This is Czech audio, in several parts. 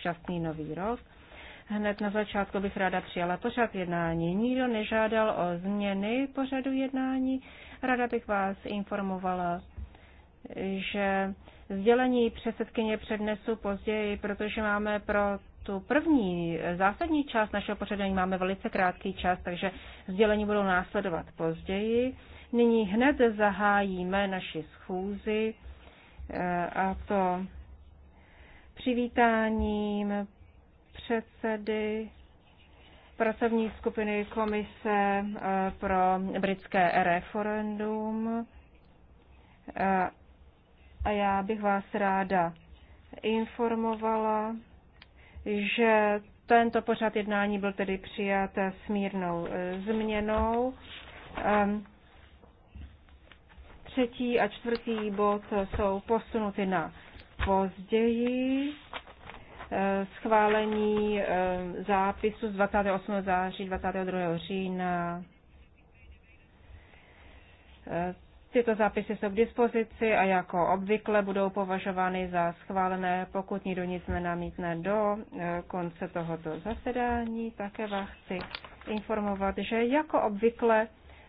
šťastný nový rok. Hned na začátku bych ráda přijala pořad jednání. Nikdo nežádal o změny pořadu jednání. Rada bych vás informovala, že sdělení předsedkyně přednesu později, protože máme pro tu první zásadní část našeho pořadání máme velice krátký čas, takže sdělení budou následovat později. Nyní hned zahájíme naši schůzi eh, a to přivítáním předsedy pracovní skupiny Komise eh, pro britské referendum. Eh, a já bych vás ráda informovala, že tento pořad jednání byl tedy přijat s mírnou eh, změnou. Třetí a čtvrtý bod jsou posunuty na později eh, schválení eh, zápisu z 28. září, 22. října. Eh, tyto zápisy jsou k dispozici a jako obvykle budou považovány za schválené, pokud nikdo nic nenamítne do konce tohoto zasedání. Také vás chci informovat, že jako obvykle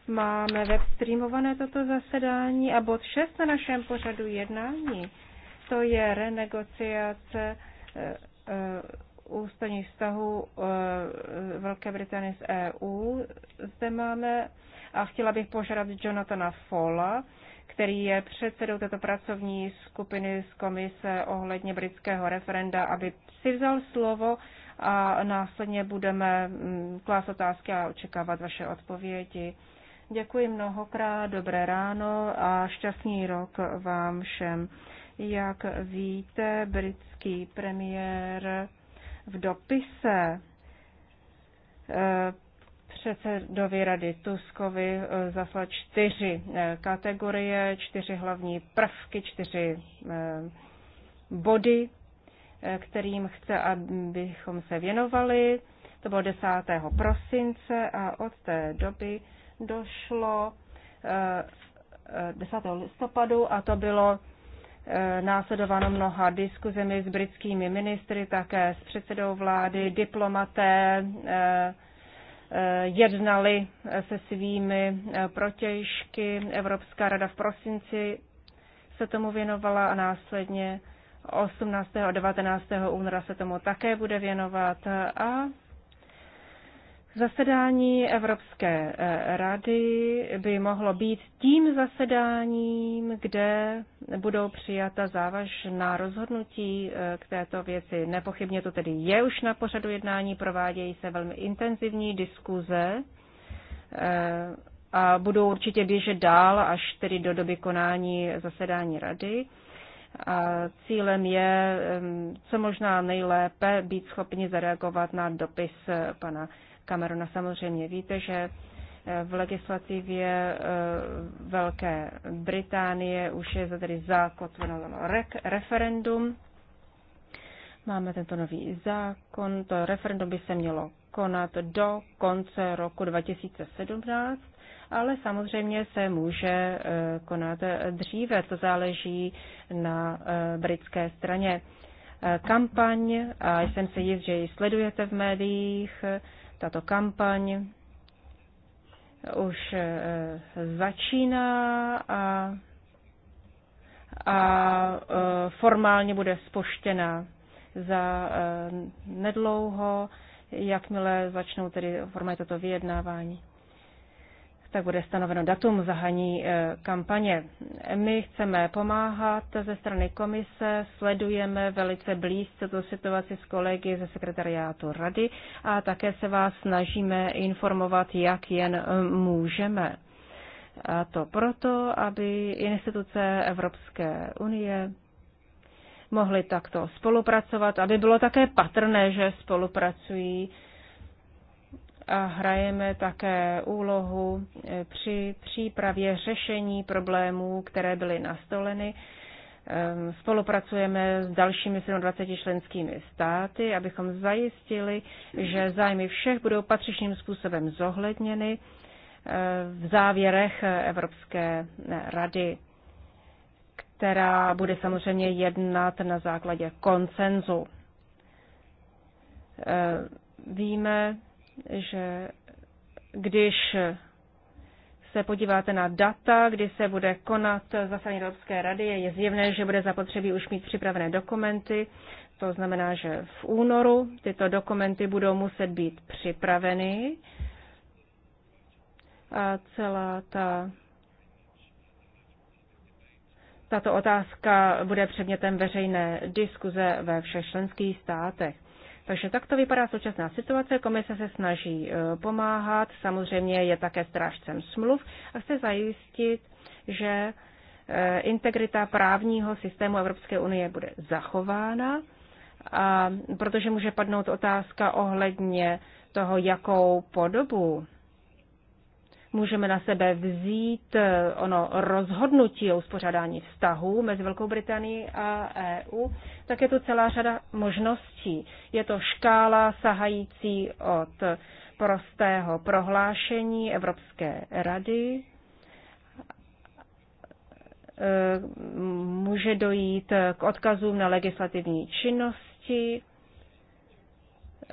máme webstreamované toto zasedání a bod 6 na našem pořadu jednání to je renegociace eh, eh, ústavních vztahů eh, Velké Británie s EU. Zde máme a chtěla bych požádat Jonathana Fola, který je předsedou této pracovní skupiny z komise ohledně britského referenda, aby si vzal slovo a následně budeme mm, klást otázky a očekávat vaše odpovědi. Děkuji mnohokrát, dobré ráno a šťastný rok vám všem. Jak víte, britský premiér v dopise eh, předsedovi rady Tuskovi eh, zaslal čtyři eh, kategorie, čtyři hlavní prvky, čtyři body, kterým chce, abychom se věnovali. To bylo 10. prosince a od té doby došlo 10. listopadu a to bylo Eh, následováno mnoha diskuzemi s britskými ministry, také s předsedou vlády, diplomaté eh, eh, jednali se svými protějšky. Evropská rada v prosinci se tomu věnovala a následně 18. a 19. února se tomu také bude věnovat a Zasedání Evropské eh, rady by mohlo být tím zasedáním, kde budou přijata závažná rozhodnutí eh, k této věci. Nepochybně to tedy je už na pořadu jednání, provádějí se velmi intenzivní diskuze eh, a budou určitě běžet dál až tedy do doby konání zasedání rady. A cílem je co možná nejlépe být schopni zareagovat na dopis pana Kamerona. Samozřejmě víte, že eh, v legislativě eh, Velké Británie už je tedy zakotveno referendum. Máme tento nový zákon, to referendum by se mělo konat do konce roku 2017, ale samozřejmě se může eh, konat dříve, to záleží na britské straně. Kampaň, a jsem se jist, že ji sledujete v médiích, tato kampaň už eh, začíná a, a eh, formálně bude spoštěna za eh, nedlouho, jakmile začnou tedy formálně toto vyjednávání tak bude stanoveno datum zahání e, kampaně. My chceme pomáhat ze strany komise, sledujeme velice blízce tu situaci s kolegy ze sekretariátu rady a také se vás snažíme informovat, jak jen e, můžeme. A to proto, aby instituce Evropské unie mohly takto spolupracovat, aby bylo také patrné, že spolupracují a hrajeme také úlohu eh, při přípravě řešení problémů, které byly nastoleny. Ehm, spolupracujeme s dalšími 27 členskými státy, abychom zajistili, že zájmy všech budou patřičným způsobem zohledněny eh, v závěrech Evropské rady, která bude samozřejmě jednat na základě koncenzu. Ehm, víme, že když se podíváte na data, kdy se bude konat zasedání Evropské rady, je zjevné, že bude zapotřebí už mít připravené dokumenty. To znamená, že v únoru tyto dokumenty budou muset být připraveny a celá ta tato otázka bude předmětem veřejné diskuze ve všech členských státech. Takže tak to vypadá současná situace. Komise se snaží e, pomáhat, samozřejmě je také strážcem smluv a chce zajistit, že e, integrita právního systému Evropské unie bude zachována, a protože může padnout otázka ohledně toho, jakou podobu můžeme na sebe vzít eh, ono rozhodnutí o uspořádání vztahů mezi Velkou Británií a EU, tak je tu celá řada možností. Je to škála sahající od prostého prohlášení Evropské rady, eh, může dojít k odkazům na legislativní činnosti,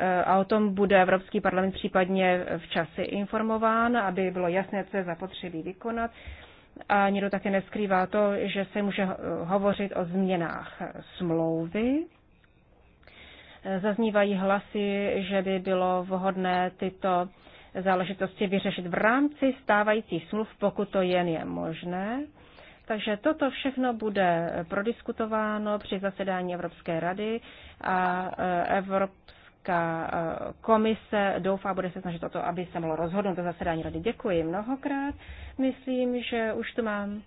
Eh, a o tom bude Evropský parlament případně v čase informován, aby bylo jasné, co je zapotřebí vykonat. A někdo také neskrývá to, že se může hovořit o změnách smlouvy. Eh, zaznívají hlasy, že by bylo vhodné tyto záležitosti vyřešit v rámci stávajících smluv, pokud to jen je možné. Takže toto všechno bude prodiskutováno při zasedání Evropské rady a eh, Evropské Evropská eh, komise doufá, bude se snažit o to, aby se mohlo rozhodnout o zasedání rady. Děkuji mnohokrát. Myslím, že už tu mám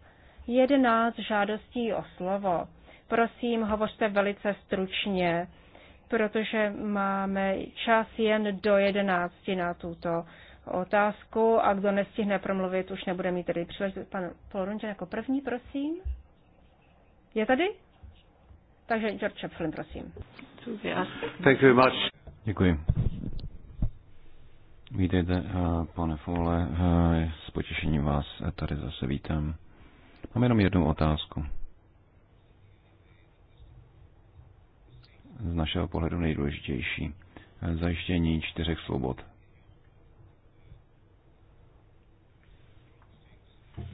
jedenáct žádostí o slovo. Prosím, hovořte velice stručně, protože máme čas jen do jedenácti na tuto otázku a kdo nestihne promluvit, už nebude mít tedy příležitost. Pan Polorunčen jako první, prosím. Je tady? Takže George Chaplin, prosím. Thank you very much. Děkuji. Vítejte, eh, pane Fole, eh, s potěšením vás tady zase vítám. Mám jenom jednu otázku. Z našeho pohledu nejdůležitější. Eh, zajištění čtyřech svobod.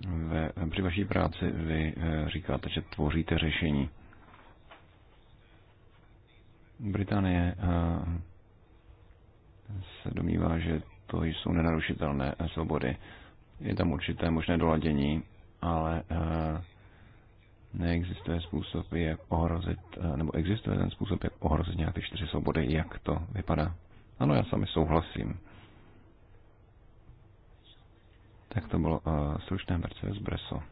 Ve, při vaší práci vy říkáte, že tvoříte řešení. Británie se domnívá, že to jsou nenarušitelné svobody. Je tam určité možné doladění, ale eh, neexistuje způsob, jak ohrozit, eh, nebo existuje ten způsob, jak ohrozit nějak ty čtyři svobody, jak to vypadá. Ano, já sami souhlasím. Tak to bylo uh, eh, slušné Mercedes Breso.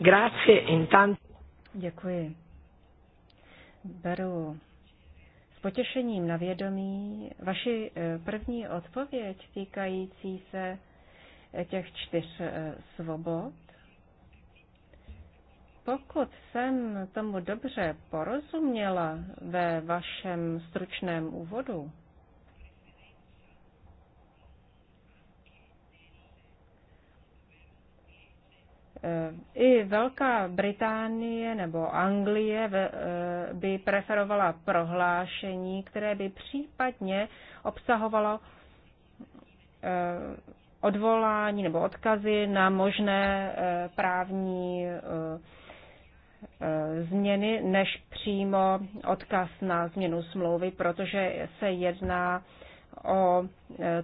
Grazie intanto. Děkuji. Beru s potěšením na vědomí vaši eh, první odpověď týkající se eh, těch čtyř eh, svobod. Pokud jsem tomu dobře porozuměla ve vašem stručném úvodu, Eh, I Velká Británie nebo Anglie eh, by preferovala prohlášení, které by případně obsahovalo eh, odvolání nebo odkazy na možné právní změny, než přímo odkaz na změnu smlouvy, protože se jedná o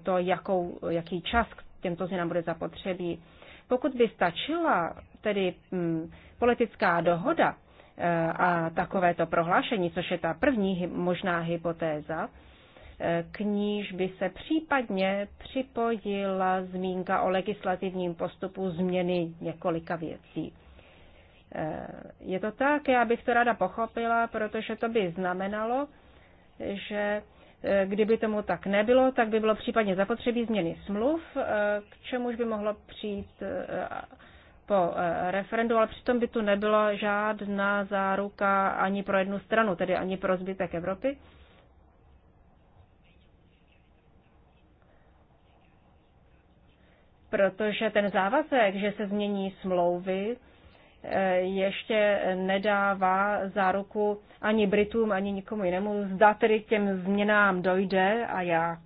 to, jakou, jaký čas k těmto změnám bude zapotřebí. Pokud by stačila tedy hm, politická dohoda e, a takovéto prohlášení, což je ta první hy, možná hypotéza, e, k níž by se případně připojila zmínka o legislativním postupu změny několika věcí. E, je to tak, já bych to ráda pochopila, protože to by znamenalo, že Eh, kdyby tomu tak nebylo, tak by bylo případně zapotřebí změny smluv, eh, k čemuž by mohlo přijít eh, po referendu, ale přitom by tu nebyla žádná záruka ani pro jednu stranu, tedy ani pro zbytek Evropy. Protože ten závazek, že se změní smlouvy, ještě nedává záruku ani Britům, ani nikomu jinému, zda tedy těm změnám dojde a jak.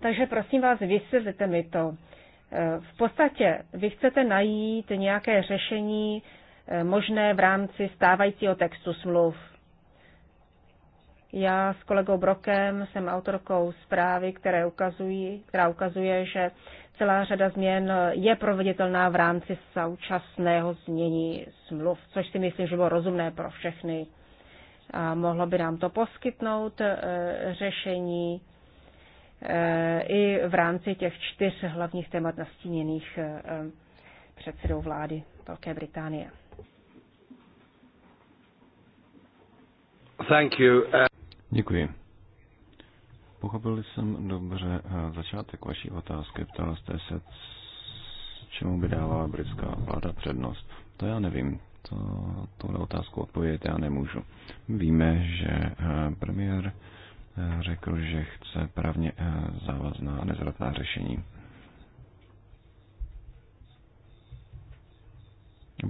Takže prosím vás, vysvětlete mi to. V podstatě vy chcete najít nějaké řešení eh, možné v rámci stávajícího textu smluv. Já s kolegou Brokem jsem autorkou zprávy, které ukazují, která ukazuje, že celá řada změn je proveditelná v rámci současného změní smluv, což si myslím, že bylo rozumné pro všechny. A mohlo by nám to poskytnout eh, řešení eh, i v rámci těch čtyř hlavních témat nastíněných eh, předsedou vlády Velké Británie. Thank you. Uh, Děkuji. Pochopil jsem dobře eh, začátek vaší otázky. Ptal jste se, čemu by dávala britská vláda přednost. To já nevím. To, tohle otázku odpovědět já nemůžu. Víme, že eh, premiér eh, řekl, že chce právně závazná a nezvratná řešení.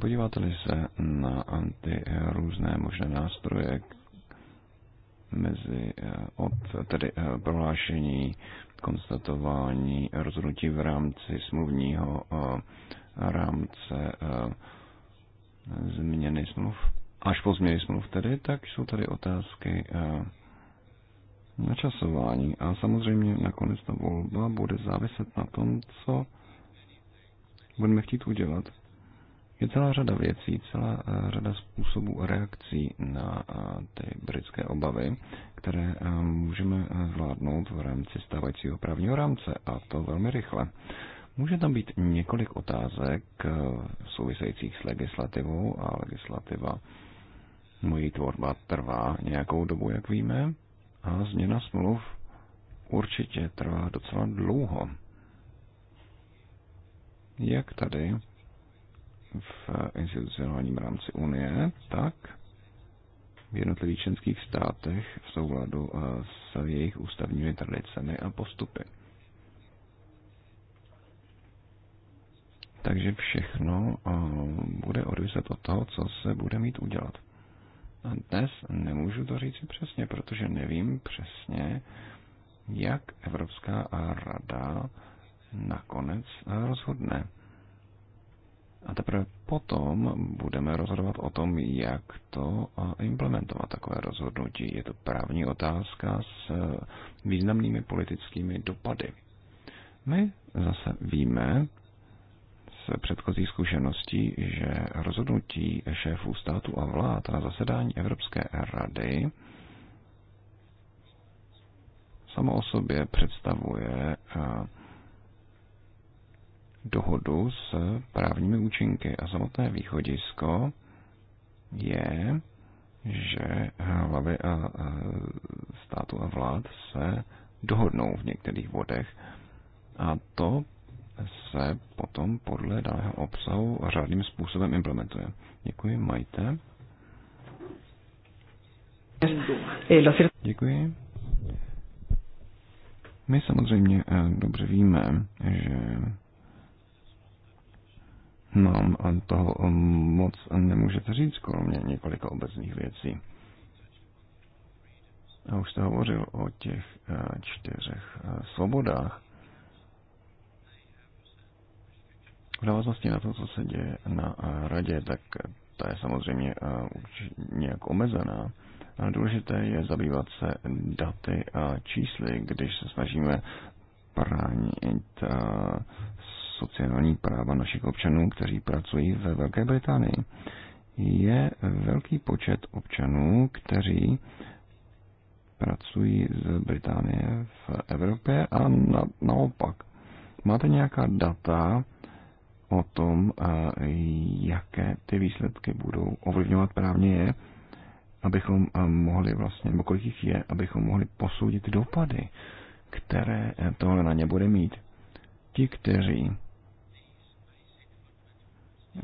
Podíváte-li se na ty různé možné nástroje, mezi eh, od tedy eh, prohlášení, konstatování, rozhodnutí v rámci smluvního eh, rámce změny smluv, až po změny smluv tedy, tak jsou tady otázky načasování. A samozřejmě nakonec ta volba bude záviset na tom, co budeme chtít udělat je celá řada věcí, celá eh, řada způsobů reakcí na eh, ty britské obavy, které eh, můžeme zvládnout v rámci stávajícího právního rámce a to velmi rychle. Může tam být několik otázek souvisejících s legislativou a legislativa mojí tvorba trvá nějakou dobu, jak víme, a změna smluv určitě trvá docela dlouho. Jak tady, v institucionálním rámci Unie, tak v jednotlivých členských státech v souladu eh, s jejich ústavními tradicemi a postupy. Takže všechno eh, bude odviset od toho, co se bude mít udělat. A dnes nemůžu to říct přesně, protože nevím přesně, jak Evropská rada nakonec eh, rozhodne. A teprve potom budeme rozhodovat o tom, jak to implementovat, takové rozhodnutí. Je to právní otázka s e, významnými politickými dopady. My zase víme z předchozí zkušeností, že rozhodnutí šéfů státu a vlád na zasedání Evropské rady samo o sobě představuje e, dohodu s právními účinky. A samotné východisko je, že hlavy a státu a vlád se dohodnou v některých vodech a to se potom podle daného obsahu řádným způsobem implementuje. Děkuji, majte. Děkuji. My samozřejmě eh, dobře víme, že nám no, toho um, moc nemůžete říct, kromě několika obecných věcí. A už jste hovořil o těch eh, čtyřech eh, svobodách. V návaznosti na to, co se děje na eh, radě, tak ta je samozřejmě nějak omezená. Ale důležité je zabývat se daty a čísly, když se snažíme bránit sociální práva našich občanů, kteří pracují ve Velké Británii. Je velký počet občanů, kteří pracují z Británie v Evropě a na, naopak. Máte nějaká data o tom, eh, jaké ty výsledky budou ovlivňovat právně je, abychom eh, mohli vlastně, nebo kolik jich je, abychom mohli posoudit dopady, které eh, tohle na ně bude mít. Ti, kteří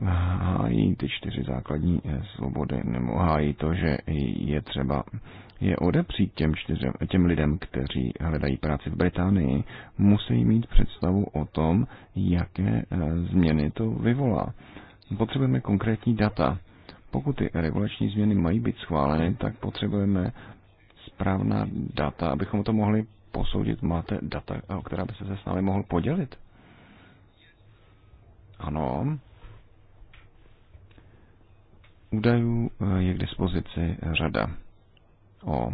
hájí ty čtyři základní eh, svobody, nebo hájí to, že je třeba je odepřít těm, čtyřem, těm lidem, kteří hledají práci v Británii, musí mít představu o tom, jaké eh, změny to vyvolá. Potřebujeme konkrétní data. Pokud ty regulační změny mají být schváleny, tak potřebujeme správná data, abychom to mohli posoudit. Máte data, o která by se s námi mohl podělit? Ano. Údajů eh, je k dispozici řada o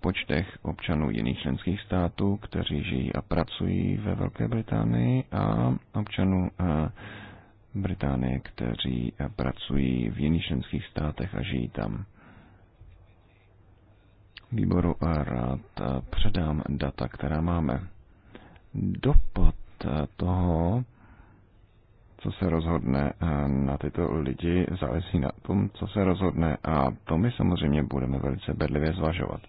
počtech občanů jiných členských států, kteří žijí a pracují ve Velké Británii a občanů eh, Británie, kteří pracují v jiných členských státech a žijí tam. Výboru a rád eh, předám data, která máme. Dopad toho co se rozhodne eh, na tyto lidi, závisí na tom, co se rozhodne a to my samozřejmě budeme velice bedlivě zvažovat.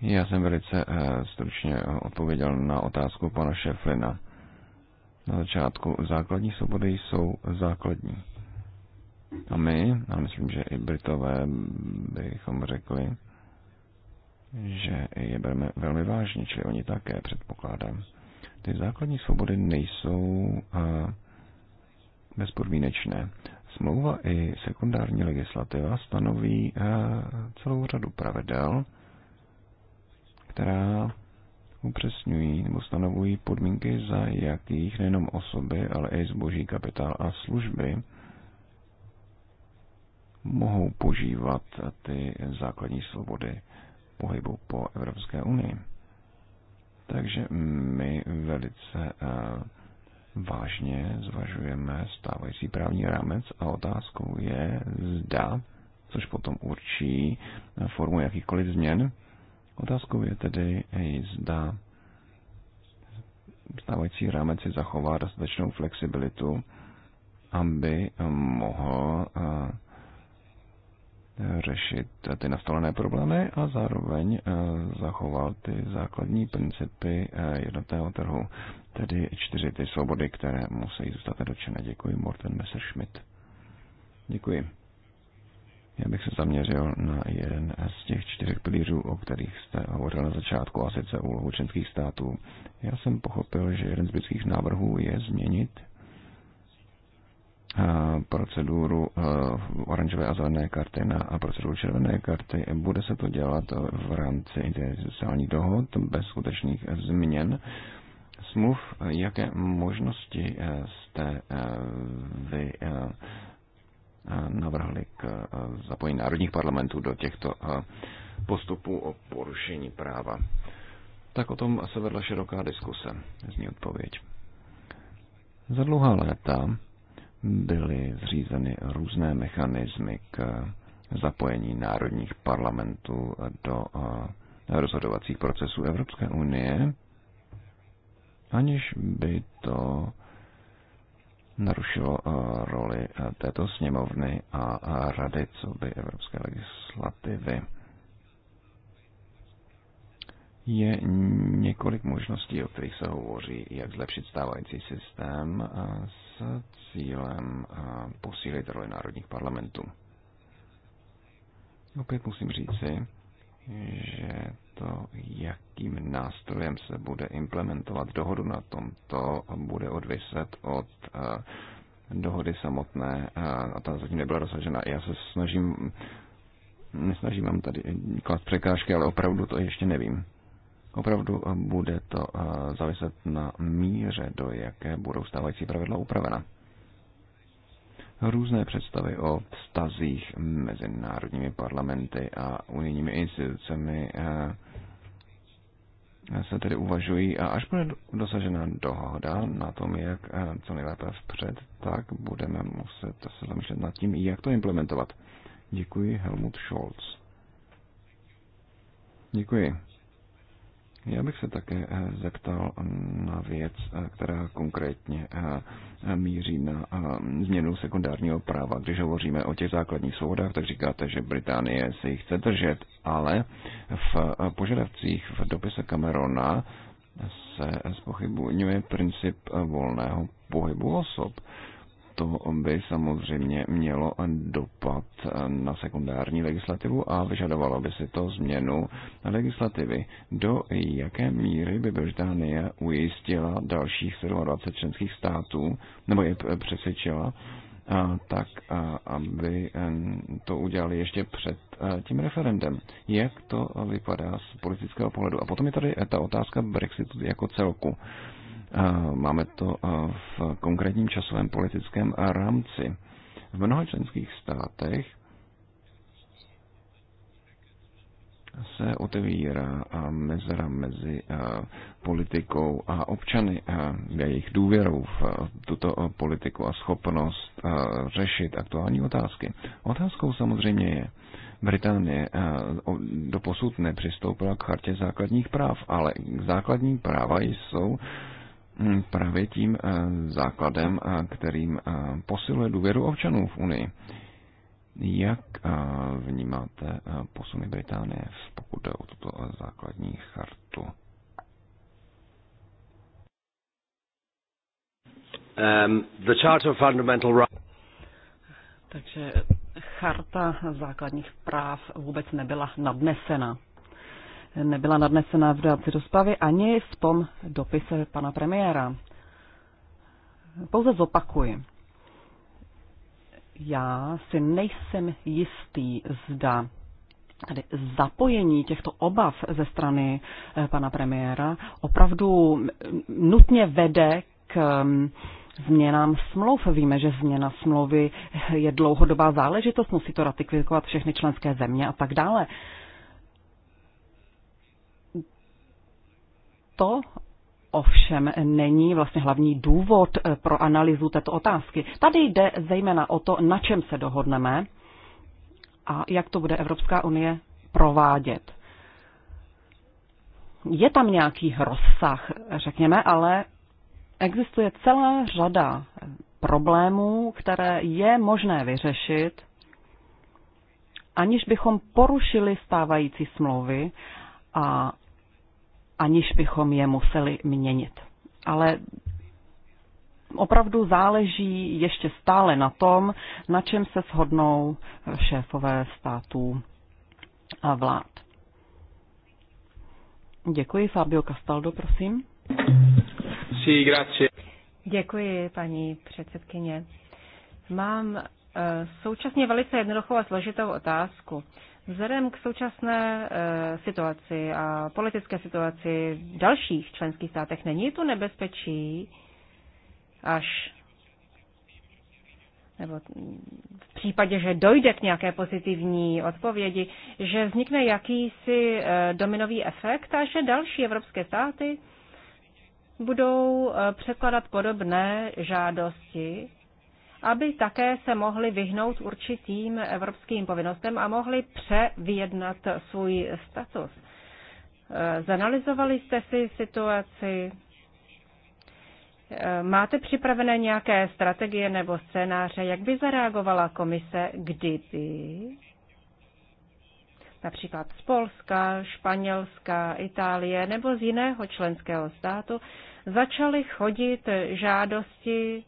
Já jsem velice eh, stručně odpověděl na otázku pana Šeflina. Na začátku základní svobody jsou základní. A my, a myslím, že i Britové bychom řekli, že je bereme velmi vážně, čili oni také předpokládám. Ty základní svobody nejsou eh, bezpodmínečné. Smlouva i sekundární legislativa stanoví eh, celou řadu pravidel, která upřesňují nebo stanovují podmínky, za jakých nejenom osoby, ale i zboží, kapitál a služby mohou požívat ty základní svobody pohybu po Evropské unii. Takže my velice eh, vážně zvažujeme stávající právní rámec a otázkou je, zda, což potom určí formu jakýchkoliv změn, otázkou je tedy, zda stávající rámec si zachová dostatečnou flexibilitu, aby mohl eh, řešit ty nastolené problémy a zároveň eh, zachoval ty základní principy eh, jednotného trhu, tedy čtyři ty svobody, které musí zůstat dočené. Děkuji, Morten Messerschmidt. Děkuji. Já bych se zaměřil na jeden z těch čtyřech pilířů, o kterých jste hovořil na začátku, a sice úlohu členských států. Já jsem pochopil, že jeden z britských návrhů je změnit Eh, proceduru eh, oranžové a zelené karty na a proceduru červené karty. Bude se to dělat v rámci interinstitucionálních dohod bez skutečných změn smluv. Jaké možnosti eh, jste vy navrhli k zapojení národních parlamentů do těchto postupů o porušení práva? Tak o tom se vedla široká diskuse, zní odpověď. Za dlouhá léta byly zřízeny různé mechanismy k zapojení národních parlamentů do eh, rozhodovacích procesů Evropské unie, aniž by to narušilo eh, roli eh, této sněmovny a rady co by evropské legislativy. Je několik možností, o kterých se hovoří, jak zlepšit stávající systém s cílem eh, posílit roli národních parlamentů. Opět musím říci, že to, jakým nástrojem se bude implementovat dohodu na tomto, bude odviset od eh, dohody samotné eh, a ta zatím nebyla dosažena. Já se snažím, nesnažím vám tady klást překážky, ale opravdu to ještě nevím. Opravdu eh, bude to eh, záviset na míře, do jaké budou stávající pravidla upravena. Různé představy o vztazích mezi národními parlamenty a unijními institucemi eh, se tedy uvažují a až bude dosažena dohoda na tom, jak co nejlépe vpřed, tak budeme muset se zamýšlet nad tím, jak to implementovat. Děkuji, Helmut Scholz. Děkuji. Já bych se také eh, zeptal na věc, eh, která konkrétně eh, míří na změnu sekundárního práva. Když hovoříme o těch základních svobodách, tak říkáte, že Británie si jich chce držet, ale v požadavcích v dopise Camerona se spochybňuje princip volného pohybu osob to by samozřejmě mělo dopad na sekundární legislativu a vyžadovalo by si to změnu legislativy. Do jaké míry by Británie ujistila dalších 27 členských států, nebo je přesvědčila, tak aby to udělali ještě před e, tím referendem. Jak to vypadá z politického pohledu? A potom je tady ta otázka Brexitu jako celku. Máme to v konkrétním časovém politickém rámci. V mnoha členských státech se otevírá mezera mezi politikou a občany a jejich důvěrou v tuto politiku a schopnost řešit aktuální otázky. Otázkou samozřejmě je, Británie do posud nepřistoupila k chartě základních práv, ale základní práva jsou Hmm, právě tím eh, základem, eh, kterým eh, posiluje důvěru občanů v Unii. Jak vnímáte posuny Británie, pokud jde o tuto základní chartu? Um, the Charter of Fundamental Rights. Takže charta základních práv vůbec nebyla nadnesena nebyla nadnesena v rámci rozpravy ani v tom dopise pana premiéra. Pouze zopakuji. Já si nejsem jistý, zda Tady zapojení těchto obav ze strany eh, pana premiéra opravdu nutně vede k mm, změnám smlouv. Víme, že změna smlouvy je dlouhodobá záležitost, musí to ratifikovat všechny členské země a tak dále. To ovšem není vlastně hlavní důvod eh, pro analýzu této otázky. Tady jde zejména o to, na čem se dohodneme a jak to bude Evropská unie provádět. Je tam nějaký rozsah, řekněme, ale existuje celá řada problémů, které je možné vyřešit, aniž bychom porušili stávající smlouvy a aniž bychom je museli měnit. Ale opravdu záleží ještě stále na tom, na čem se shodnou šéfové států a vlád. Děkuji. Fabio Castaldo, prosím. Sí, grazie. Děkuji, paní předsedkyně. Mám eh, současně velice jednoduchou a složitou otázku. Vzhledem k současné eh, situaci a politické situaci v dalších členských státech není tu nebezpečí až nebo v případě, že dojde k nějaké pozitivní odpovědi, že vznikne jakýsi eh, dominový efekt a že další evropské státy budou eh, předkladat podobné žádosti aby také se mohli vyhnout určitým evropským povinnostem a mohli převyjednat svůj status. Eh, zanalizovali jste si situaci? Eh, máte připravené nějaké strategie nebo scénáře? Jak by zareagovala komise, kdyby například z Polska, Španělska, Itálie nebo z jiného členského státu začaly chodit žádosti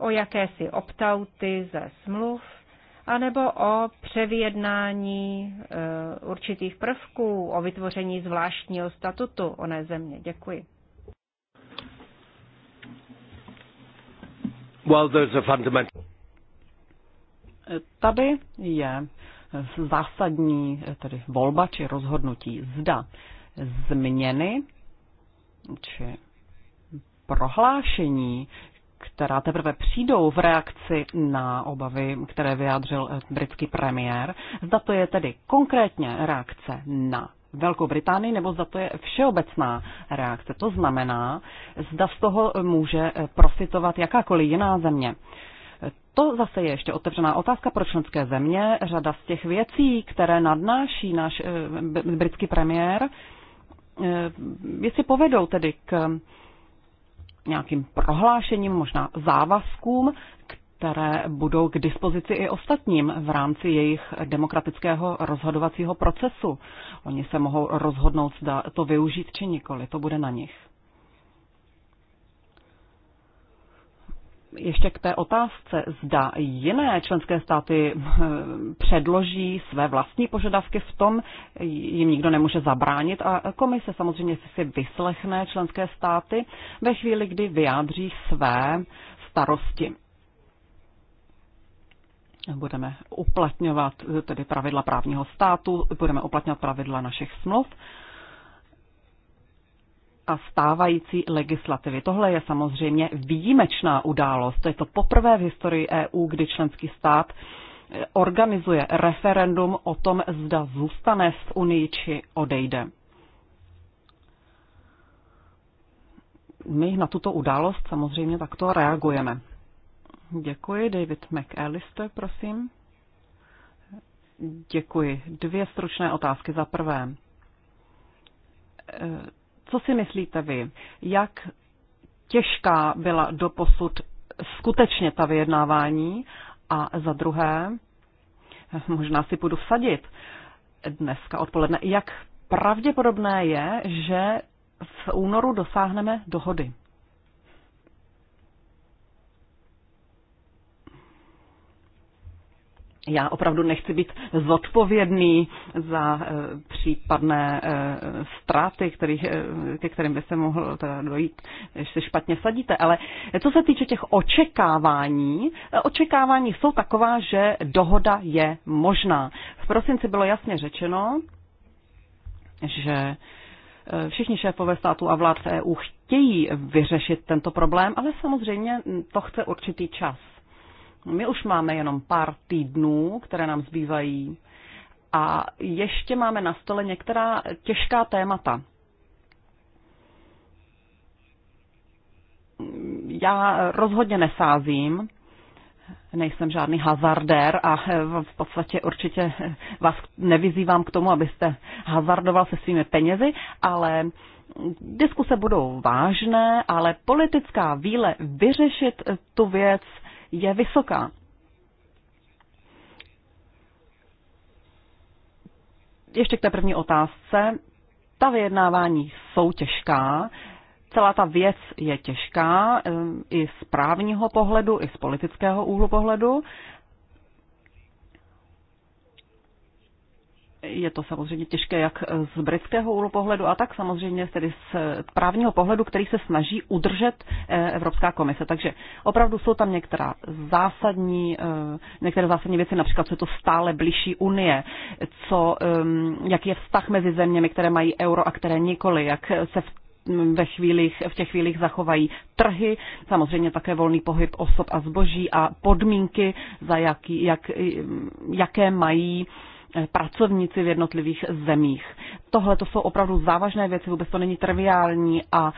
o jakési optauty ze smluv, anebo o převyjednání eh, určitých prvků, o vytvoření zvláštního statutu oné země. Děkuji. Well, there's a fundamental... Eh, tady je zásadní eh, tedy volba či rozhodnutí. Zda změny či prohlášení která teprve přijdou v reakci na obavy, které vyjádřil eh, britský premiér. Zda to je tedy konkrétně reakce na Velkou Británii, nebo zda to je všeobecná reakce. To znamená, zda z toho může eh, profitovat jakákoliv jiná země. To zase je ještě otevřená otázka pro členské země. Řada z těch věcí, které nadnáší náš eh, britský premiér, jestli povedou tedy k nějakým prohlášením, možná závazkům, které budou k dispozici i ostatním v rámci jejich demokratického rozhodovacího procesu. Oni se mohou rozhodnout, zda to využít či nikoli, to bude na nich. ještě k té otázce, zda jiné členské státy eh, předloží své vlastní požadavky v tom, jim nikdo nemůže zabránit a komise samozřejmě si vyslechne členské státy ve chvíli, kdy vyjádří své starosti. Budeme uplatňovat eh, tedy pravidla právního státu, budeme uplatňovat pravidla našich smluv a stávající legislativy. Tohle je samozřejmě výjimečná událost. Je to poprvé v historii EU, kdy členský stát eh, organizuje referendum o tom, zda zůstane v Unii či odejde. My na tuto událost samozřejmě takto reagujeme. Děkuji. David McAllister, prosím. Děkuji. Dvě stručné otázky. Za prvé, eh, co si myslíte vy, jak těžká byla doposud skutečně ta vyjednávání? A za druhé, možná si půjdu vsadit dneska odpoledne, jak pravděpodobné je, že v únoru dosáhneme dohody? já opravdu nechci být zodpovědný za eh, případné eh, ztráty, eh, ke kterým by se mohl teda dojít, když se špatně sadíte. Ale co se týče těch očekávání, očekávání jsou taková, že dohoda je možná. V prosinci bylo jasně řečeno, že všichni šéfové států a vlád v EU chtějí vyřešit tento problém, ale samozřejmě to chce určitý čas. My už máme jenom pár týdnů, které nám zbývají a ještě máme na stole některá těžká témata. Já rozhodně nesázím, nejsem žádný hazardér a v podstatě určitě vás nevyzývám k tomu, abyste hazardoval se svými penězi, ale diskuse budou vážné, ale politická víle vyřešit tu věc je vysoká. Ještě k té první otázce. Ta vyjednávání jsou těžká, celá ta věc je těžká eh, i z právního pohledu, i z politického úhlu pohledu, je to samozřejmě těžké jak z britského úhlu pohledu a tak samozřejmě tedy z právního pohledu, který se snaží udržet eh, Evropská komise. Takže opravdu jsou tam některá zásadní, eh, některé zásadní věci, například co je to stále blížší Unie, co, eh, jaký je vztah mezi zeměmi, které mají euro a které nikoli, jak se v mm, ve chvílích, v těch chvílích zachovají trhy, samozřejmě také volný pohyb osob a zboží a podmínky, za jaký, jak, jaké mají Eh, pracovníci v jednotlivých zemích. Tohle to jsou opravdu závažné věci, vůbec to není triviální a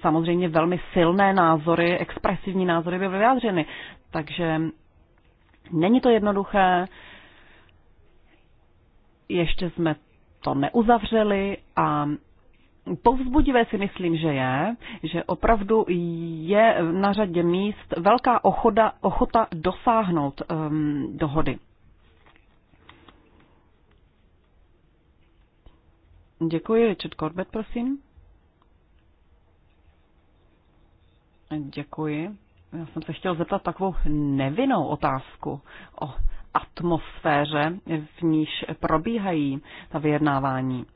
samozřejmě velmi silné názory, expresivní názory byly vyjádřeny. Takže není to jednoduché, ještě jsme to neuzavřeli a povzbudivé si myslím, že je, že opravdu je na řadě míst velká ochota, ochota dosáhnout um, dohody. Děkuji. Richard Corbett, prosím. Děkuji. Já jsem se chtěl zeptat takovou nevinnou otázku o atmosféře, v níž probíhají ta vyjednávání.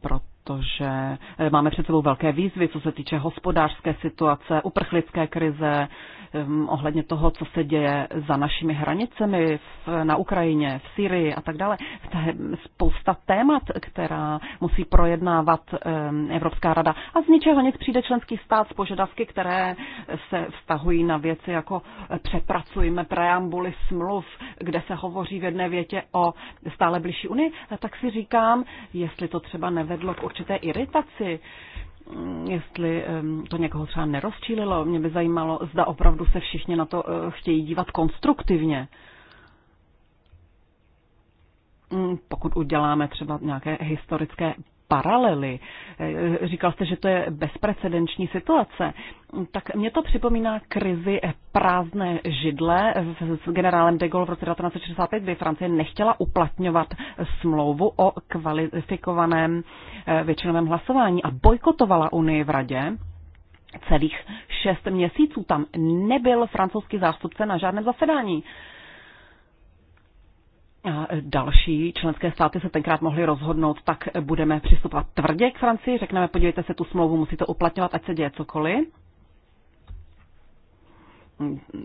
Protože máme před sebou velké výzvy, co se týče hospodářské situace, uprchlické krize, Ehm, ohledně toho, co se děje za našimi hranicemi v, na Ukrajině, v Syrii a tak dále. To je spousta témat, která musí projednávat ehm, Evropská rada. A z ničeho nic přijde členský stát s požadavky, které se vztahují na věci jako přepracujeme preambuly smluv, kde se hovoří v jedné větě o stále blížší unii, tak si říkám, jestli to třeba nevedlo k určité iritaci Mm, jestli to někoho třeba nerozčílilo. Mě by zajímalo, zda opravdu se všichni na to eh, chtějí dívat konstruktivně. Mm, pokud uděláme třeba nějaké historické paralely. Eh, říkal jste, že to je bezprecedenční situace. Tak mě to připomíná krizi prázdné židle s generálem de Gaulle v roce 1965, kdy Francie nechtěla uplatňovat smlouvu o kvalifikovaném eh, většinovém hlasování a bojkotovala Unii v radě celých šest měsíců tam nebyl francouzský zástupce na žádném zasedání. A další členské státy se tenkrát mohly rozhodnout, tak budeme přistupovat tvrdě k Francii, řekneme, podívejte se, tu smlouvu musíte uplatňovat, ať se děje cokoliv.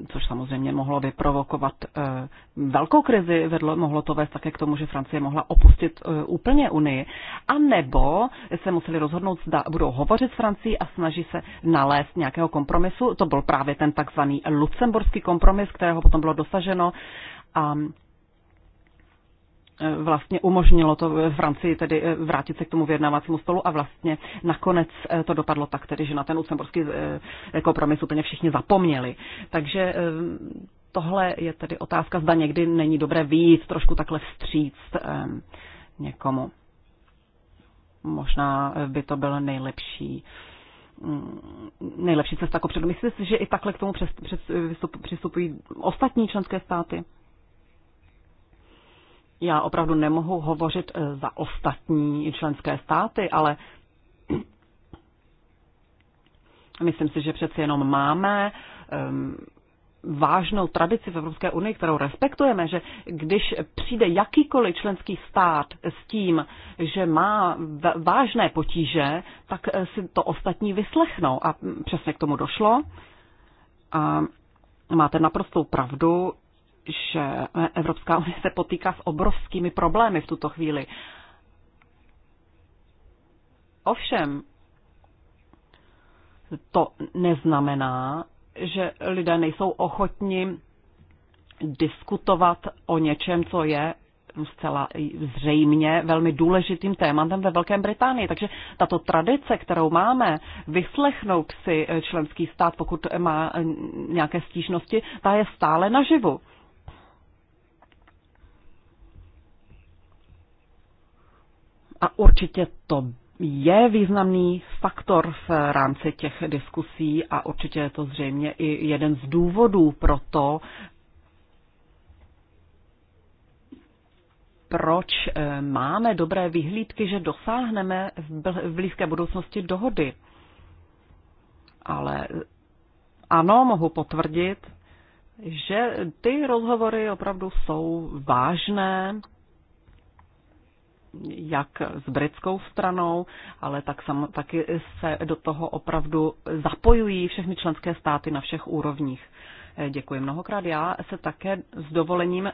Což samozřejmě mohlo vyprovokovat eh, velkou krizi, vedlo, mohlo to vést také k tomu, že Francie mohla opustit eh, úplně Unii. A nebo se museli rozhodnout, zda budou hovořit s Francií a snaží se nalézt nějakého kompromisu. To byl právě ten takzvaný lucemburský kompromis, kterého potom bylo dosaženo. A Eh, vlastně umožnilo to v Francii tedy eh, vrátit se k tomu vyjednávacímu stolu a vlastně nakonec eh, to dopadlo tak tedy, že na ten lucemburský kompromis úplně všichni zapomněli. Takže tohle je tedy otázka, zda někdy není dobré víc trošku takhle vstříct někomu. Možná by to byl nejlepší mm, nejlepší cesta jako předu. Myslíte si, že i takhle k tomu přes, přes, přistupují ostatní členské státy? já opravdu nemohu hovořit eh, za ostatní členské státy, ale myslím si, že přeci jenom máme ehm, vážnou tradici v Evropské unii, kterou respektujeme, že když přijde jakýkoliv členský stát s tím, že má vážné potíže, tak eh, si to ostatní vyslechnou. A mm, přesně k tomu došlo. A máte naprostou pravdu, že Evropská unie se potýká s obrovskými problémy v tuto chvíli. Ovšem, to neznamená, že lidé nejsou ochotni diskutovat o něčem, co je zcela zřejmě velmi důležitým tématem ve Velké Británii. Takže tato tradice, kterou máme, vyslechnout si členský stát, pokud má nějaké stížnosti, ta je stále naživu. A určitě to je významný faktor v rámci těch diskusí a určitě je to zřejmě i jeden z důvodů pro to, proč eh, máme dobré vyhlídky, že dosáhneme v blízké budoucnosti dohody. Ale eh, ano, mohu potvrdit, že ty rozhovory opravdu jsou vážné, jak s britskou stranou, ale tak sam, taky se do toho opravdu zapojují všechny členské státy na všech úrovních. Děkuji mnohokrát. Já se také s dovolením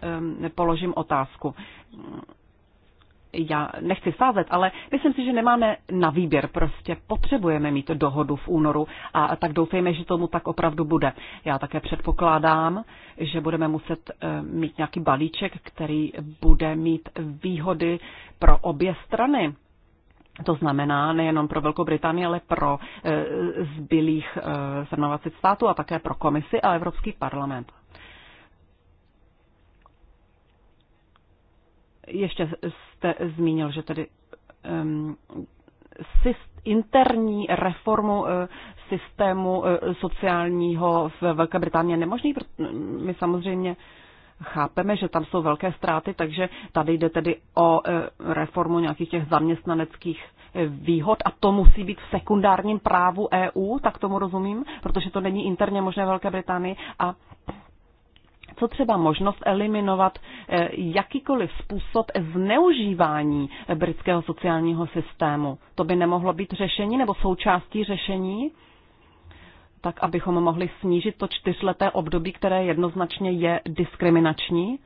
položím otázku já nechci sázet, ale myslím si, že nemáme na výběr. Prostě potřebujeme mít dohodu v únoru a tak doufejme, že tomu tak opravdu bude. Já také předpokládám, že budeme muset eh, mít nějaký balíček, který bude mít výhody pro obě strany. To znamená nejenom pro Velkou Británii, ale pro e, zbylých e, eh, 27 států a také pro komisi a Evropský parlament. ještě jste zmínil, že tedy um, syst, interní reformu uh, systému uh, sociálního v Velké Británii je nemožný. My samozřejmě chápeme, že tam jsou velké ztráty, takže tady jde tedy o uh, reformu nějakých těch zaměstnaneckých výhod a to musí být v sekundárním právu EU, tak tomu rozumím, protože to není interně možné Velké Británii a co třeba možnost eliminovat eh, jakýkoliv způsob zneužívání britského sociálního systému. To by nemohlo být řešení nebo součástí řešení, tak abychom mohli snížit to čtyřleté období, které jednoznačně je diskriminační.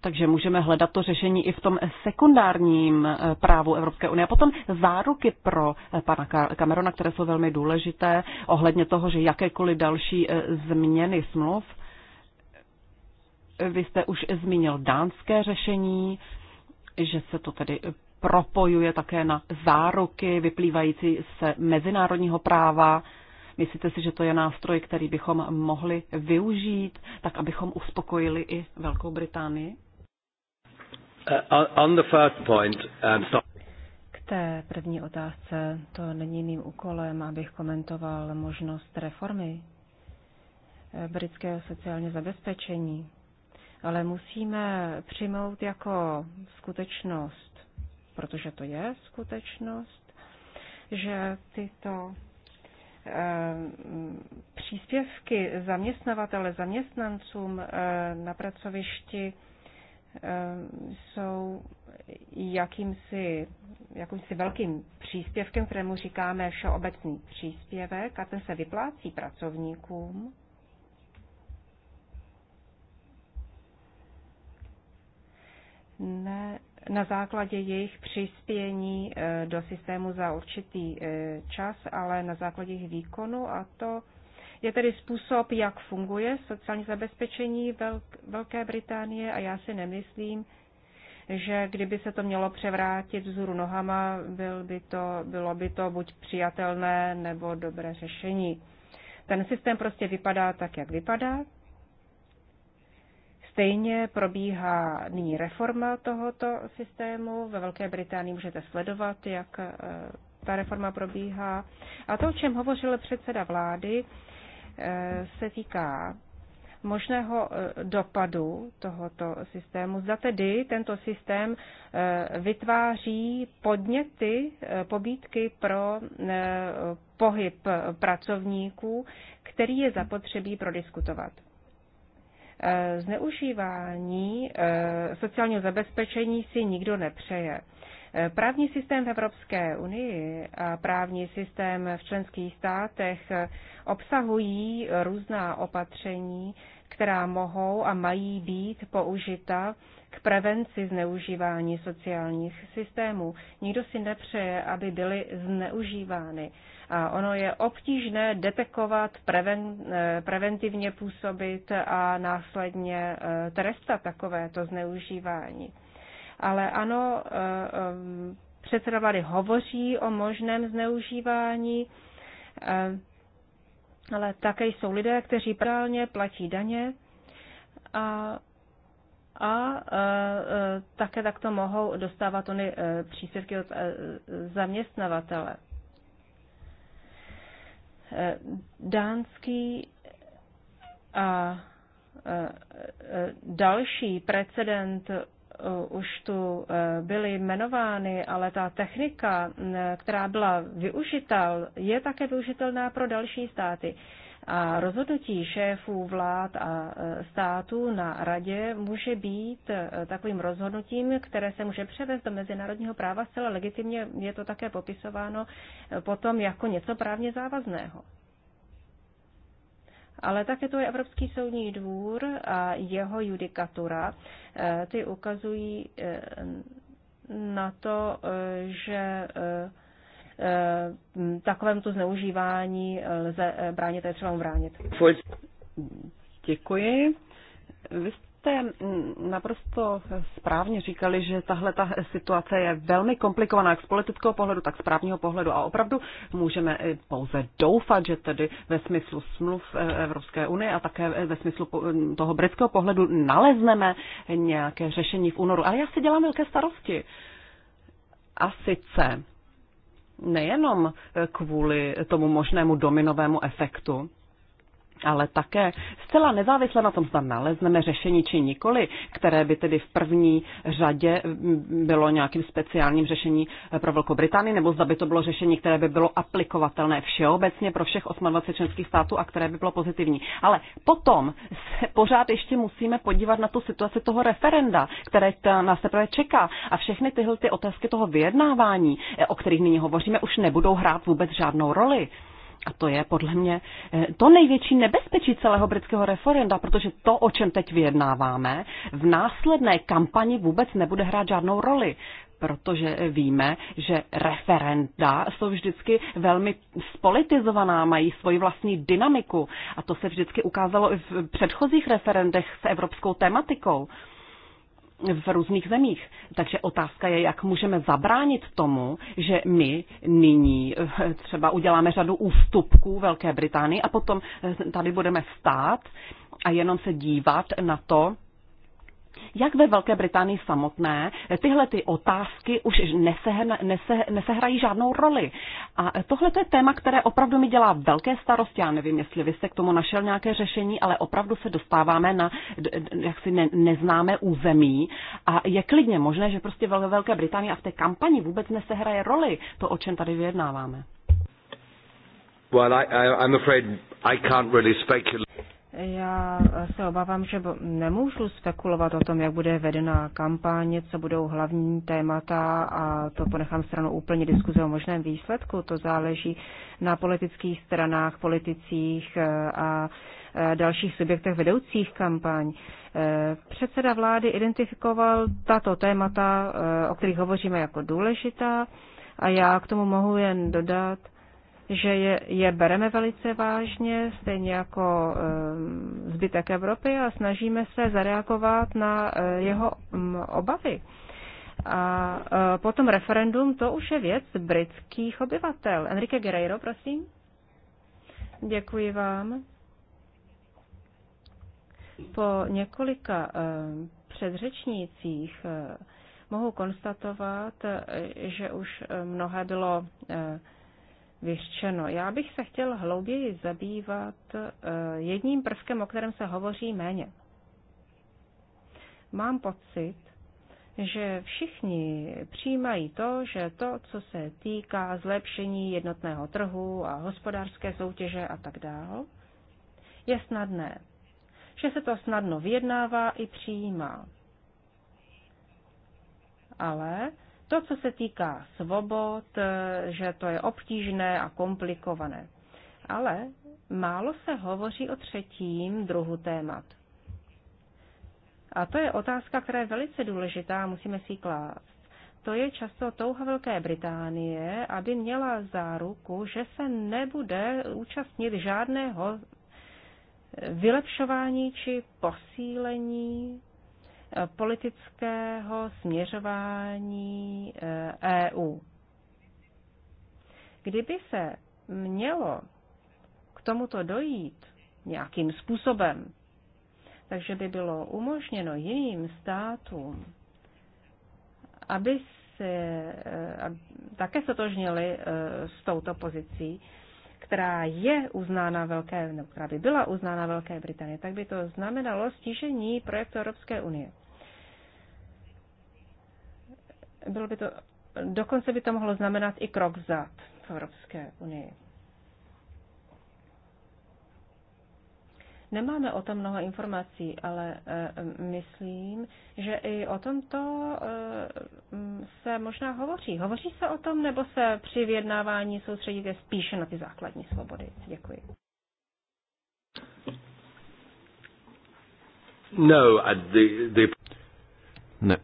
Takže můžeme hledat to řešení i v tom sekundárním eh, právu Evropské unie. A potom záruky pro eh, pana Camerona, které jsou velmi důležité, ohledně toho, že jakékoliv další eh, změny smluv, vy jste už zmínil dánské řešení, že se to tedy propojuje také na záruky vyplývající se mezinárodního práva. Myslíte si, že to je nástroj, který bychom mohli využít, tak abychom uspokojili i Velkou Británii? Uh, on the first point, um, so... K té první otázce to není mým úkolem, abych komentoval možnost reformy eh, britského sociálně zabezpečení, ale musíme přijmout jako skutečnost, protože to je skutečnost, že tyto eh, příspěvky zaměstnavatele zaměstnancům eh, na pracovišti jsou jakýmsi, jakýmsi velkým příspěvkem, kterému říkáme všeobecný příspěvek a ten se vyplácí pracovníkům. Ne, na základě jejich přispění eh, do systému za určitý eh, čas, ale na základě jejich výkonu a to je tedy způsob, jak funguje sociální zabezpečení Velké Británie a já si nemyslím, že kdyby se to mělo převrátit vzhůru nohama, byl by to, bylo by to buď přijatelné nebo dobré řešení. Ten systém prostě vypadá tak, jak vypadá. Stejně probíhá nyní reforma tohoto systému. Ve Velké Británii můžete sledovat, jak eh, ta reforma probíhá. A to, o čem hovořil předseda vlády, Eh, se týká možného eh, dopadu tohoto systému. Zda tedy tento systém eh, vytváří podněty, pobídky pro pohyb pracovníků, který je zapotřebí prodiskutovat. Zneužívání sociálního zabezpečení si nikdo nepřeje. Právní systém v Evropské unii a právní systém v členských státech obsahují různá opatření, která mohou a mají být použita k prevenci zneužívání sociálních systémů. Nikdo si nepřeje, aby byly zneužívány. A ono je obtížné detekovat, preven, eh, preventivně působit a následně eh, trestat takovéto zneužívání. Ale ano, eh, eh, předseda vlády hovoří o možném zneužívání, eh, ale také jsou lidé, kteří právně platí daně a, a také takto mohou dostávat ony příspěvky od zaměstnavatele. Dánský a další precedent Eh, už tu eh, byly jmenovány, ale ta technika, eh, která byla využita, je také využitelná pro další státy. A rozhodnutí šéfů vlád a států na radě může být takovým rozhodnutím, které se může převést do mezinárodního práva zcela legitimně. Je to také popisováno potom jako něco právně závazného ale také to je Evropský soudní dvůr a jeho judikatura. E, ty ukazují e, na to, e, že takovému to zneužívání lze bránit je třeba mu bránit. Děkuji. Vy jste mm, naprosto správně říkali, že tahle ta situace je velmi komplikovaná jak z politického pohledu, tak z právního pohledu a opravdu můžeme pouze doufat, že tedy ve smyslu smluv eh, Evropské unie a také ve smyslu eh, toho britského pohledu nalezneme nějaké řešení v únoru. Ale já si dělám velké starosti. A sice nejenom kvůli tomu možnému dominovému efektu, ale také zcela nezávisle na tom, zda nalezneme řešení či nikoli, které by tedy v první řadě bylo nějakým speciálním řešení eh, pro Velkou Británii, nebo zda by to bylo řešení, které by bylo aplikovatelné všeobecně pro všech 28 členských států a které by bylo pozitivní. Ale potom se pořád ještě musíme podívat na tu situaci toho referenda, které nás teprve čeká. A všechny tyhle ty otázky toho vyjednávání, eh, o kterých nyní hovoříme, už nebudou hrát vůbec žádnou roli. A to je podle mě eh, to největší nebezpečí celého britského referenda, protože to, o čem teď vyjednáváme, v následné kampani vůbec nebude hrát žádnou roli protože eh, víme, že referenda jsou vždycky velmi spolitizovaná, mají svoji vlastní dynamiku a to se vždycky ukázalo i v předchozích referendech s evropskou tematikou v různých zemích. Takže otázka je, jak můžeme zabránit tomu, že my nyní eh, třeba uděláme řadu ústupků Velké Británii a potom eh, tady budeme stát a jenom se dívat na to, jak ve Velké Británii samotné tyhle ty otázky už nesehne, nese, nesehrají žádnou roli. A tohle je téma, které opravdu mi dělá velké starosti. Já nevím, jestli vy jste k tomu našel nějaké řešení, ale opravdu se dostáváme na jaksi ne, neznámé území a je klidně možné, že prostě ve Velké Británii a v té kampani vůbec nesehraje roli to, o čem tady vyjednáváme. Well, I, I, I'm afraid I can't really speculate. Já se obávám, že nemůžu spekulovat o tom, jak bude vedena kampaň, co budou hlavní témata a to ponechám stranou úplně diskuze o možném výsledku. To záleží na politických stranách, politicích eh, a eh, dalších subjektech vedoucích kampaň. Eh, předseda vlády identifikoval tato témata, o kterých hovoříme jako důležitá a já k tomu mohu jen dodat, že je, je bereme velice vážně, stejně jako e, zbytek Evropy a snažíme se zareagovat na e, jeho m, mm, obavy. A e, potom referendum, to už je věc britských obyvatel. Enrique Guerreiro, prosím. Děkuji vám. Po několika e, předřečnících e, mohu konstatovat, že už mnohé bylo e, vyřčeno. Já bych se chtěl hlouběji zabývat eh, jedním prvkem, o kterém se hovoří méně. Mám pocit, že všichni přijímají to, že to, co se týká zlepšení jednotného trhu a hospodářské soutěže a tak dále, je snadné. Že se to snadno vyjednává i přijímá. Ale to, co se týká svobod, že to je obtížné a komplikované. Ale málo se hovoří o třetím druhu témat. A to je otázka, která je velice důležitá, musíme si ji klást. To je často touha Velké Británie, aby měla záruku, že se nebude účastnit žádného vylepšování či posílení politického směřování EU. Eh, e Kdyby se mělo k tomuto dojít nějakým způsobem, takže by bylo umožněno jiným státům, aby se eh, také sotožnili eh, s touto pozicí, která je uznána Velké, nebo která by byla uznána Velké Británie, tak by to znamenalo stížení projektu Evropské unie. Bylo by to, dokonce by to mohlo znamenat i krok vzad v Evropské unii. Nemáme o tom mnoho informací, ale e, myslím, že i o tomto e, se možná hovoří. Hovoří se o tom, nebo se při vyjednávání soustředíte spíše na ty základní svobody? Děkuji. No, the, the... Ne,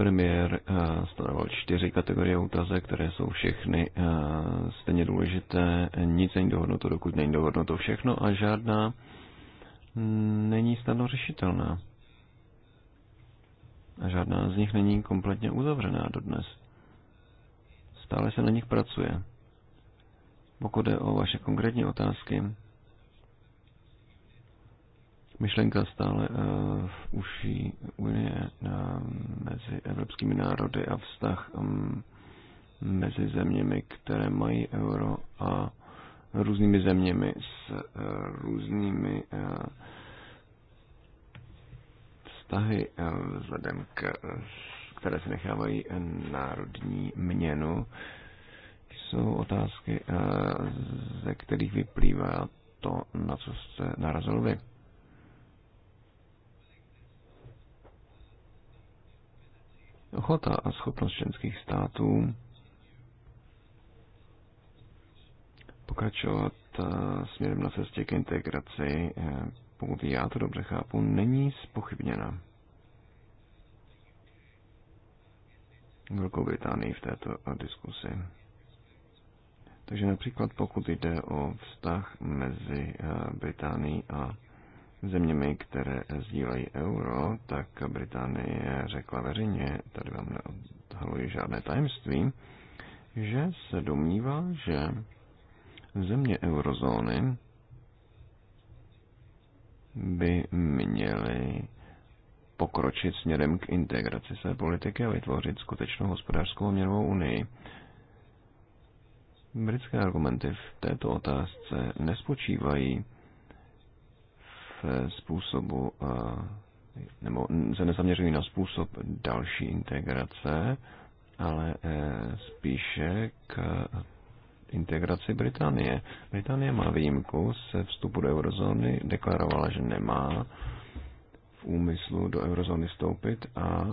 premiér eh, stanovil čtyři kategorie útaze, které jsou všechny eh, stejně důležité. Nic není dohodnuto, dokud není dohodnuto všechno a žádná není snadno řešitelná. A žádná z nich není kompletně uzavřená dodnes. Stále se na nich pracuje. Pokud jde o vaše konkrétní otázky, myšlenka stále eh, v uší unie eh, mezi evropskými národy a vztah mm, mezi zeměmi, které mají euro a různými zeměmi s eh, různými vztahy vzhledem k které se nechávají národní měnu, jsou otázky, ze kterých vyplývá to, na co jste narazil vy. Ochota a schopnost členských států pokračovat eh, směrem na cestě k integraci, eh, pokud já to dobře chápu, není spochybněna. Velkou Británii v této diskusi. Takže například pokud jde o vztah mezi eh, Británií a zeměmi, které sdílejí euro, tak Británie řekla veřejně, tady vám neodhaluji žádné tajemství, že se domnívá, že země eurozóny by měly pokročit směrem k integraci své politiky a vytvořit skutečnou hospodářskou měnovou unii. Britské argumenty v této otázce nespočívají se způsobu eh, nebo se nezaměřují na způsob další integrace, ale eh, spíše k integraci Británie. Británie má výjimku se vstupu do eurozóny, deklarovala, že nemá v úmyslu do eurozóny vstoupit a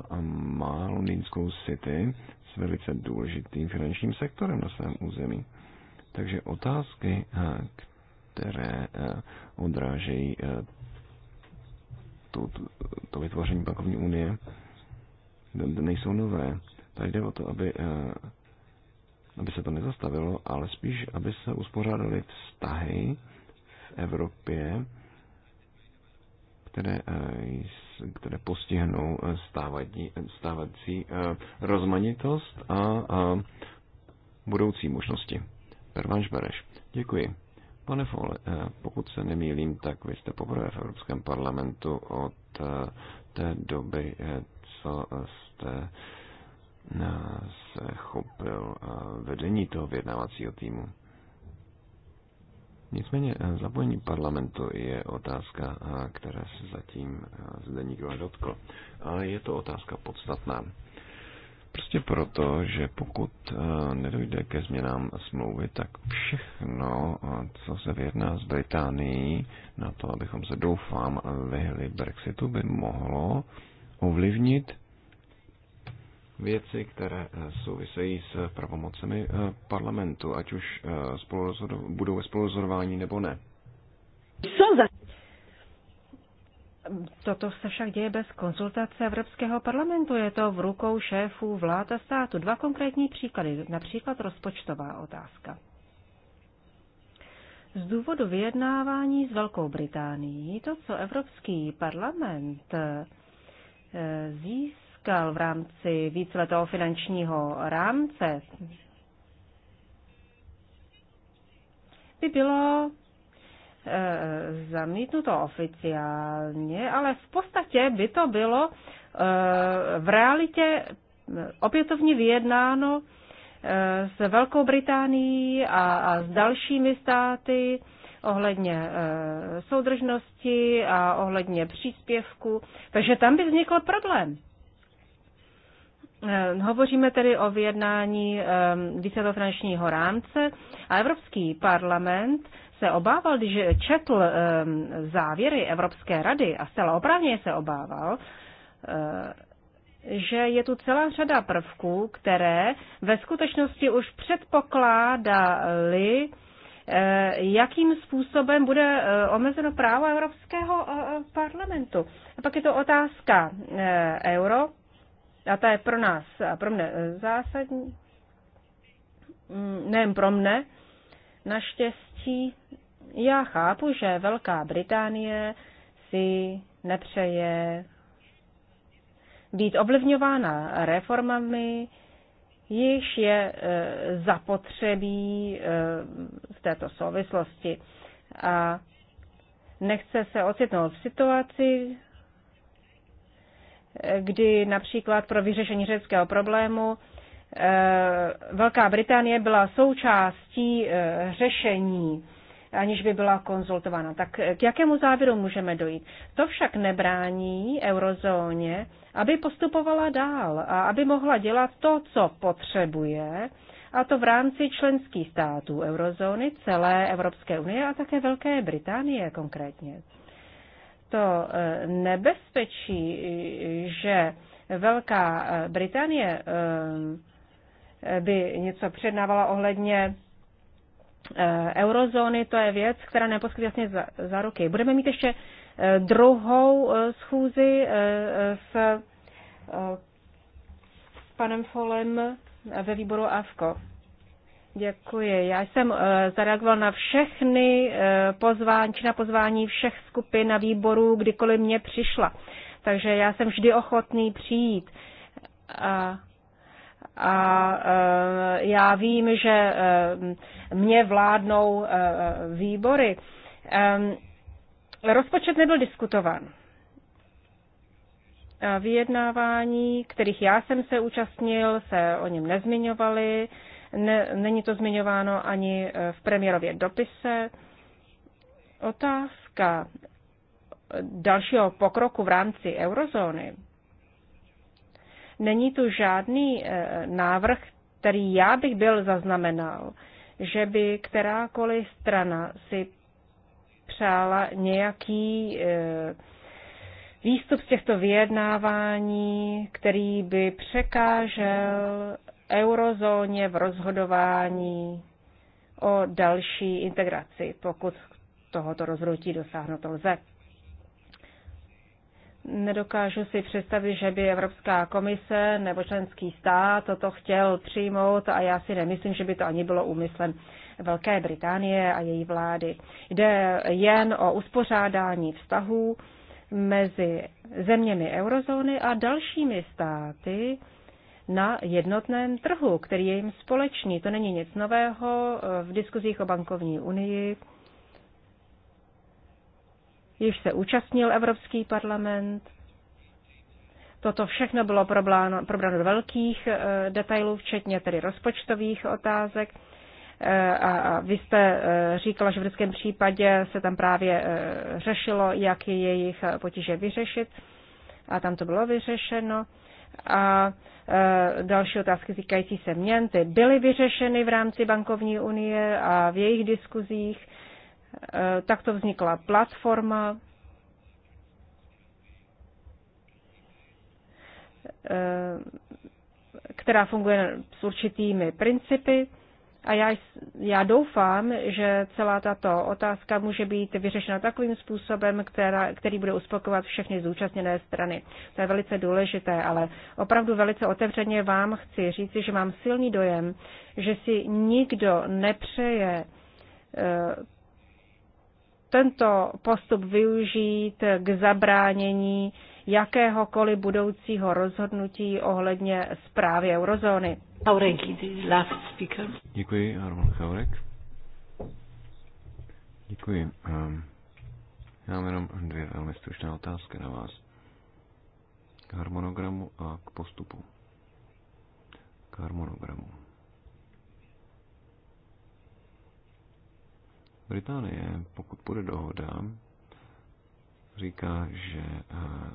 má londýnskou city s velice důležitým finančním sektorem na svém území. Takže otázky, eh, které odrážejí to, to vytvoření bankovní unie, nejsou nové. Tady jde o to, aby, eh, aby se to nezastavilo, ale spíš, aby se uspořádaly vztahy v Evropě, které, eh, které postihnou eh, stávají, stávající rozmanitost a, a budoucí možnosti. Pervanš Bereš. Děkuji. Pane Fole, eh, pokud se nemýlím, tak vy jste poprvé v Evropském parlamentu od eh, té doby, eh, co jste se chopil vedení toho vyjednávacího týmu. Nicméně zapojení parlamentu je otázka, která se zatím zde nikdo nedotkl. Ale je to otázka podstatná. Prostě proto, že pokud eh, nedojde ke změnám smlouvy, tak všechno, eh, co se vyjedná s Británií na to, abychom se doufám vyhli Brexitu, by mohlo ovlivnit věci, které eh, souvisejí s pravomocemi parlamentu, ať už budou ve spolurozhodování nebo ne. Co za... Toto se však děje bez konzultace Evropského parlamentu. Je to v rukou šéfů vlád a státu. Dva konkrétní příklady, například rozpočtová otázka. Z důvodu vyjednávání s Velkou Británií to, co Evropský parlament eh, získal v rámci víceletého finančního rámce, by bylo Eh, zamítnuto oficiálně, ale v podstatě by to bylo eh, v realitě eh, opětovně vyjednáno s Velkou Británií a, a s dalšími státy ohledně soudržnosti a ohledně příspěvku. Takže tam by vznikl problém. Hovoříme tedy o vyjednání víceletého rámce a Evropský parlament se obával, když četl eh, závěry Evropské rady a zcela oprávně se obával, eh, že je tu celá řada prvků, které ve skutečnosti už předpokládaly, eh, jakým způsobem bude omezeno právo Evropského parlamentu. A pak je to otázka euro, a ta je pro nás a pro mne zásadní, mm, nejen pro mne, naštěstí já chápu, že Velká Británie si nepřeje být ovlivňována reformami, již je e, zapotřebí e, v této souvislosti. A nechce se ocitnout v situaci, kdy například pro vyřešení řeckého problému e, Velká Británie byla součástí řešení aniž by byla konzultována. Tak eh, k jakému závěru můžeme dojít? To však nebrání eurozóně, aby postupovala dál a aby mohla dělat to, co potřebuje, a to v rámci členských států eurozóny, celé Evropské unie a také Velké Británie konkrétně. To eh, nebezpečí, že Velká eh, Británie by něco přednávala ohledně Eh, eurozóny, to je věc, která neposkytuje jasně za, za ruky. Budeme mít ještě eh, druhou eh, schůzi s panem Folem ve výboru AFKO. Děkuji. Já jsem zareagoval na všechny pozvání, na pozvání všech skupin na výboru, kdykoliv mě přišla. Takže já jsem vždy ochotný přijít. A a e, já vím, že e, mě vládnou e, výbory. Rozpočet nebyl diskutován. Vyjednávání, kterých já jsem se účastnil, se o něm nezmiňovali. Ne, není to zmiňováno ani v premiérově dopise. Otázka dalšího pokroku v rámci eurozóny Není tu žádný eh, návrh, který já bych byl zaznamenal, že by kterákoliv strana si přála nějaký eh, výstup z těchto vyjednávání, který by překážel eurozóně v rozhodování o další integraci, pokud tohoto rozhodnutí dosáhnout lze nedokážu si představit, že by Evropská komise nebo členský stát toto chtěl přijmout a já si nemyslím, že by to ani bylo úmyslem Velké Británie a její vlády. Jde jen o uspořádání vztahů mezi zeměmi eurozóny a dalšími státy na jednotném trhu, který je jim společný. To není nic nového v diskuzích o bankovní unii již se účastnil Evropský parlament. Toto všechno bylo probráno probráno do velkých eh, detailů, včetně tedy rozpočtových otázek. Eh, a vy jste eh, říkala, že v lidském případě se tam právě řešilo, jak je jejich potíže vyřešit. A tam to bylo vyřešeno. A další otázky týkající se měn, ty byly vyřešeny v rámci bankovní unie a v jejich diskuzích Eh, Takto vznikla platforma. Eh, která funguje s určitými principy. A já, já doufám, že celá tato otázka může být vyřešena takovým způsobem, která, který bude uspokovat všechny zúčastněné strany. To je velice důležité, ale opravdu velice otevřeně vám chci říci, že mám silný dojem, že si nikdo nepřeje eh, tento postup využít k zabránění jakéhokoliv budoucího rozhodnutí ohledně zprávy eurozóny. Děkuji, Armand Chaurek. Děkuji. Ehm, já mám jenom dvě velmi stručné otázky na vás. K harmonogramu a k postupu. K harmonogramu. Británie, pokud bude dohoda, říká, že eh,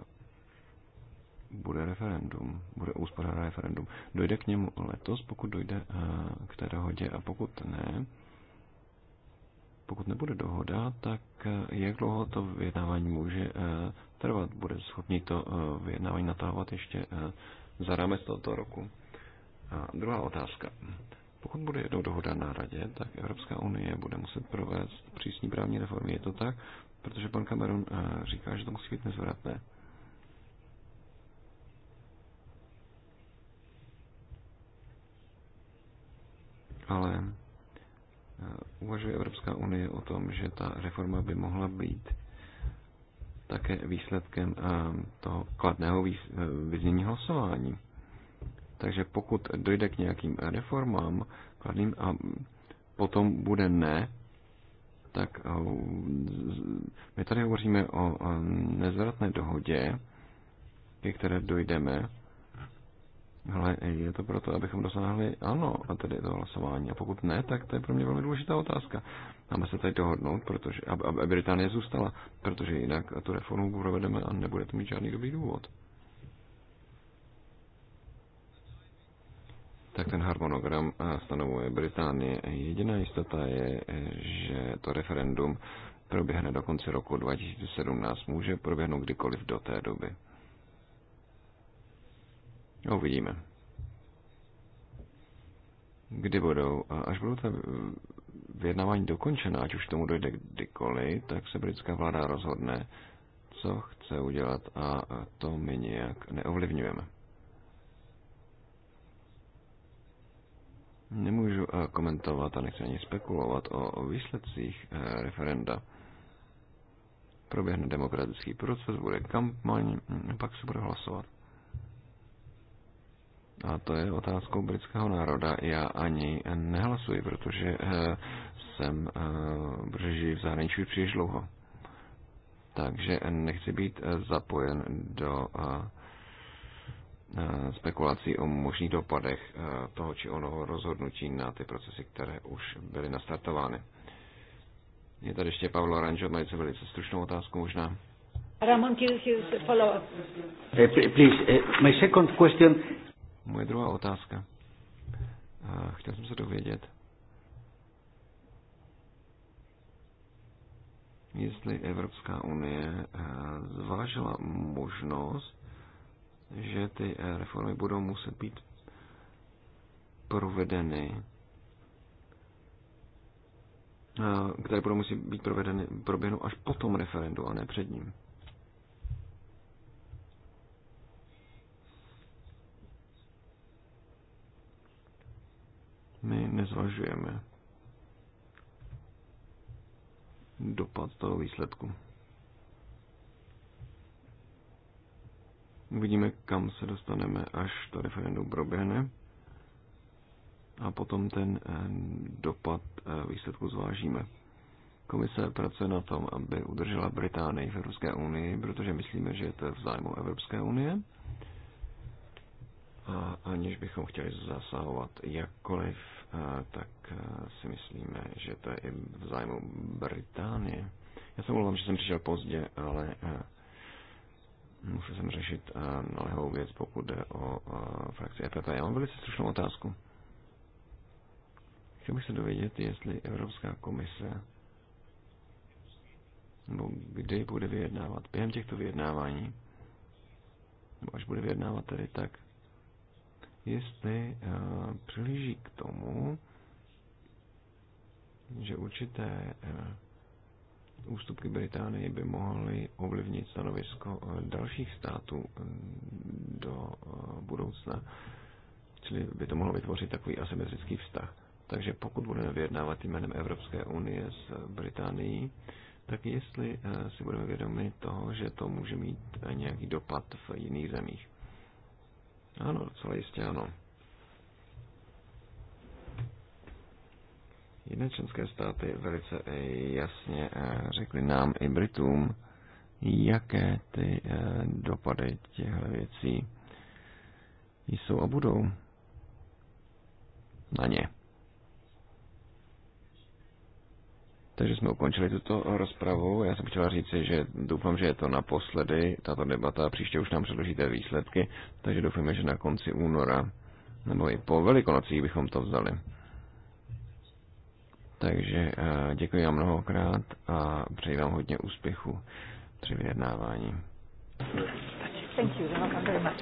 bude referendum, bude uspořádat referendum. Dojde k němu letos, pokud dojde eh, k té dohodě a pokud ne, pokud nebude dohoda, tak eh, jak dlouho to vyjednávání může trvat? Bude schopný to vyjednávání natáhovat ještě za rámec tohoto roku? A druhá otázka. Pokud bude jednou dohoda na radě, tak Evropská unie bude muset provést přísní právní reformy. Je to tak? Protože pan Cameron eh, říká, že to musí být nezvratné. Ale eh, uvažuje Evropská unie o tom, že ta reforma by mohla být také výsledkem eh, toho kladného vyznění hlasování. Takže pokud dojde k nějakým reformám, kladným a potom bude ne, tak eh, my tady hovoříme o eh, nezvratné dohodě, ke které dojdeme, ale je to proto, abychom dosáhli ano, a tedy to hlasování. A pokud ne, tak to je pro mě velmi důležitá otázka. Máme se tady dohodnout, protože, aby Británie zůstala, protože jinak tu reformu provedeme a nebude to mít žádný dobrý důvod. tak ten harmonogram eh, stanovuje Británie. Jediná jistota je, eh, že to referendum proběhne do konce roku 2017. Může proběhnout kdykoliv do té doby. No, uvidíme. Kdy budou, až budou ta vyjednávání dokončená, ať už tomu dojde kdykoliv, tak se britská vláda rozhodne, co chce udělat a to my nijak neovlivňujeme. Nemůžu eh, komentovat a nechci ani spekulovat o výsledcích eh, referenda. Proběhne demokratický proces, bude kampaň, hm, pak se bude hlasovat. A to je otázkou britského národa. Já ani nehlasuji, protože eh, jsem, brží v zahraničí příliš dlouho. Takže nechci být zapojen do Eh, spekulací o možných dopadech eh, toho či onoho rozhodnutí na ty procesy, které už byly nastartovány. Je tady ještě Pavlo Aranžo, mají velice stručnou otázku možná. Ramon, eh, Please, my second question. Moje druhá otázka. Chtěl jsem se dovědět, jestli Evropská unie zvážila možnost že ty eh, reformy budou muset být provedeny, eh, které budou muset být provedeny, proběhnou až po tom referendu a ne před ním. My nezvažujeme dopad toho výsledku. Uvidíme, kam se dostaneme, až to referendum proběhne. A potom ten eh, dopad eh, výsledku zvážíme. Komise pracuje na tom, aby udržela Británii v Evropské unii, protože myslíme, že je to v zájmu Evropské unie. A aniž bychom chtěli zasahovat jakkoliv, eh, tak si myslíme, že to je i v zájmu Británie. Já se omlouvám, že jsem přišel pozdě, ale musel jsem řešit eh, nalehou věc, pokud jde o eh, frakci EPP. Já mám velice slušnou otázku. Chtěl bych se dovědět, jestli Evropská komise nebo kdy bude vyjednávat. Během těchto vyjednávání, nebo až bude vyjednávat tedy tak, jestli uh, přihlíží k tomu, že určité uh, ústupky Británie by mohly ovlivnit stanovisko eh, dalších států eh, do eh, budoucna. Čili by to mohlo vytvořit takový asymetrický vztah. Takže pokud budeme vyjednávat jménem Evropské unie s Británií, tak jestli si budeme vědomi toho, že to může mít nějaký dopad v jiných zemích. Ano, docela jistě ano. Jedné členské státy velice eh, jasně eh, řekli nám i Britům, jaké ty eh, dopady těchto věcí jsou a budou na ně. Takže jsme ukončili tuto rozpravu. Já jsem chtěla říci, že doufám, že je to naposledy, tato debata, příště už nám předložíte výsledky, takže doufáme, že na konci února nebo i po velikonocích bychom to vzali. Takže eh, děkuji vám mnohokrát a přeji vám hodně úspěchu při vyjednávání. Thank you very much.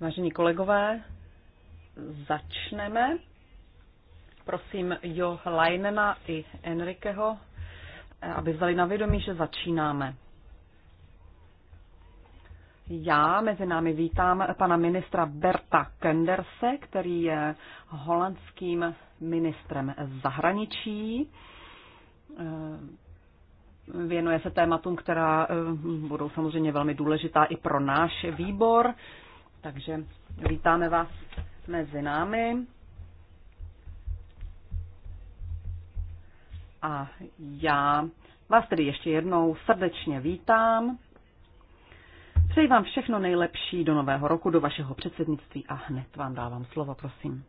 Vážení kolegové, začneme. Prosím Jo Leinena i Enrikeho, aby vzali na vědomí, že začínáme. Já mezi námi vítám pana ministra Berta Kenderse, který je holandským ministrem zahraničí věnuje se tématům, která eh, budou samozřejmě velmi důležitá i pro náš výbor. Takže vítáme vás mezi námi. A já vás tedy ještě jednou srdečně vítám. Přeji vám všechno nejlepší do nového roku, do vašeho předsednictví a hned vám dávám slovo, prosím.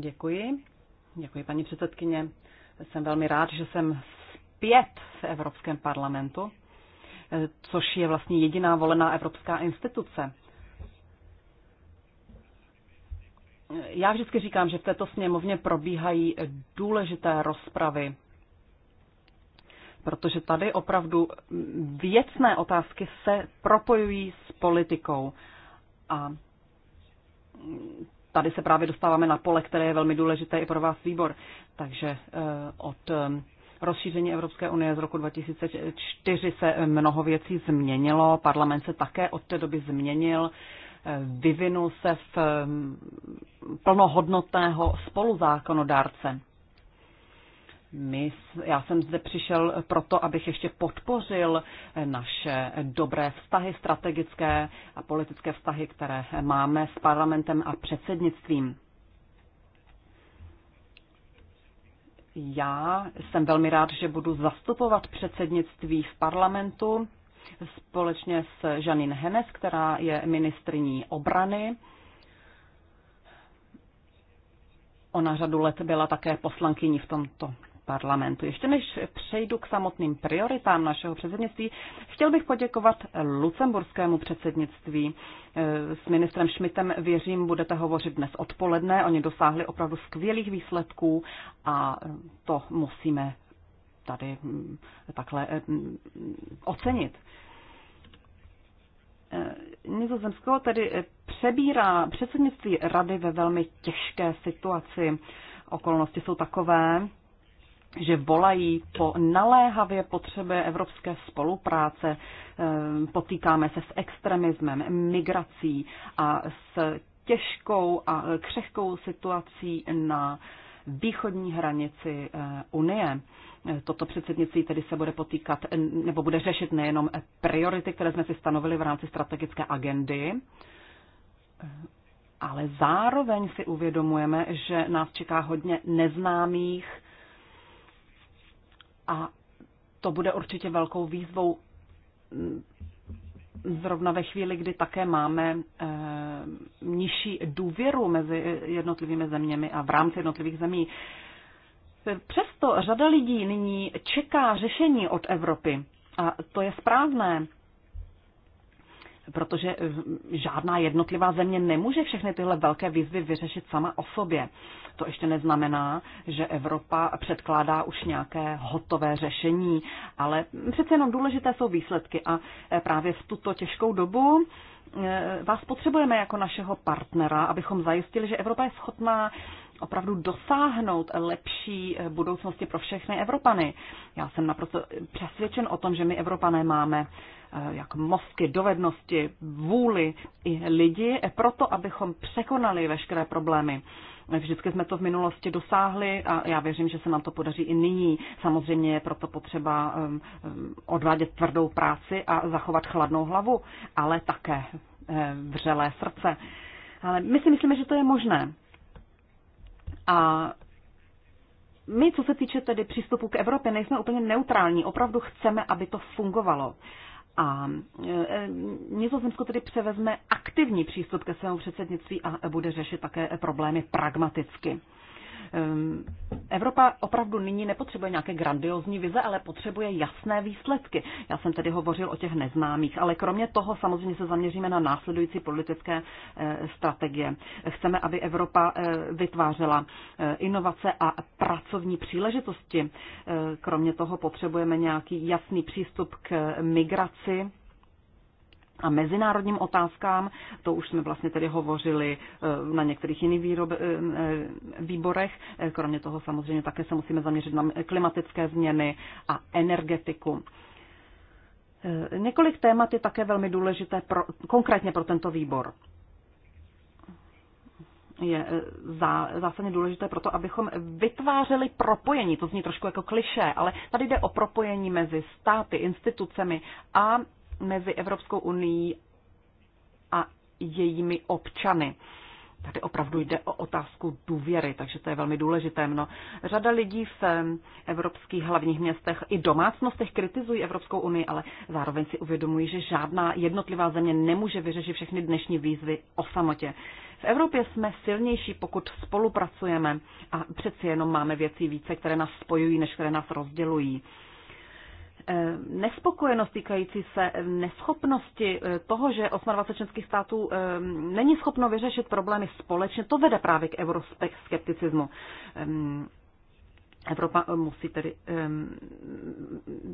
Děkuji. Děkuji, paní předsedkyně. Jsem velmi rád, že jsem zpět v Evropském parlamentu, eh, což je vlastně jediná volená evropská instituce. Já vždycky říkám, že v této sněmovně probíhají důležité rozpravy, protože tady opravdu věcné otázky se propojují s politikou. A tady se právě dostáváme na pole, které je velmi důležité i pro vás výbor. Takže eh, od eh, rozšíření Evropské unie z roku 2004 se mnoho věcí změnilo, parlament se také od té doby změnil, eh, vyvinul se v plnohodnotného spoluzákonodárce my, já jsem zde přišel proto, abych ještě podpořil naše dobré vztahy strategické a politické vztahy, které máme s parlamentem a předsednictvím. Já jsem velmi rád, že budu zastupovat předsednictví v parlamentu společně s Janine Henes, která je ministrní obrany. Ona řadu let byla také poslankyní v tomto parlamentu. Ještě než přejdu k samotným prioritám našeho předsednictví, chtěl bych poděkovat lucemburskému předsednictví. S ministrem Schmidtem věřím, budete hovořit dnes odpoledne. Oni dosáhli opravdu skvělých výsledků a to musíme tady mm, takhle mm, ocenit. Eh, Nizozemsko tedy přebírá předsednictví rady ve velmi těžké situaci. Okolnosti jsou takové, že volají po naléhavě potřebě evropské spolupráce. Ehm, potýkáme se s extremismem, migrací a s těžkou a křehkou situací na východní hranici eh, Unie. Toto předsednictví tedy se bude potýkat nebo bude řešit nejenom priority, které jsme si stanovili v rámci strategické agendy, eh, ale zároveň si uvědomujeme, že nás čeká hodně neznámých a to bude určitě velkou výzvou mm, zrovna ve chvíli, kdy také máme e, nižší důvěru mezi jednotlivými zeměmi a v rámci jednotlivých zemí. Přesto řada lidí nyní čeká řešení od Evropy. A to je správné protože žádná jednotlivá země nemůže všechny tyhle velké výzvy vyřešit sama o sobě. To ještě neznamená, že Evropa předkládá už nějaké hotové řešení, ale přece jenom důležité jsou výsledky a e, právě v tuto těžkou dobu e, vás potřebujeme jako našeho partnera, abychom zajistili, že Evropa je schopná opravdu dosáhnout lepší eh, budoucnosti pro všechny Evropany. Já jsem naprosto přesvědčen o tom, že my Evropané máme eh, jak mozky, dovednosti, vůli i lidi, eh, proto abychom překonali veškeré problémy. Vždycky jsme to v minulosti dosáhli a já věřím, že se nám to podaří i nyní. Samozřejmě je proto potřeba ehm, ehm, odvádět tvrdou práci a zachovat chladnou hlavu, ale také vřelé srdce. Ale my si myslíme, že to je možné. A my, co se týče tedy přístupu k Evropě, nejsme úplně neutrální. Opravdu chceme, aby to fungovalo. A e, e, Nizozemsko tedy převezme aktivní přístup ke svému předsednictví a bude řešit také problémy pragmaticky. Ehm, Evropa opravdu nyní nepotřebuje nějaké grandiozní vize, ale potřebuje jasné výsledky. Já jsem tedy hovořil o těch neznámých, ale kromě toho samozřejmě se zaměříme na následující politické eh, strategie. Chceme, aby Evropa eh, vytvářela eh, inovace a pracovní příležitosti. Kromě toho potřebujeme nějaký jasný přístup k migraci a mezinárodním otázkám, to už jsme vlastně tedy hovořili eh, na některých jiných eh, eh, výborech. Kromě toho samozřejmě také se musíme zaměřit na klimatické změny a energetiku. Několik témat je také velmi důležité pro, konkrétně pro tento výbor. Je zá, zásadně důležité proto, abychom vytvářeli propojení. To zní trošku jako kliše, ale tady jde o propojení mezi státy, institucemi a mezi Evropskou unii a jejími občany. Tady opravdu jde o otázku důvěry, takže to je velmi důležité. No, řada lidí v evropských hlavních městech i domácnostech kritizují Evropskou unii, ale zároveň si uvědomují, že žádná jednotlivá země nemůže vyřešit všechny dnešní výzvy o samotě. V Evropě jsme silnější, pokud spolupracujeme a přeci jenom máme věcí více, které nás spojují, než které nás rozdělují. Eh, nespokojenost týkající se eh, neschopnosti eh, toho, že 28 členských států není schopno vyřešit problémy společně, to vede právě k euroskepticismu. Ehm, Evropa musí tedy um,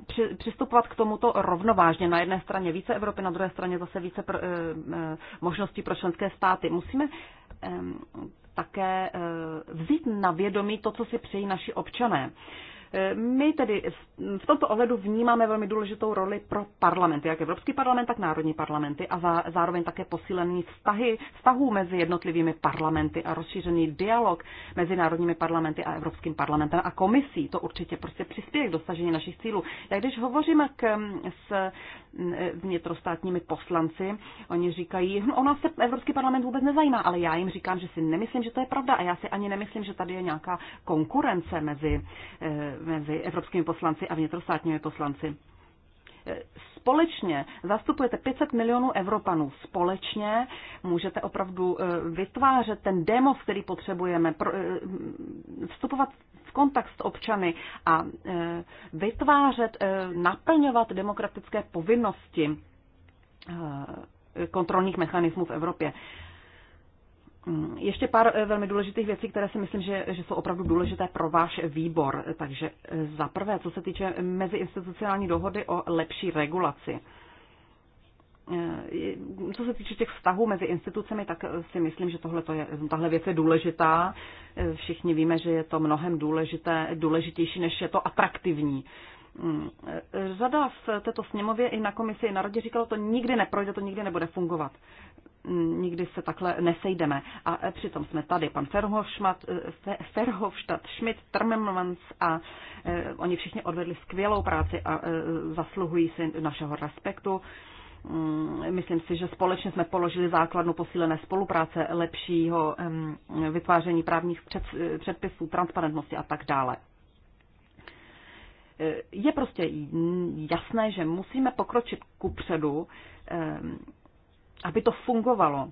při, přistupovat k tomuto rovnovážně. Na jedné straně více Evropy, na druhé straně zase více pro, um, možností pro členské státy. Musíme um, také uh, vzít na vědomí to, co si přejí naši občané. Uh, my tedy v tomto ohledu vnímáme velmi důležitou roli pro parlamenty, jak Evropský parlament, tak národní parlamenty a zároveň také posílený vztahy, vztahů mezi jednotlivými parlamenty a rozšířený dialog mezi národními parlamenty a Evropským parlamentem a komisí. To určitě prostě přispěje k dosažení našich cílů. Jak když hovoříme k, s vnitrostátními poslanci. Oni říkají, no ona se Evropský parlament vůbec nezajímá, ale já jim říkám, že si nemyslím, že to je pravda a já si ani nemyslím, že tady je nějaká konkurence mezi, eh, mezi evropskými poslanci a vnitrostátními poslanci eh, společně zastupujete 500 milionů Evropanů společně, můžete opravdu eh, vytvářet ten demos, který potřebujeme, eh, vstupovat v kontakt s občany a eh, vytvářet, naplňovat demokratické povinnosti kontrolních mechanismů v Evropě. Mm, ještě pár eh, velmi důležitých věcí, které si myslím, že, že jsou opravdu důležité pro váš výbor. Takže eh, za prvé, co se týče meziinstitucionální dohody o lepší regulaci. Eh, co se týče těch vztahů mezi institucemi, tak si myslím, že tohle je, tahle věc je důležitá. Všichni víme, že je to mnohem důležité, důležitější, než je to atraktivní. Mm, e, řada v této sněmově i na komisi i na radě říkalo, to nikdy neprojde, to nikdy nebude fungovat. Mm, nikdy se takhle nesejdeme. A e, přitom jsme tady, pan e, Ferhofstadt, Schmidt, Trmemans a oni všichni odvedli skvělou práci a zasluhují si našeho respektu. Mm, myslím si, že společně jsme položili základnu posílené spolupráce, lepšího vytváření právních předpisů, transparentnosti a tak dále je prostě jasné, že musíme pokročit ku předu, ehm, aby to fungovalo.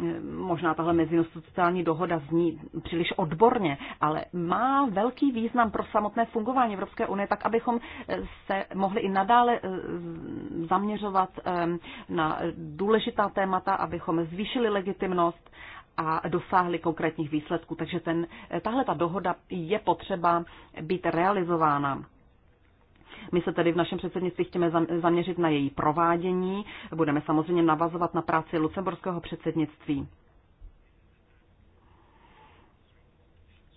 Ehm, možná tahle mezinstitucionální dohoda zní příliš odborně, ale má velký význam pro samotné fungování Evropské unie, tak abychom eh, se mohli i nadále eh, zaměřovat ehm, na důležitá témata, abychom zvýšili legitimnost a dosáhli konkrétních výsledků. Takže ten, eh, tahle ta dohoda je potřeba být realizována. My se tedy v našem předsednictví chceme zaměřit na její provádění. Budeme samozřejmě navazovat na práci lucemburského předsednictví.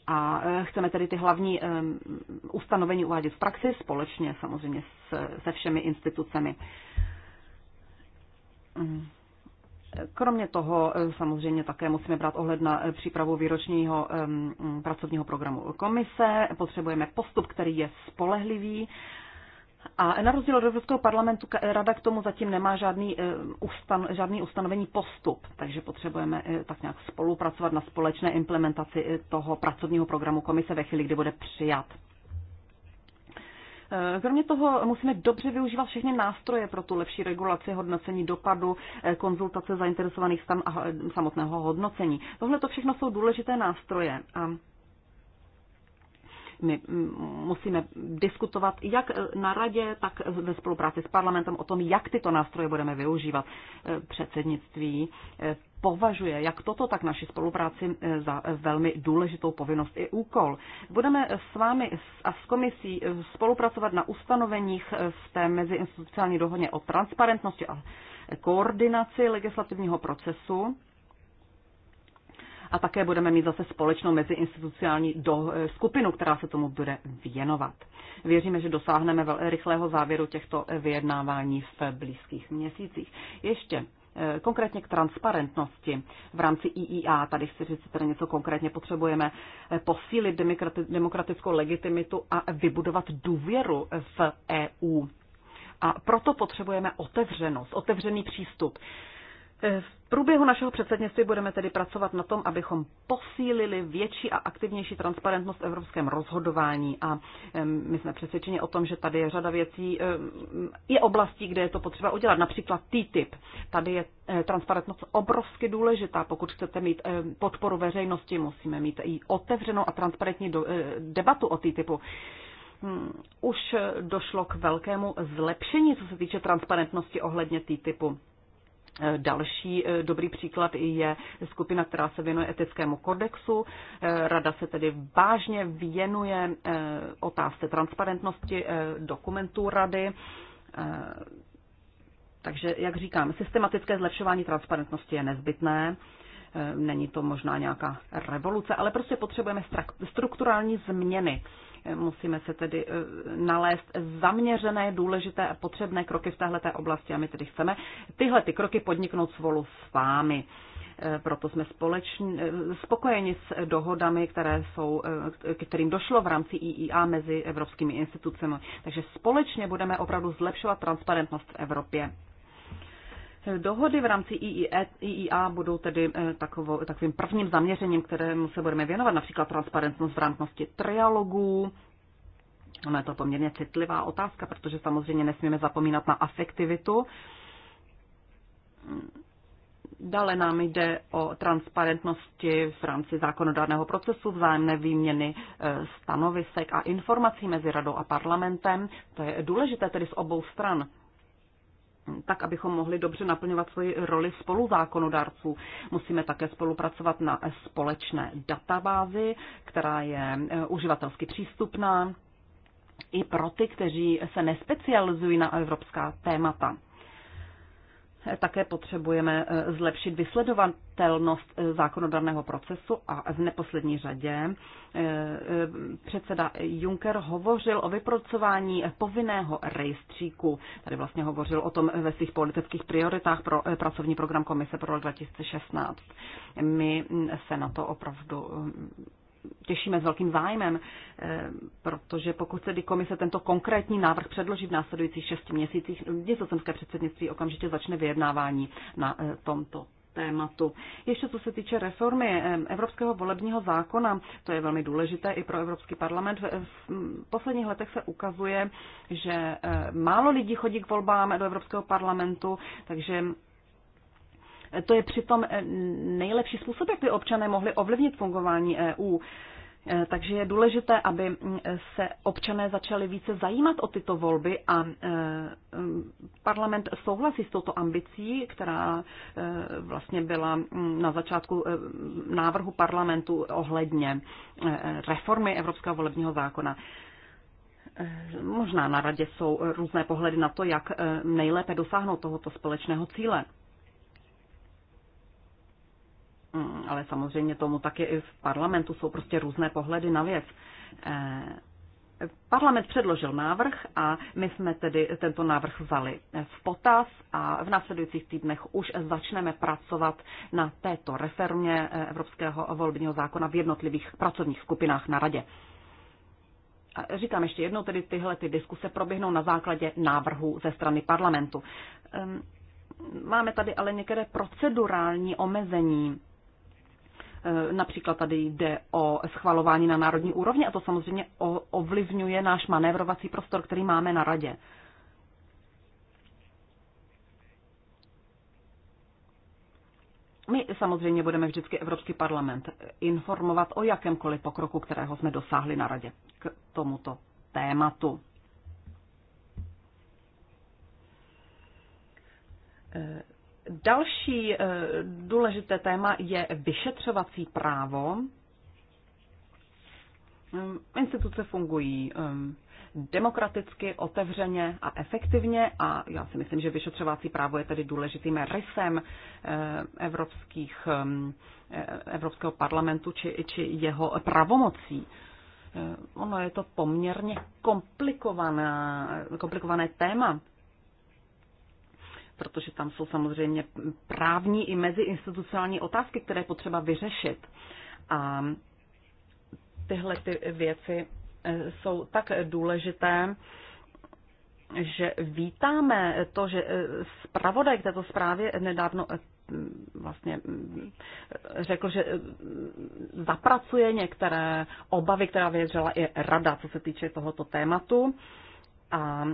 A e, chceme tedy ty hlavní e, ustanovení uvádět v praxi společně samozřejmě se všemi institucemi. Mm. Kromě toho e, samozřejmě také musíme brát ohled na přípravu výročního pracovního programu komise. Potřebujeme postup, který je spolehlivý a na rozdíl od Evropského parlamentu rada k tomu zatím nemá žádný, eh, ustan, žádný ustanovený postup, takže potřebujeme eh, tak nějak spolupracovat na společné implementaci eh, toho pracovního programu komise ve chvíli, kdy bude přijat. Kromě toho musíme dobře využívat všechny nástroje pro tu lepší regulaci, hodnocení dopadu, konzultace zainteresovaných stran a samotného hodnocení. Tohle to všechno jsou důležité nástroje. A my musíme diskutovat jak na radě, tak ve spolupráci s parlamentem o tom, jak tyto nástroje budeme využívat. Eh, předsednictví eh, považuje jak toto, tak naši spolupráci eh, za velmi důležitou povinnost i úkol. Budeme s vámi a s komisí spolupracovat na ustanoveních v té meziinstitucionální dohodě o transparentnosti a koordinaci legislativního procesu a také budeme mít zase společnou meziinstitucionální do, eh, skupinu, která se tomu bude věnovat. Věříme, že dosáhneme velmi rychlého závěru těchto eh, vyjednávání v blízkých měsících. Ještě eh, konkrétně k transparentnosti v rámci IIA. Tady chci říct, tady něco konkrétně potřebujeme posílit demokratickou legitimitu a vybudovat důvěru v EU. A proto potřebujeme otevřenost, otevřený přístup. Eh, v průběhu našeho předsednictví budeme tedy pracovat na tom, abychom posílili větší a aktivnější transparentnost v evropském rozhodování. A my jsme přesvědčeni o tom, že tady je řada věcí, je oblastí, kde je to potřeba udělat. Například TTIP. Tady je eh, transparentnost obrovsky důležitá. Pokud chcete mít podporu veřejnosti, musíme mít i otevřenou a transparentní eh, debatu o TTIPu hmm, už došlo k velkému zlepšení, co se týče transparentnosti ohledně TTIPu. Další eh, dobrý příklad je skupina, která se věnuje etickému kodexu. Eh, Rada se tedy vážně věnuje eh, otázce transparentnosti dokumentů rady. Takže, jak říkám, systematické zlepšování transparentnosti je nezbytné. Není to možná nějaká revoluce, ale prostě potřebujeme strukturální změny Musíme se tedy eh, nalézt zaměřené, důležité a potřebné kroky v této oblasti a my tedy chceme tyhle ty kroky podniknout svolu s vámi. Eh, proto jsme společně, eh, spokojeni s dohodami, které jsou, k kterým došlo v rámci IIA mezi evropskými institucemi. Takže společně budeme opravdu zlepšovat transparentnost v Evropě. Dohody v rámci IIA e e budou tedy eh, takovou, takovým prvním zaměřením, kterému se budeme věnovat, například transparentnost v rámci trialogů. Ono je to poměrně citlivá otázka, protože samozřejmě nesmíme zapomínat na afektivitu. Dále nám jde o transparentnosti v rámci zákonodárného procesu, vzájemné výměny eh, stanovisek a informací mezi radou a parlamentem. To je důležité tedy z obou stran tak abychom mohli dobře naplňovat svoji roli spoluzákonodárců. Musíme také spolupracovat na společné databázi, která je eh, uživatelsky přístupná i pro ty, kteří se nespecializují na evropská témata. Také potřebujeme eh, zlepšit vysledovatelnost eh, zákonodárného procesu a v neposlední řadě eh, předseda Juncker hovořil o vypracování povinného rejstříku. Tady vlastně hovořil o tom ve svých politických prioritách pro pracovní program Komise pro rok 2016. My mm, se na to opravdu mm, těšíme s velkým zájmem, eh, protože pokud se komise tento konkrétní návrh předloží v následujících šesti měsících, nizozemské předsednictví okamžitě začne vyjednávání na eh, tomto tématu. Ještě co se týče reformy eh, Evropského volebního zákona, to je velmi důležité i pro Evropský parlament. V posledních letech se ukazuje, že málo lidí chodí k volbám do Evropského parlamentu, takže to je přitom eh, nejlepší způsob, jak by občané mohli ovlivnit fungování EU. Eh, takže je důležité, aby mm, se občané začali více zajímat o tyto volby a eh, mm, parlament souhlasí s touto ambicí, která vlastně byla mm, na začátku návrhu parlamentu ohledně reformy Evropského volebního zákona. Možná na radě jsou různé pohledy na to, jak nejlépe dosáhnout tohoto společného cíle. Mm, ale samozřejmě tomu tak je i v parlamentu, jsou prostě různé pohledy na věc. Eh, parlament předložil návrh a my jsme tedy tento návrh vzali v potaz a v následujících týdnech už začneme pracovat na této reformě eh, Evropského volebního zákona v jednotlivých pracovních skupinách na radě. A říkám ještě jednou, tedy tyhle ty diskuse proběhnou na základě návrhu ze strany parlamentu. Ehm, máme tady ale některé procedurální omezení Eh, například tady jde o schvalování na národní úrovni a to samozřejmě ovlivňuje náš manévrovací prostor, který máme na radě. My samozřejmě budeme vždycky Evropský parlament informovat o jakémkoliv pokroku, kterého jsme dosáhli na radě k tomuto tématu. Eh, Další eh, důležité téma je vyšetřovací právo. Ehm, instituce fungují ehm, demokraticky, otevřeně a efektivně a já si myslím, že vyšetřovací právo je tedy důležitým rysem eh, evropských, ehm, eh, Evropského parlamentu či, či jeho pravomocí. Ono je to poměrně komplikované, komplikované téma protože tam jsou samozřejmě právní i meziinstitucionální otázky, které potřeba vyřešit. A tyhle ty věci e, jsou tak důležité, že vítáme to, že e, zpravodaj k této zprávě nedávno e, vlastně řekl, že zapracuje některé obavy, která vyjadřila i rada, co se týče tohoto tématu. A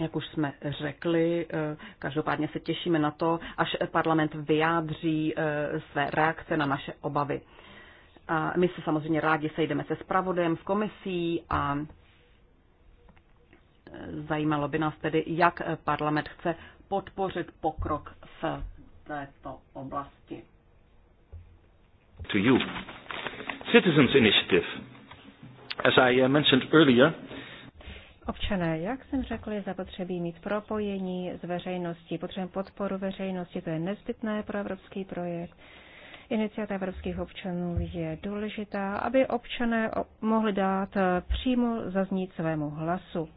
jak už jsme řekli, eh, každopádně se těšíme na to, až parlament vyjádří eh, své reakce na naše obavy. A my se samozřejmě rádi sejdeme se spravodajem, v komisí a eh, zajímalo by nás tedy, jak parlament chce podpořit pokrok v této oblasti. To you. Citizens Initiative. As I mentioned earlier, Občané, jak jsem řekl, je zapotřebí mít propojení s veřejností, potřebujeme podporu veřejnosti, to je nezbytné pro evropský projekt. Iniciativa evropských občanů je důležitá, aby občané mohli dát eh, přímo zaznít svému hlasu.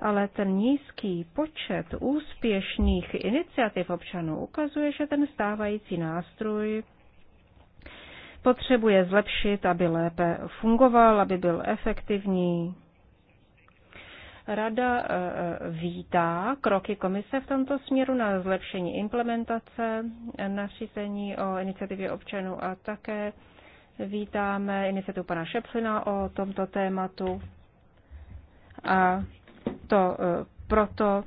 Ale ten nízký počet úspěšných iniciativ občanů ukazuje, že ten stávající nástroj potřebuje zlepšit, aby lépe fungoval, aby byl efektivní Rada eh, eh, vítá kroky komise v tomto směru na zlepšení implementace eh, nařízení o iniciativě občanů a také vítáme iniciativu pana Šepflina o tomto tématu. A to proto,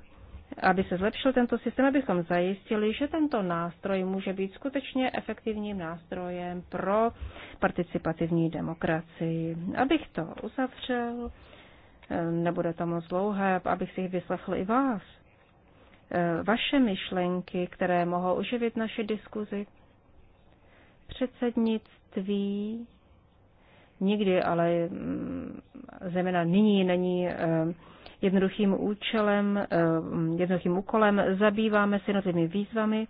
aby se zlepšil tento systém, abychom zajistili, že tento nástroj může být skutečně efektivním nástrojem pro participativní demokracii. Abych to uzavřel, Ehm, nebude to moc dlouhé, abych si jich vyslechl i vás. Ehm, vaše myšlenky, které mohou uživit naše diskuzi. Předsednictví nikdy, ale mm, zejména nyní není ehm, jednoduchým účelem, jednoduchým úkolem. Zabýváme se jednotlivými výzvami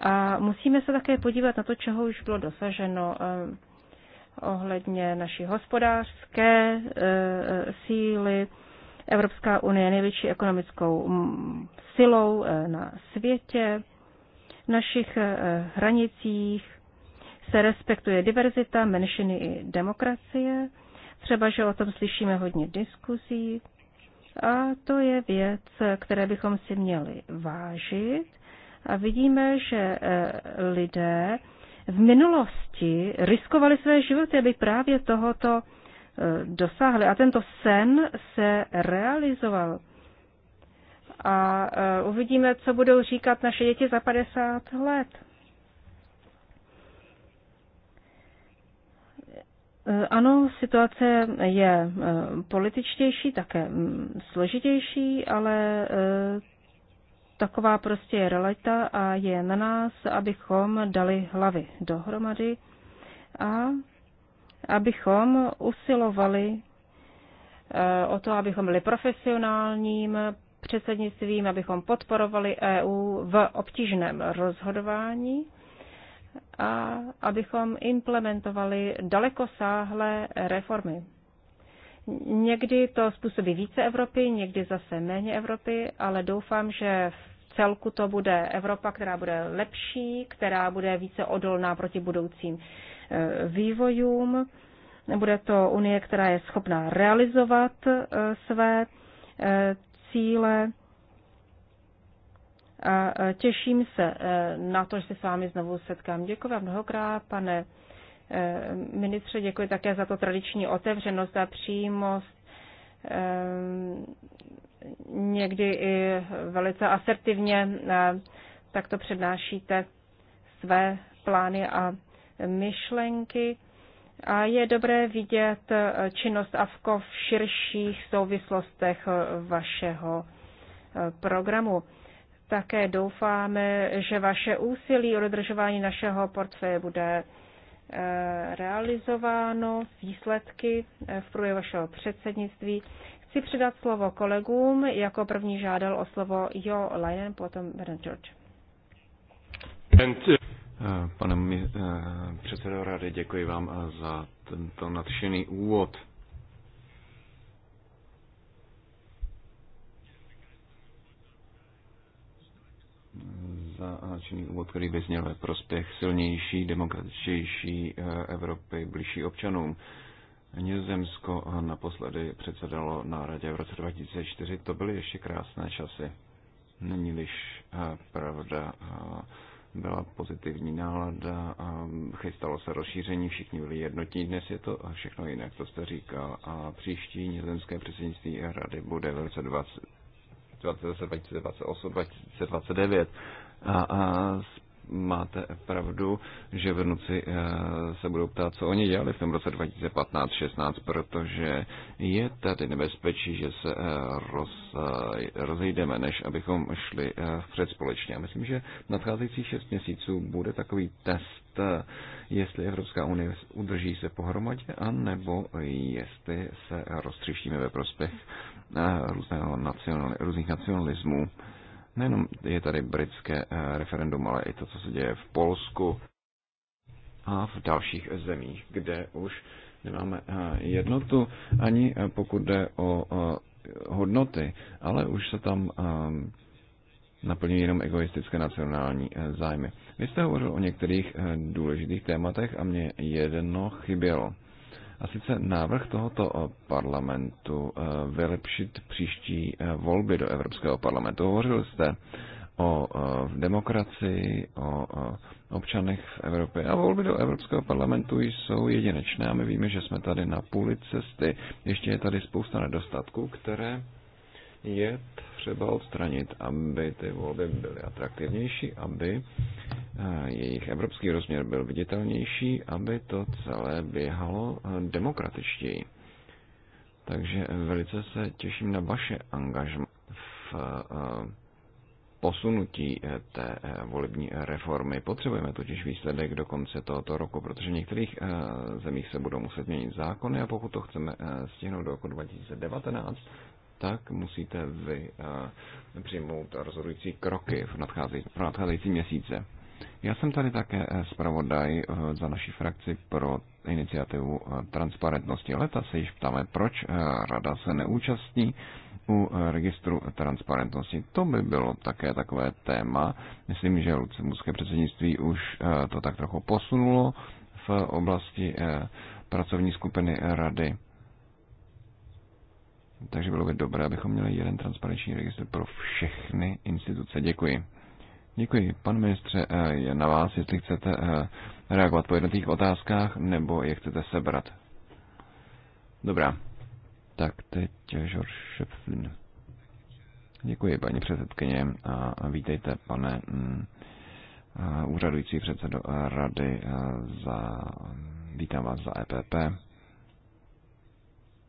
a musíme se také podívat na to, čeho už bylo dosaženo ohledně naší hospodářské eh, eh, síly. Evropská unie je největší ekonomickou mm, silou eh, na světě. V našich hranicích se respektuje diverzita, menšiny i demokracie. Třeba, že o tom slyšíme hodně diskuzí. A to je věc, které bychom si měli vážit. A vidíme, že lidé v minulosti riskovali své životy, aby právě tohoto eh, dosáhli. A tento sen se realizoval. A eh, uvidíme, co budou říkat naše děti za 50 let. Eh, ano, situace je političtější, také mm, složitější, ale Taková prostě je realita a je na nás, abychom dali hlavy dohromady a abychom usilovali eh, o to, abychom byli profesionálním předsednictvím, abychom podporovali EU v obtížném rozhodování a abychom implementovali dalekosáhlé reformy. Někdy to způsobí více Evropy, někdy zase méně Evropy, ale doufám, že v celku to bude Evropa, která bude lepší, která bude více odolná proti budoucím eh, vývojům. Bude to Unie, která je schopná realizovat eh, své eh, cíle. A těším se na to, že se s vámi znovu setkám. Děkuji vám mnohokrát, pane Eh, ministře, děkuji také za to tradiční otevřenost a přímost. Eh, někdy i velice asertivně eh, takto přednášíte své plány a myšlenky. A je dobré vidět činnost AVKO v širších souvislostech vašeho programu. Také doufáme, že vaše úsilí o dodržování našeho portfeje bude Eh, realizováno, výsledky eh, v průběhu vašeho předsednictví. Chci předat slovo kolegům. Jako první žádal o slovo Jo Leinen, potom Bernard George. Eh, pane předsedo rady, děkuji vám za tento nadšený úvod. za činný úvod, který by zněl ve prospěch silnější, demokratičtější Evropy blížší občanům. Nizozemsko naposledy předsedalo na radě v roce 2004. To byly ještě krásné časy. Není liš pravda byla pozitivní nálada, chystalo se rozšíření, všichni byli jednotní. Dnes je to všechno jinak, to jste říkal. A příští nizozemské předsednictví rady bude v roce 20, 2028-2029 a, a máte pravdu, že vnuci eh, se budou ptát, co oni dělali v tom roce 2015-16, protože je tady nebezpečí, že se eh, roz, eh, rozejdeme, než abychom šli vpřed společně. A myslím, že nadcházejících 6 měsíců bude takový test, jestli Evropská unie udrží se pohromadě, anebo jestli se roztřištíme ve prospěch různého nacionali, různých nacionalismů. Nejenom je tady britské eh, referendum, ale i to, co se děje v Polsku a v dalších zemích, kde už nemáme eh, jednotu, ani eh, pokud jde o hodnoty, ale už se tam naplňují jenom egoistické nacionální zájmy. Vy jste hovořil o některých důležitých tématech a mě jedno chybělo. A sice návrh tohoto eh, parlamentu eh, vylepšit příští eh, volby do Evropského parlamentu. Hovořil jste o demokracii, o občanech v Evropě. A volby do Evropského parlamentu jsou jedinečné a my víme, že jsme tady na půli cesty. Ještě je tady spousta nedostatků, které je třeba odstranit, aby ty volby byly atraktivnější, aby eh, jejich evropský rozměr byl viditelnější, aby to celé běhalo eh, demokratičtěji. Takže velice se těším na vaše angažma v eh, posunutí té volební reformy. Potřebujeme totiž výsledek do konce tohoto roku, protože v některých zemích se budou muset měnit zákony a pokud to chceme stihnout do roku 2019, tak musíte vy eh, přijmout rozhodující kroky v nadcházející, pro nadcházející měsíce. Já jsem tady také eh, zpravodaj eh, za naší frakci pro iniciativu transparentnosti. Leta se již ptáme, proč rada se neúčastní u registru transparentnosti. To by bylo také takové téma. Myslím, že lucemburské předsednictví už to tak trochu posunulo v oblasti pracovní skupiny rady takže bylo by dobré, abychom měli jeden transparenční registr pro všechny instituce. Děkuji. Děkuji. Pan ministře, eh, je na vás, jestli chcete eh, reagovat po jednotlivých otázkách, nebo je chcete sebrat. Dobrá. Tak teď George Schöpflin. Děkuji, paní předsedkyně, a vítejte, pane mm, eh, úřadující předsedo rady za, vítám vás za EPP.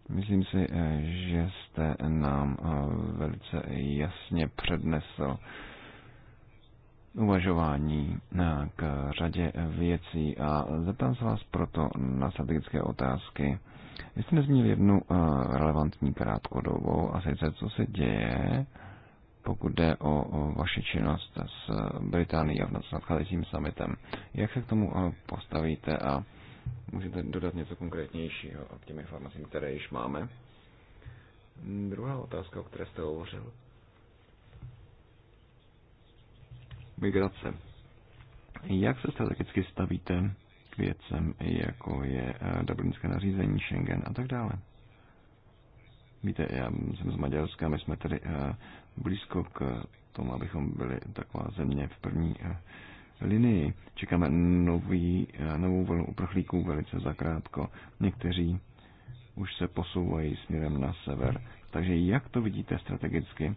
Myslím si, eh, že jste nám eh, velice jasně přednesl uvažování eh, k řadě věcí a zeptám se vás proto na strategické otázky. Vy jste nezmínil jednu relevantní krátkodobou a sice co se děje, pokud jde o vaši činnost s Británií a s nadcházejícím summitem. Jak se k tomu postavíte a Můžete dodat něco konkrétnějšího k těm informacím, které již máme? Druhá otázka, o které jste hovořil. Migrace. Jak se strategicky stavíte k věcem, jako je eh, dublinské nařízení, Schengen a tak dále? Víte, já jsem z Maďarska, my jsme tedy eh, blízko k tomu, abychom byli taková země v první eh, linii. Čekáme nový, novou vlnu uprchlíků velice zakrátko. Někteří už se posouvají směrem na sever. Takže jak to vidíte strategicky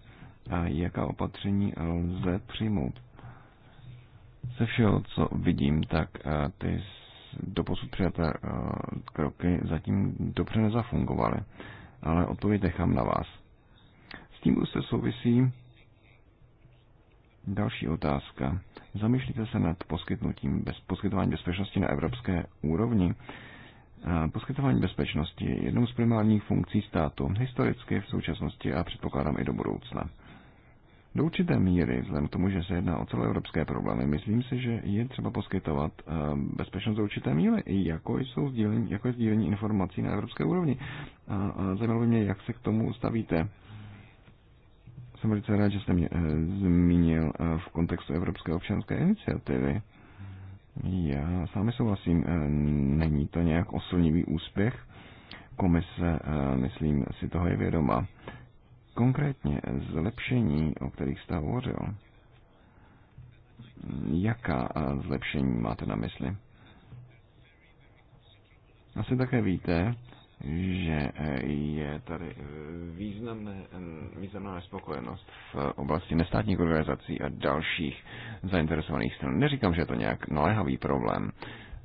a jaká opatření lze přijmout? Ze všeho, co vidím, tak eh, ty doposud přijaté eh, kroky zatím dobře nezafungovaly. Ale odpověď nechám na vás. S tím už se souvisí Další otázka. Zamýšlíte se nad poskytnutím bez, poskytování bezpečnosti na evropské úrovni? Poskytování bezpečnosti je jednou z primárních funkcí státu, historicky, v současnosti a předpokládám i do budoucna. Do určité míry, vzhledem k tomu, že se jedná o celoevropské problémy, myslím si, že je třeba poskytovat bezpečnost do určité míry, jako, jsou sdílení, jako je sdílení informací na evropské úrovni. A zajímalo by mě, jak se k tomu stavíte jsem velice rád, že jste mě eh, zmínil eh, v kontextu Evropské občanské iniciativy. Já s vámi souhlasím, eh, není to nějak oslnivý úspěch. Komise, myslím, si toho je vědoma. Konkrétně zlepšení, o kterých jste hovořil, jaká zlepšení máte na mysli? Asi také víte, že eh, je tady eh, významné, eh, významná nespokojenost v oblasti nestátních organizací a dalších zainteresovaných stran. Neříkám, že je to nějak naléhavý problém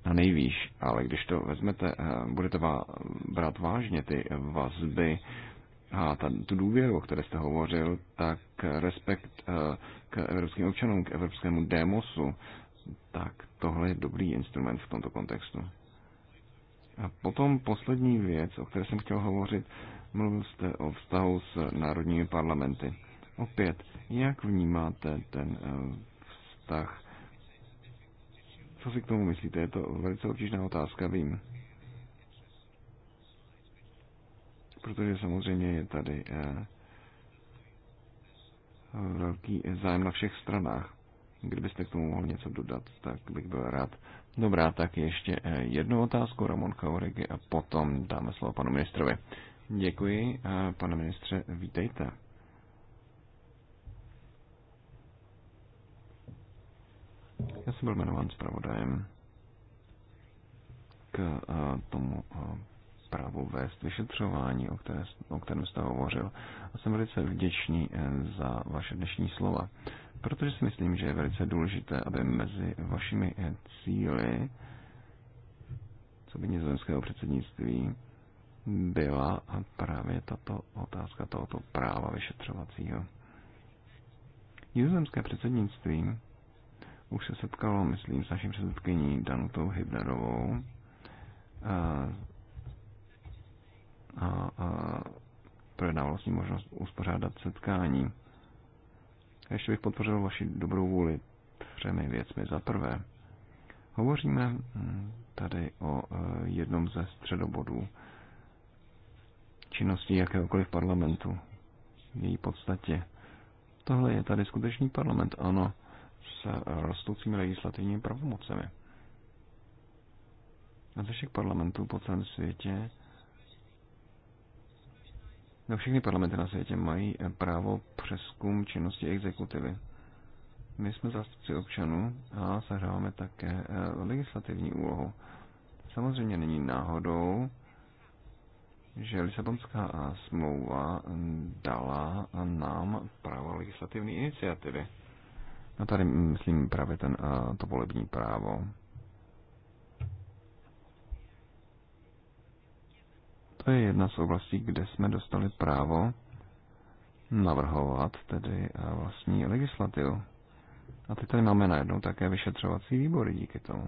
na nejvýš, ale když to vezmete, budete brát vážně ty vazby a ta, tu důvěru, o které jste hovořil, tak respekt k evropským občanům, k evropskému démosu, tak tohle je dobrý instrument v tomto kontextu. A potom poslední věc, o které jsem chtěl hovořit, mluvil jste o vztahu s národními parlamenty. Opět, jak vnímáte ten eh, vztah? Co si k tomu myslíte? Je to velice obtížná otázka, vím. Protože samozřejmě je tady eh, velký zájem na všech stranách. Kdybyste k tomu mohl něco dodat, tak bych byl rád. Dobrá, tak ještě eh, jednu otázku Ramon Kaurigy a potom dáme slovo panu ministrovi. Děkuji, eh, pane ministře, vítejte. Já jsem byl jmenován zpravodajem k eh, tomu zprávu vést vyšetřování, o, které, o kterém jste hovořil. A jsem velice vděčný eh, za vaše dnešní slova, protože si myslím, že je velice důležité, aby mezi vašimi eh, cíly, co by nizozemského předsednictví, byla právě tato otázka tohoto práva vyšetřovacího. Nizozemské předsednictví už se setkalo, myslím, s naším předsedkyní Danutou Hybnerovou eh, a, a projednával s ním možnost uspořádat setkání. A ještě bych podpořil vaši dobrou vůli třemi věcmi. Za prvé, hovoříme hm, tady o e, jednom ze středobodů činnosti jakéhokoliv parlamentu, její podstatě. Tohle je tady skutečný parlament, ano, s rostoucími legislativními pravomocemi. A ze všech parlamentů po celém světě No všechny parlamenty na světě mají eh, právo přeskum činnosti exekutivy. My jsme zástupci občanů a sehráváme také eh, legislativní úlohu. Samozřejmě není náhodou, že Lisabonská eh, smlouva dala nám právo legislativní iniciativy. No tady mm, myslím právě ten, to volební právo. To je jedna z oblastí, kde jsme dostali právo navrhovat tedy eh, vlastní legislativu. A teď tady máme najednou také vyšetřovací výbory díky tomu.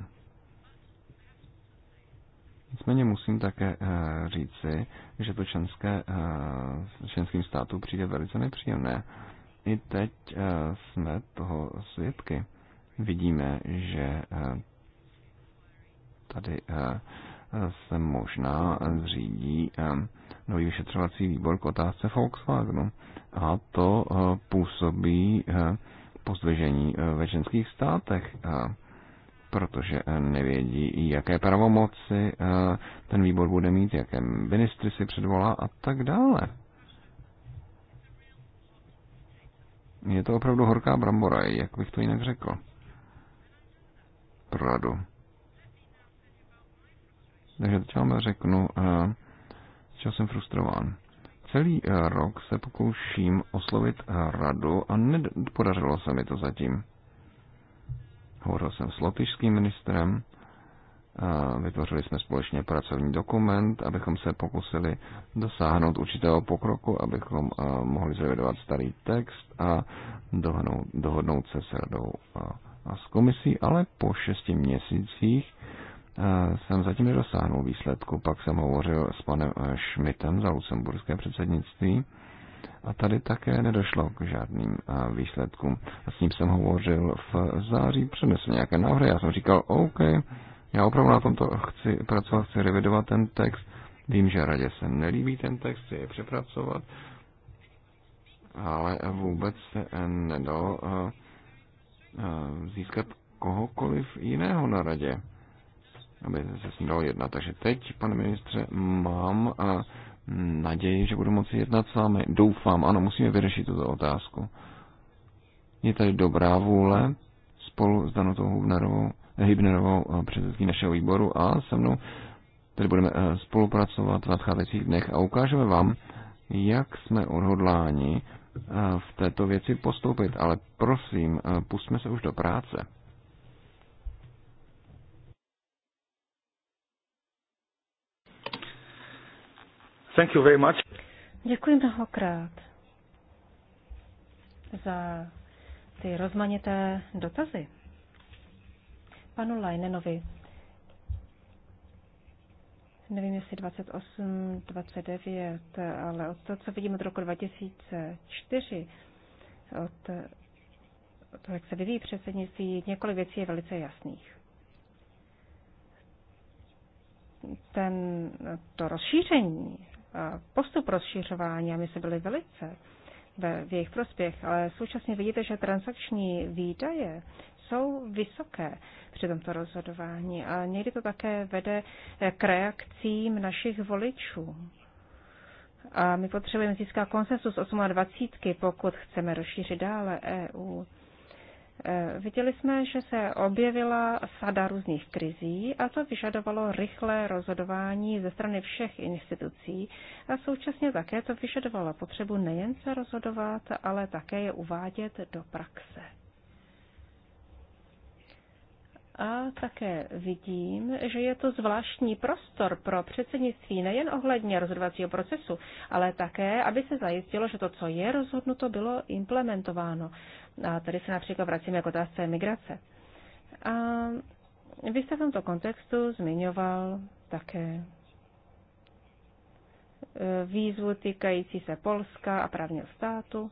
Nicméně musím také eh, říci, že to členské, eh, členským státům přijde velice nepříjemné. I teď jsme toho svědky. Vidíme, že tady se možná zřídí nový vyšetřovací výbor k otázce Volkswagenu. A to eh, působí eh, pozdvižení eh, ve ženských státech, protože nevědí, jaké pravomoci ten výbor bude mít, jaké ministry si předvolá a tak dále. Je to opravdu horká brambora, jak bych to jinak řekl. Pro radu. Takže teď vám řeknu, eh, z čeho jsem frustrován. Celý eh, rok se pokouším oslovit eh, radu a nepodařilo se mi to zatím. Hovořil jsem s lotyšským ministrem, vytvořili jsme společně pracovní dokument, abychom se pokusili dosáhnout určitého pokroku, abychom mohli zrevidovat starý text a dohodnout, dohodnout se s radou a s komisí, ale po šesti měsících jsem zatím nedosáhnul výsledku. Pak jsem hovořil s panem eh, Schmidtem za lucemburské předsednictví a tady také nedošlo k žádným eh, výsledkům. A s ním jsem hovořil v září, přinesl nějaké návrhy. Já jsem říkal, OK, já opravdu na tomto chci pracovat, chci revidovat ten text. Vím, že radě se nelíbí ten text, chci je přepracovat, ale vůbec se eh, nedal získat kohokoliv jiného na radě aby se s ním dalo jednat. Takže teď, pane ministře, mám a eh, naději, že budu moci jednat s vámi. Doufám, ano, musíme vyřešit tuto otázku. Je tady dobrá vůle spolu s Danutou Hubnerovou, eh, Hybnerovou eh, předsedky našeho výboru a se mnou tedy budeme spolupracovat v nadcházejících dnech a ukážeme vám, jak jsme odhodláni v této věci postoupit, ale prosím, pusme se už do práce. Thank you very much. Děkuji mnohokrát za ty rozmanité dotazy. Panu Lajnenovi. Nevím, jestli 28, 29, ale od toho, co vidím od roku 2004, od toho, jak se vyvíjí předsednictví, několik věcí je velice jasných. Ten, to rozšíření postup rozšiřování a my jsme byli velice ve, v jejich prospěch, ale současně vidíte, že transakční výdaje jsou vysoké při tomto rozhodování a někdy to také vede eh, k reakcím našich voličů. A my potřebujeme získat konsensus 28, pokud chceme rozšířit dále EU. Eh, viděli jsme, že se objevila sada různých krizí a to vyžadovalo rychlé rozhodování ze strany všech institucí a současně také to vyžadovalo potřebu nejen se rozhodovat, ale také je uvádět do praxe. A také vidím, že je to zvláštní prostor pro předsednictví nejen ohledně rozhodovacího procesu, ale také, aby se zajistilo, že to, co je rozhodnuto, bylo implementováno. A tady se například vracíme k otázce migrace. A vy jste v tomto kontextu zmiňoval také e, výzvu týkající se Polska a právního státu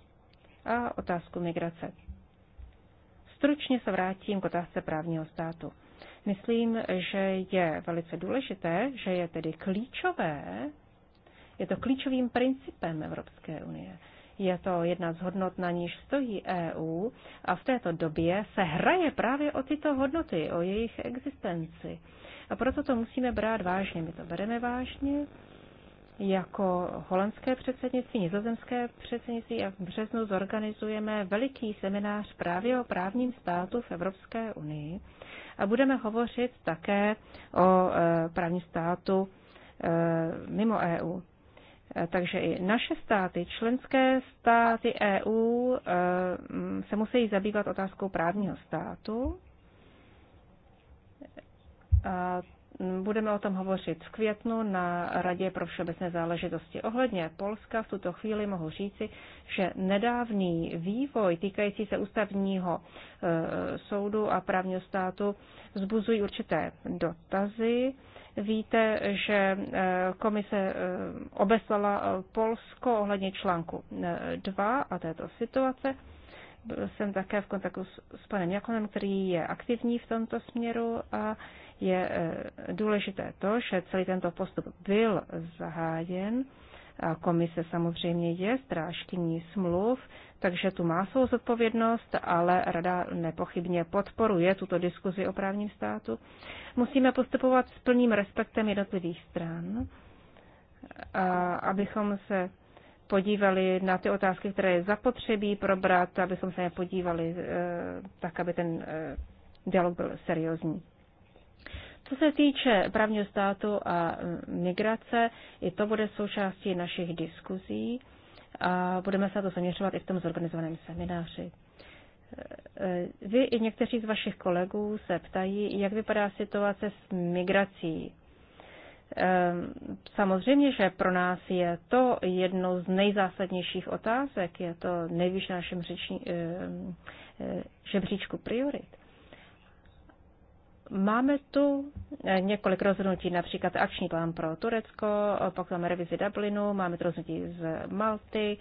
a otázku migrace. Stručně se vrátím k otázce právního státu. Myslím, že je velice důležité, že je tedy klíčové, je to klíčovým principem Evropské unie. Je to jedna z hodnot, na níž stojí EU a v této době se hraje právě o tyto hodnoty, o jejich existenci. A proto to musíme brát vážně. My to bereme vážně jako holandské předsednictví, nizozemské předsednictví a v březnu zorganizujeme veliký seminář právě o právním státu v Evropské unii a budeme hovořit také o e, právním státu e, mimo EU. E, takže i naše státy, členské státy EU se musí zabývat otázkou právního státu. A Budeme o tom hovořit v květnu na Radě pro všeobecné záležitosti. Ohledně Polska v tuto chvíli mohu říci, že nedávný vývoj týkající se ústavního eh, soudu a právního státu vzbuzují určité dotazy. Víte, že eh, komise eh, obeslala Polsko ohledně článku 2 a této situace. Byl jsem také v kontaktu s, s panem Jakonem, který je aktivní v tomto směru a je e, důležité to, že celý tento postup byl zahájen. A komise samozřejmě je strážkyní smluv, takže tu má svou zodpovědnost, ale rada nepochybně podporuje tuto diskuzi o právním státu. Musíme postupovat s plným respektem jednotlivých stran, a abychom se podívali na ty otázky, které je zapotřebí probrat, abychom se podívali eh, tak, aby ten eh, dialog byl seriózní. Co se týče právního státu a eh, migrace, i to bude součástí našich diskuzí a budeme se na to zaměřovat i v tom zorganizovaném semináři. Vy i někteří z vašich kolegů se ptají, jak vypadá situace s migrací Ehm, samozřejmě, že pro nás je to jednou z nejzásadnějších otázek, je to nejvyšší na našem řeční, ehm, eh, žebříčku priorit. Máme tu eh, několik rozhodnutí, například akční plán pro Turecko, eh, pak máme revizi Dublinu, máme to rozhodnutí z Malty,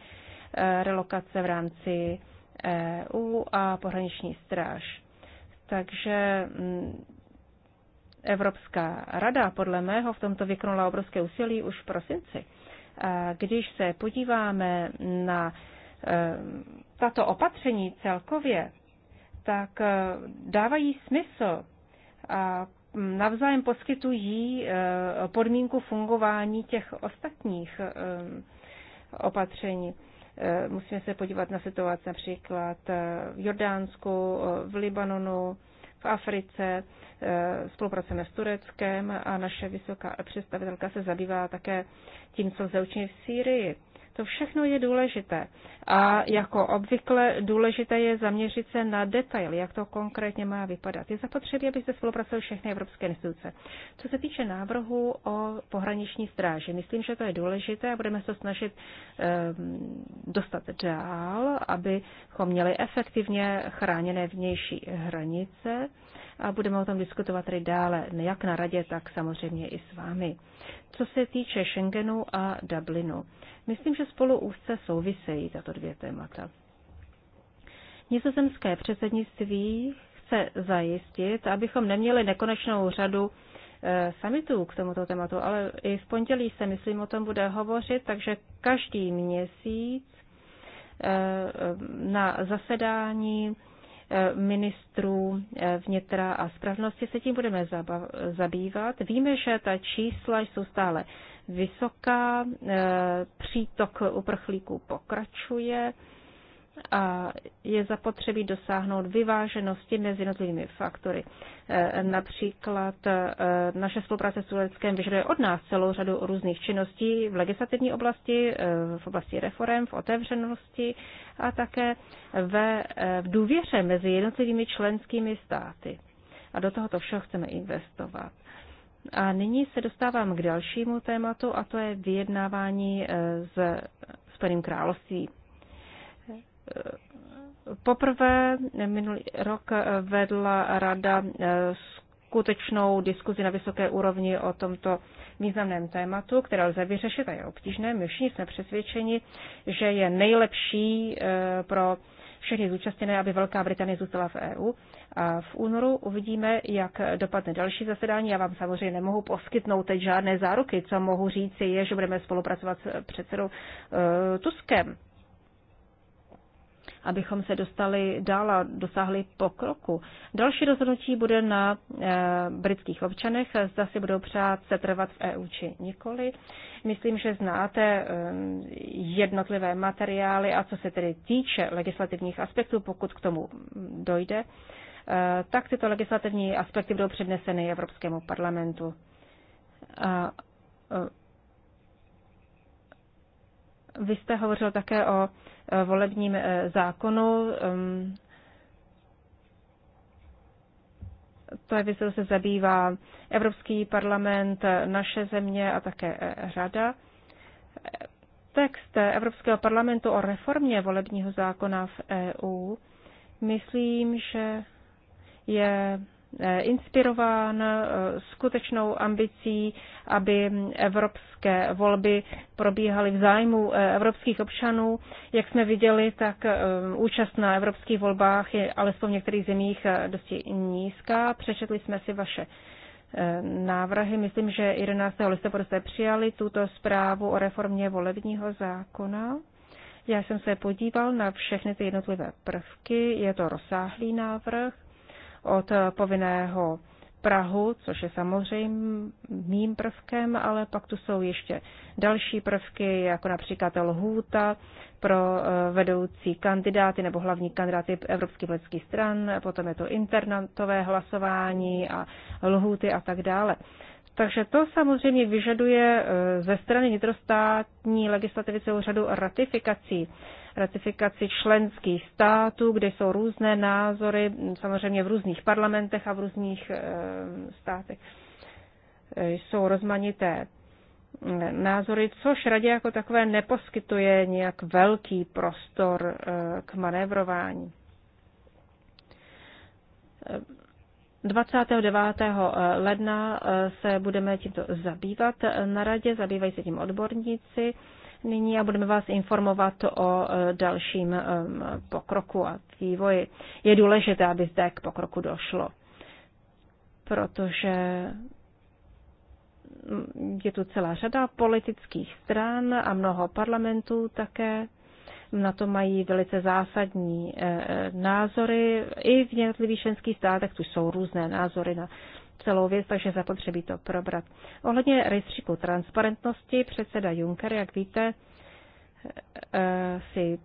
relokace v rámci EU a pohraniční stráž. Takže mm, Evropská rada podle mého v tomto vykonala obrovské úsilí už v prosinci. A když se podíváme na eh, tato opatření celkově, tak eh, dávají smysl a mm, navzájem poskytují eh, podmínku fungování těch ostatních opatření. Musíme se podívat na situaci například v Jordánsku, v Libanonu, v Africe, eh, spolupracujeme s Tureckem a naše vysoká představitelka se zabývá také tím, co lze učinit v Sýrii. To všechno je důležité. A jako obvykle důležité je zaměřit se na detail, jak to konkrétně má vypadat. Je zapotřebí, aby se spolupracovali všechny evropské instituce. Co se týče návrhu o pohraniční stráži, myslím, že to je důležité a budeme se snažit eh, dostat dál, abychom měli efektivně chráněné vnější hranice a budeme o tom diskutovat tady dále, jak na radě, tak samozřejmě i s vámi. Co se týče Schengenu a Dublinu, myslím, že spolu úzce souvisejí tato dvě témata. Nizozemské předsednictví chce zajistit, abychom neměli nekonečnou řadu eh, samitů k tomuto tématu, ale i v pondělí se, myslím, o tom bude hovořit, takže každý měsíc eh, na zasedání Eh, ministrů eh, vnitra a spravnosti se tím budeme zabývat. Víme, že ta čísla jsou stále vysoká, eh, přítok uprchlíků pokračuje a je zapotřebí dosáhnout vyváženosti mezi jednotlivými faktory. E, například e, naše spolupráce s Tureckem vyžaduje od nás celou řadu různých činností v legislativní oblasti, e, v oblasti reform, v otevřenosti a také ve, v důvěře mezi jednotlivými členskými státy. A do tohoto všeho chceme investovat. A nyní se dostávám k dalšímu tématu a to je vyjednávání s Spojeným královstvím. Poprvé minulý rok vedla rada eh, skutečnou diskuzi na vysoké úrovni o tomto významném tématu, které lze vyřešit a je obtížné. My všichni jsme přesvědčeni, že je nejlepší eh, pro všechny zúčastněné, aby Velká Británie zůstala v EU. A v únoru uvidíme, jak dopadne další zasedání. Já vám samozřejmě nemohu poskytnout teď žádné záruky. Co mohu říci je, že budeme spolupracovat s předsedou uh, Tuskem abychom se dostali dál a dosáhli pokroku. Další rozhodnutí bude na eh, britských občanech, zda si budou přát setrvat v EU či nikoli. Myslím, že znáte eh, jednotlivé materiály a co se tedy týče legislativních aspektů, pokud k tomu dojde, eh, tak tyto legislativní aspekty budou předneseny Evropskému parlamentu. A vy jste hovořil také o e, volebním e, zákonu. To je věc, se zabývá Evropský parlament, naše země a také e, řada. Text Evropského parlamentu o reformě volebního zákona v EU, myslím, že je Eh, inspirován eh, skutečnou ambicí, aby evropské volby probíhaly v zájmu eh, evropských občanů. Jak jsme viděli, tak účast na evropských volbách je alespoň v některých zemích dosti nízká. Přečetli jsme si vaše návrhy. Myslím, že 11. listopadu jste přijali tuto zprávu o reformě volebního zákona. Já jsem se podíval na všechny ty jednotlivé prvky. Je to rozsáhlý návrh od eh, povinného Prahu, což je samozřejmě mým prvkem, ale pak tu jsou ještě další prvky, jako například lhůta pro eh, vedoucí kandidáty nebo hlavní kandidáty Evropských politických stran, potom je to internetové hlasování a lhůty a tak dále. Takže to samozřejmě vyžaduje eh, ze strany vnitrostátní legislativy celou řadu ratifikací ratifikaci členských států, kde jsou různé názory, samozřejmě v různých parlamentech a v různých eh, státech eh, jsou rozmanité eh, názory, což radě jako takové neposkytuje nějak velký prostor k manévrování. 29. ledna se budeme tímto zabývat na radě, zabývají se tím odborníci nyní a budeme vás informovat o e, dalším e, pokroku a vývoji. Je důležité, aby zde k pokroku došlo, protože mm, je tu celá řada politických stran a mnoho parlamentů také. Na to mají velice zásadní e, názory. I v jednotlivých členských státech tu jsou různé názory na celou věc, takže zapotřebí to probrat. Ohledně rejstříku transparentnosti předseda Juncker, jak víte, eh, si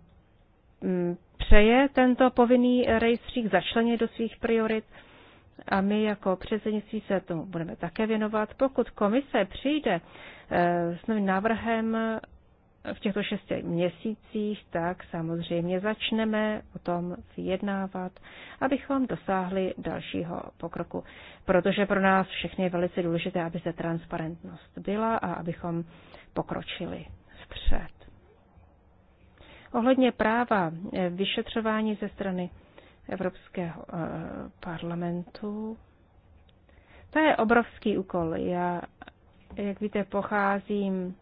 mm, přeje tento povinný rejstřík začlenit do svých priorit a my jako předsednictví se tomu budeme také věnovat. Pokud komise přijde eh, s novým návrhem v těchto šesti měsících, tak samozřejmě začneme o tom vyjednávat, abychom dosáhli dalšího pokroku. Protože pro nás všechny je velice důležité, aby se transparentnost byla a abychom pokročili vpřed. Ohledně práva eh, vyšetřování ze strany Evropského eh, parlamentu, to je obrovský úkol. Já, jak víte, pocházím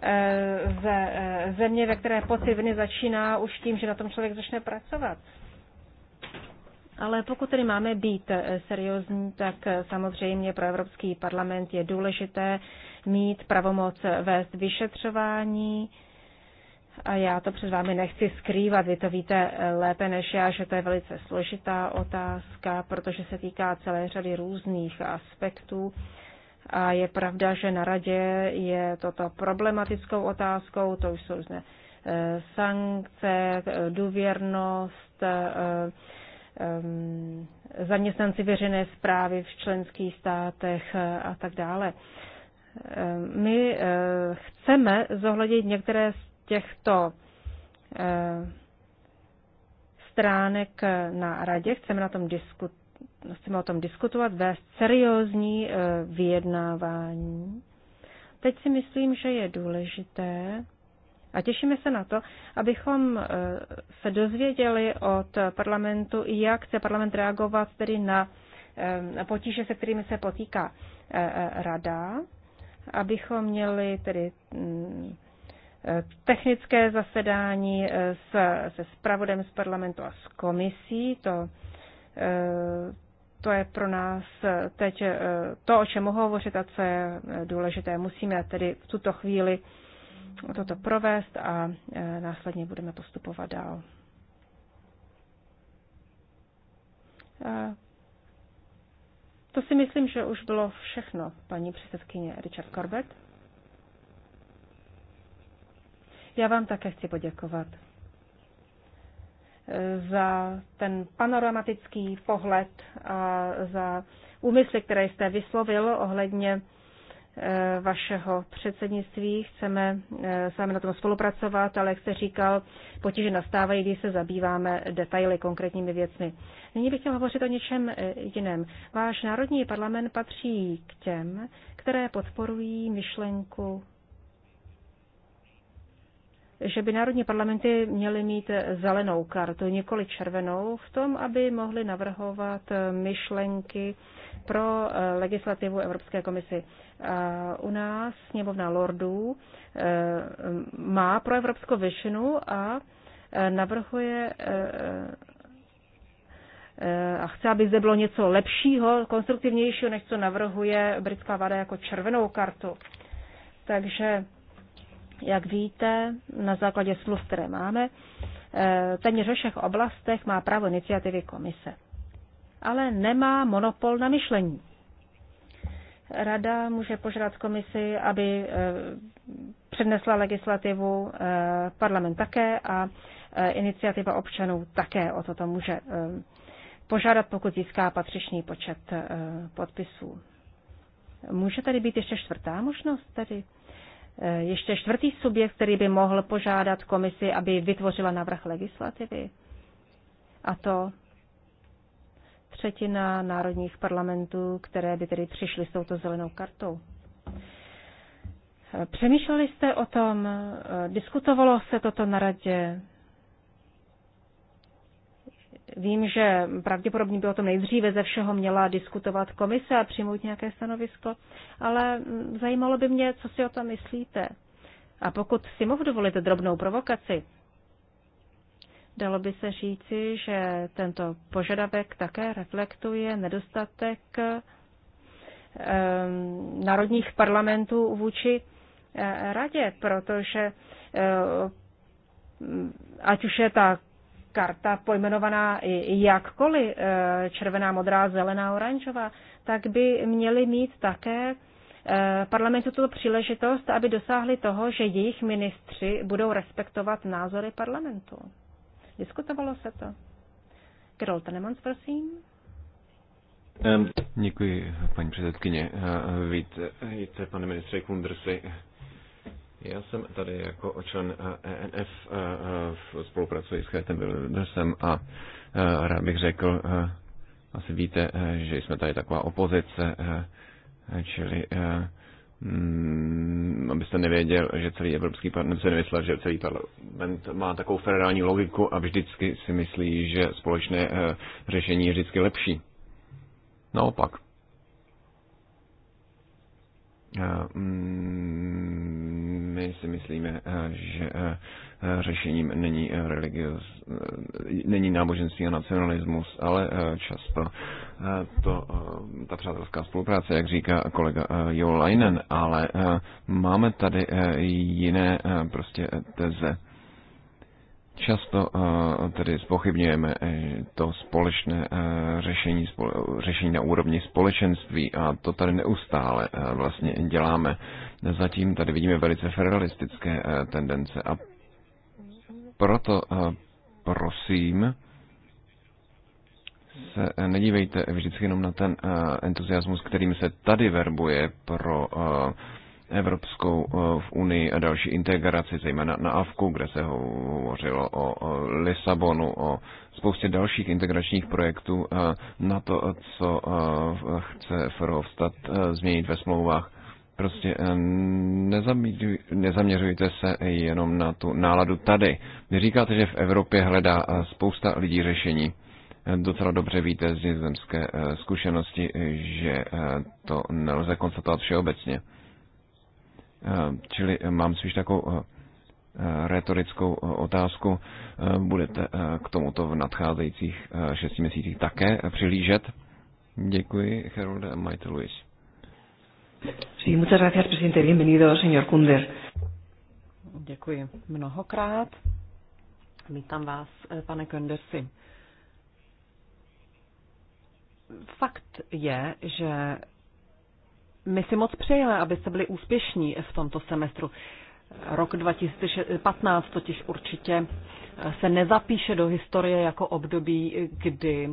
Eh, ze eh, země, ve které pocit viny začíná už tím, že na tom člověk začne pracovat. Ale pokud tedy máme být eh, seriózní, tak samozřejmě pro Evropský parlament je důležité mít pravomoc vést vyšetřování. A já to před vámi nechci skrývat, vy to víte lépe než já, že to je velice složitá otázka, protože se týká celé řady různých aspektů a je pravda, že na radě je toto problematickou otázkou, to už jsou zne, eh, sankce, důvěrnost, eh, eh, zaměstnanci veřejné zprávy v členských státech a tak dále. My chceme zohlednit některé z těchto stránek na radě, chceme na tom diskutovat chceme o tom diskutovat, vést seriózní eh, vyjednávání. Teď si myslím, že je důležité a těšíme se na to, abychom eh, se dozvěděli od parlamentu, jak chce parlament reagovat tedy na eh, potíže, se kterými se potýká rada, abychom měli tedy mm, technické zasedání se, se spravodem z parlamentu a s komisí. To to je pro nás eh, teď eh, to, o čem mohu hovořit a co je eh, důležité. Musíme tedy v tuto chvíli toto provést a následně budeme postupovat dál. To si myslím, že už bylo všechno, paní předsedkyně Richard Corbett. Já vám také chci poděkovat. Eh, za ten panoramatický pohled a za úmysly, které jste vyslovil ohledně eh, vašeho předsednictví. Chceme eh, s vámi na tom spolupracovat, ale jak jste říkal, potíže nastávají, když se zabýváme detaily, konkrétními věcmi. Nyní bych chtěl hovořit o něčem jiném. Váš národní parlament patří k těm, které podporují myšlenku že by národní parlamenty měly mít zelenou kartu, nikoli červenou, v tom, aby mohly navrhovat myšlenky pro eh, legislativu Evropské komisi. A u nás sněmovna lordů eh, má pro evropskou většinu a eh, navrhuje a chce, aby zde bylo něco lepšího, konstruktivnějšího, než co navrhuje britská vláda jako červenou kartu. Takže jak víte, na základě smluv, které máme, eh, téměř ve všech oblastech má právo iniciativy komise. Ale nemá monopol na myšlení. Rada může požádat komisi, aby eh, přednesla legislativu, eh, parlament také a iniciativa občanů také o toto může požádat, pokud získá patřičný počet podpisů. Může tady být ještě čtvrtá možnost, tedy Eh, ještě čtvrtý subjekt, který by mohl požádat komisi, aby vytvořila návrh legislativy. A to třetina národních parlamentů, které by tedy přišly s touto zelenou kartou. Eh, přemýšleli jste o tom, eh, diskutovalo se toto na radě, Vím, že pravděpodobně by o tom nejdříve ze všeho měla diskutovat komise a přijmout nějaké stanovisko, ale zajímalo by mě, co si o tom myslíte. A pokud si mohu dovolit drobnou provokaci, dalo by se říci, že tento požadavek také reflektuje nedostatek ehm, národních parlamentů vůči eh, radě, protože eh, ať už je ta karta pojmenovaná jakkoliv e, červená, modrá, zelená, oranžová, tak by měli mít také e, parlamentu tuto příležitost, aby dosáhli toho, že jejich ministři budou respektovat názory parlamentu. Diskutovalo se to. Karol Tenemans, prosím. Děkuji, paní předsedkyně. E, víte, víte pane ministře Kundrsi, já jsem tady jako člen ENF eh, e eh, eh, spolupracuji s Chetem Wildersem a rád bych řekl, asi víte, že jsme tady taková opozice, čili mm, abyste nevěděl, že celý Evropský parlament se nemyslel, že celý parlament má takovou federální logiku a vždycky si myslí, že společné řešení je vždycky lepší. Naopak. Mm, my si myslíme, eh, že eh, eh, řešením není, religios, není náboženství a nacionalismus, ale často to, ta přátelská spolupráce, jak říká kolega Jo Leinen, ale máme tady jiné prostě teze často tedy spochybňujeme to společné řešení, řešení na úrovni společenství a to tady neustále vlastně děláme. Zatím tady vidíme velice federalistické eh, tendence a proto eh, prosím, se eh, nedívejte vždycky jenom na ten entuziasmus, kterým se tady verbuje pro Evropskou v Unii a další integraci, zejména na AVKu, kde se hovořilo o Lisabonu, o spoustě dalších integračních projektů na to, co chce Verhofstadt změnit ve smlouvách. Prostě nezaměřujte se jenom na tu náladu tady. Vy říkáte, že v Evropě hledá eh, spousta lidí řešení. Eh, docela dobře víte z nizozemské eh, zkušenosti, že to nelze konstatovat všeobecně. Čili mám spíš takovou retorickou otázku. Budete k tomuto v nadcházejících šesti měsících také přihlížet? Děkuji, Harold Michael Lewis. Sí, muchas gracias, presidente. Bienvenido, señor Kunder. Děkuji mnohokrát. Vítám vás, eh, pane Kundersi. Fakt je, že my si moc přejeme, abyste byli úspěšní v tomto semestru. Rok 2015 eh, totiž určitě eh, se nezapíše do historie jako období, kdy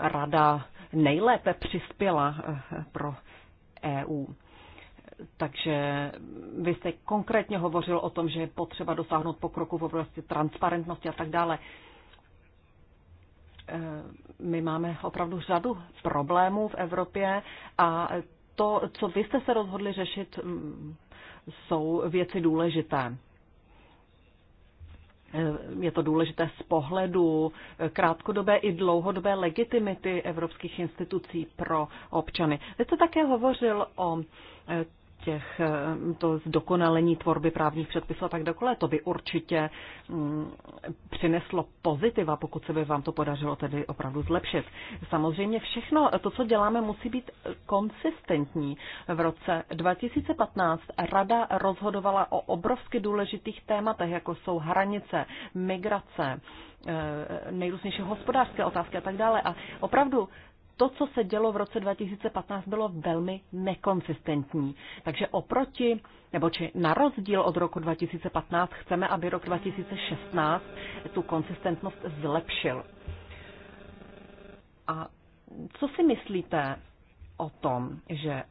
rada nejlépe přispěla pro EU. Takže vy jste konkrétně hovořil o tom, že je potřeba dosáhnout pokroku v oblasti transparentnosti a tak dále. E, my máme opravdu řadu problémů v Evropě a to, co vy jste se rozhodli řešit, mm, jsou věci důležité. Je to důležité z pohledu krátkodobé i dlouhodobé legitimity evropských institucí pro občany. Vy jste také hovořil o těch, eh, to zdokonalení tvorby právních předpisů a tak dále, to by určitě mm, přineslo pozitiva, pokud se by vám to podařilo tedy opravdu zlepšit. Samozřejmě všechno to, co děláme, musí být konsistentní. V roce 2015 Rada rozhodovala o obrovsky důležitých tématech, jako jsou hranice, migrace, eh, nejrůznější hospodářské otázky a tak dále. A opravdu to, co se dělo v roce 2015, bylo velmi nekonsistentní. Takže oproti, nebo či na rozdíl od roku 2015, chceme, aby rok 2016 tu konsistentnost zlepšil. A co si myslíte, o tom, že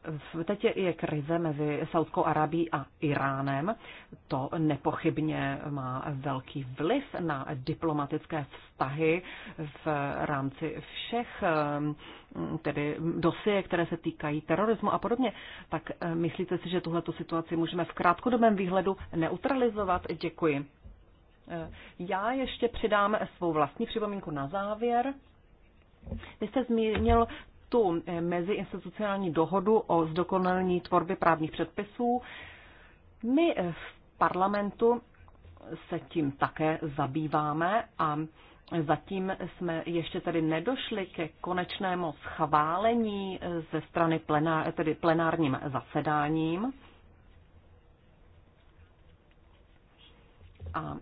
teď je krize mezi Saudskou arabií a Iránem. To nepochybně má velký vliv na diplomatické vztahy v rámci všech ehm, tedy dosie, které se týkají terorismu a podobně. Tak ehm, myslíte si, že tuhle situaci můžeme v krátkodobém výhledu neutralizovat? Děkuji. Ehm, já ještě přidám svou vlastní připomínku na závěr. Vy jste zmínil tu meziinstitucionální dohodu o zdokonalení tvorby právních předpisů. My v parlamentu se tím také zabýváme a zatím jsme ještě tedy nedošli ke konečnému schválení ze strany plená, tedy plenárním zasedáním. A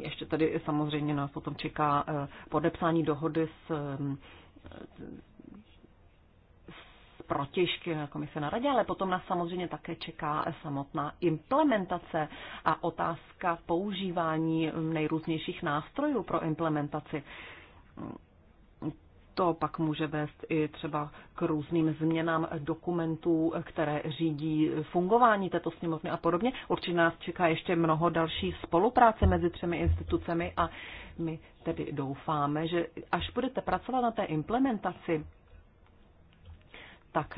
ještě tady samozřejmě nás potom čeká eh, podepsání dohody s protěžky jako mi se naradí, ale potom nás samozřejmě také čeká samotná implementace a otázka používání nejrůznějších nástrojů pro implementaci. To pak může vést i třeba k různým změnám dokumentů, které řídí fungování této sněmovny a podobně. Určitě nás čeká ještě mnoho další spolupráce mezi třemi institucemi a my tedy doufáme, že až budete pracovat na té implementaci,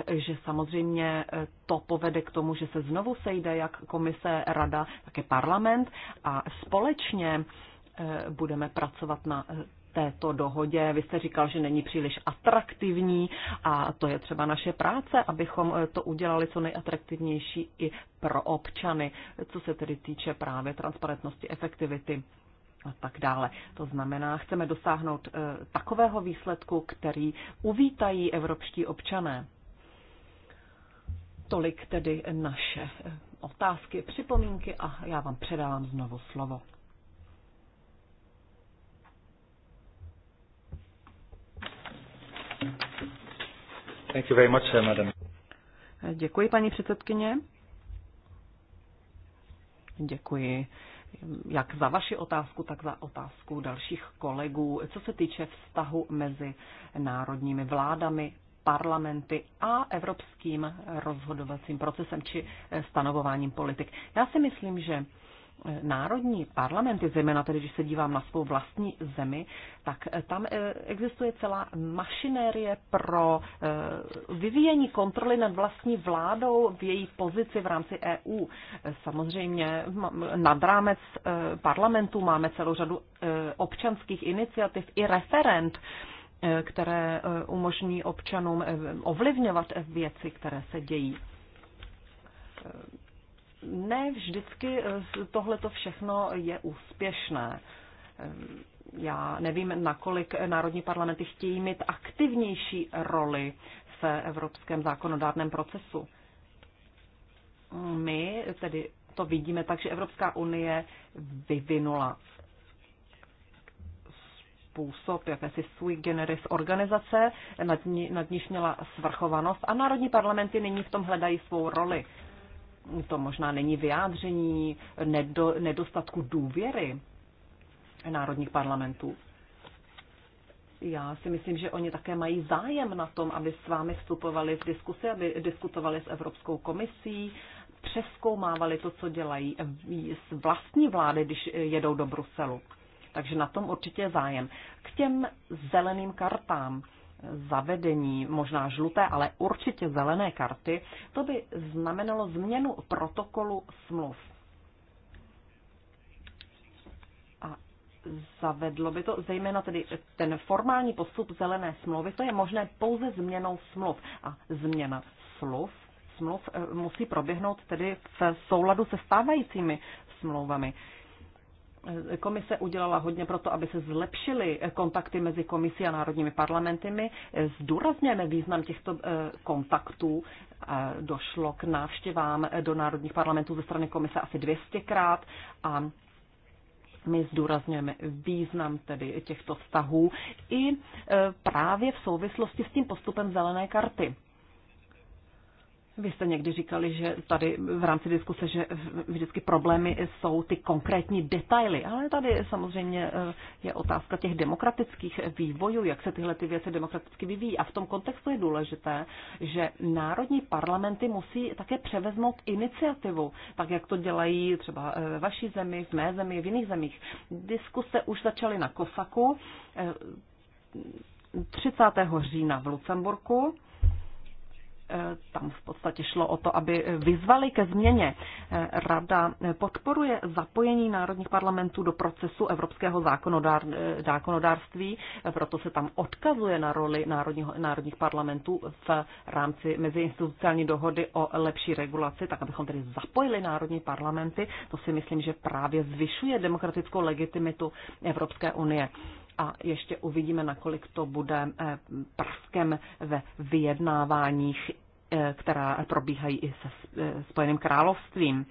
takže samozřejmě eh, to povede k tomu, že se znovu sejde jak komise, rada, tak i parlament a společně eh, budeme pracovat na eh, této dohodě. Vy jste říkal, že není příliš atraktivní a to je třeba naše práce, abychom to udělali co nejatraktivnější i pro občany, co se tedy týče právě transparentnosti, efektivity a tak dále. To znamená, chceme dosáhnout eh, takového výsledku, který uvítají evropští občané. Tolik tedy naše eh, otázky, připomínky a já vám předávám znovu slovo. Thank you very much, eh, madam. Děkuji, paní předsedkyně. Děkuji jak za vaši otázku, tak za otázku dalších kolegů, co se týče vztahu mezi národními vládami, parlamenty a evropským rozhodovacím procesem či stanovováním politik. Já si myslím, že národní parlamenty, zejména tedy, když se dívám na svou vlastní zemi, tak eh, tam eh, existuje celá mašinérie pro eh, vyvíjení kontroly nad vlastní vládou v její pozici v rámci EU. Samozřejmě nad rámec parlamentu máme celou řadu občanských iniciativ i referent, které umožní občanům ovlivňovat věci, které se dějí ne vždycky eh, tohleto všechno je úspěšné. Eh, já nevím, nakolik národní parlamenty chtějí mít aktivnější roli v evropském zákonodárném procesu. My tedy to vidíme tak, že Evropská unie vyvinula způsob jakési sui generis organizace, nad, ní, nad níž měla svrchovanost a národní parlamenty nyní v tom hledají svou roli to možná není vyjádření nedostatku důvěry národních parlamentů. Já si myslím, že oni také mají zájem na tom, aby s vámi vstupovali v diskusi, aby diskutovali s Evropskou komisí, přeskoumávali to, co dělají z vlastní vlády, když jedou do Bruselu. Takže na tom určitě zájem. K těm zeleným kartám zavedení možná žluté, ale určitě zelené karty, to by znamenalo změnu protokolu smluv. A zavedlo by to zejména tedy ten formální postup zelené smlouvy, to je možné pouze změnou smluv. A změna smluv, smluv eh, musí proběhnout tedy v souladu se stávajícími smlouvami. Komise udělala hodně pro to, aby se zlepšily kontakty mezi komisí a národními parlamenty. Zdůrazněme význam těchto eh, kontaktů. Eh, došlo k návštěvám do národních parlamentů ze strany komise asi 200krát a my zdůrazňujeme význam tedy těchto vztahů i eh, právě v souvislosti s tím postupem zelené karty. Vy jste někdy říkali, že tady v rámci diskuse, že vždycky problémy jsou ty konkrétní detaily, ale tady samozřejmě eh, je otázka těch demokratických vývojů, jak se tyhle ty věci demokraticky vyvíjí. A v tom kontextu je důležité, že národní parlamenty musí také převezmout iniciativu, tak jak to dělají třeba eh, ve vaší zemi, v mé zemi, v jiných zemích. Diskuse už začaly na Kosaku 30. Eh, října v Lucemburku Eh, tam v podstatě šlo o to, aby eh, vyzvali ke změně. Eh, Rada podporuje zapojení národních parlamentů do procesu evropského zákonodárství, proto se tam odkazuje na roli národních, národních parlamentů v rámci meziinstitucionální dohody o lepší regulaci, tak abychom tedy zapojili národní parlamenty. To si myslím, že právě zvyšuje demokratickou legitimitu Evropské unie a ještě uvidíme, nakolik to bude eh, prvkem ve vyjednáváních, eh, která probíhají i se eh, Spojeným královstvím.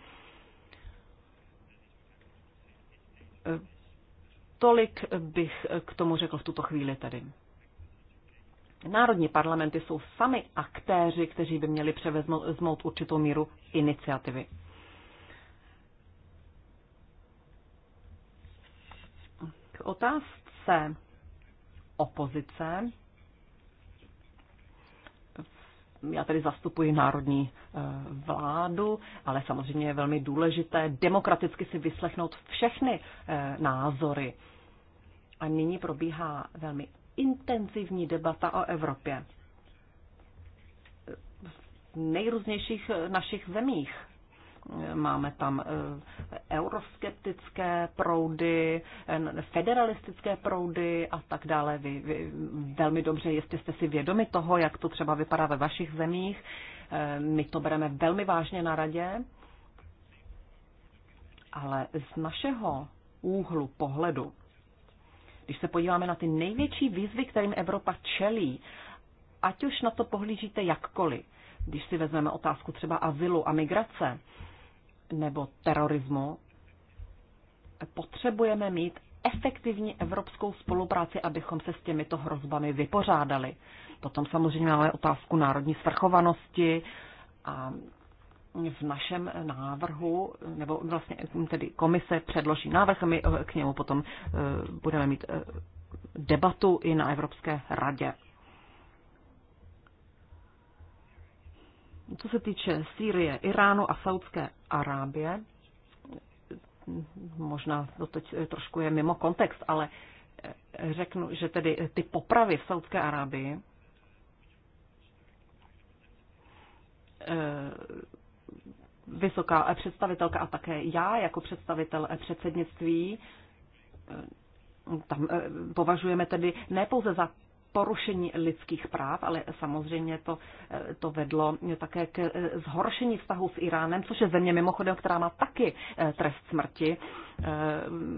Tolik bych k tomu řekl v tuto chvíli tedy. Národní parlamenty jsou sami aktéři, kteří by měli převezmout určitou míru iniciativy. K otázce se opozice. Já tedy zastupuji národní e, vládu, ale samozřejmě je velmi důležité demokraticky si vyslechnout všechny e, názory. A nyní probíhá velmi intenzivní debata o Evropě. V nejrůznějších e, našich zemích. Máme tam e, euroskeptické proudy, federalistické proudy a tak dále. Vy, vy velmi dobře jestli jste si vědomi toho, jak to třeba vypadá ve vašich zemích. E, my to bereme velmi vážně na radě, ale z našeho úhlu pohledu, když se podíváme na ty největší výzvy, kterým Evropa čelí, ať už na to pohlížíte jakkoliv, když si vezmeme otázku třeba azylu a migrace, nebo terorismu, potřebujeme mít efektivní evropskou spolupráci, abychom se s těmito hrozbami vypořádali. Potom samozřejmě máme otázku národní svrchovanosti a v našem návrhu, nebo vlastně tedy komise předloží návrh a my eh, k němu potom eh, budeme mít eh, debatu i na Evropské radě. Co se týče Sýrie, Iránu a Saudské Arábie. Možná to teď trošku je mimo kontext, ale řeknu, že tedy ty popravy v Saudské Arábii eh, vysoká představitelka a také já jako představitel předsednictví eh, tam eh, považujeme tedy ne pouze za porušení lidských práv, ale samozřejmě to, eh, to vedlo také k eh, zhoršení vztahu s Iránem, což je země mimochodem, která má taky eh, trest smrti.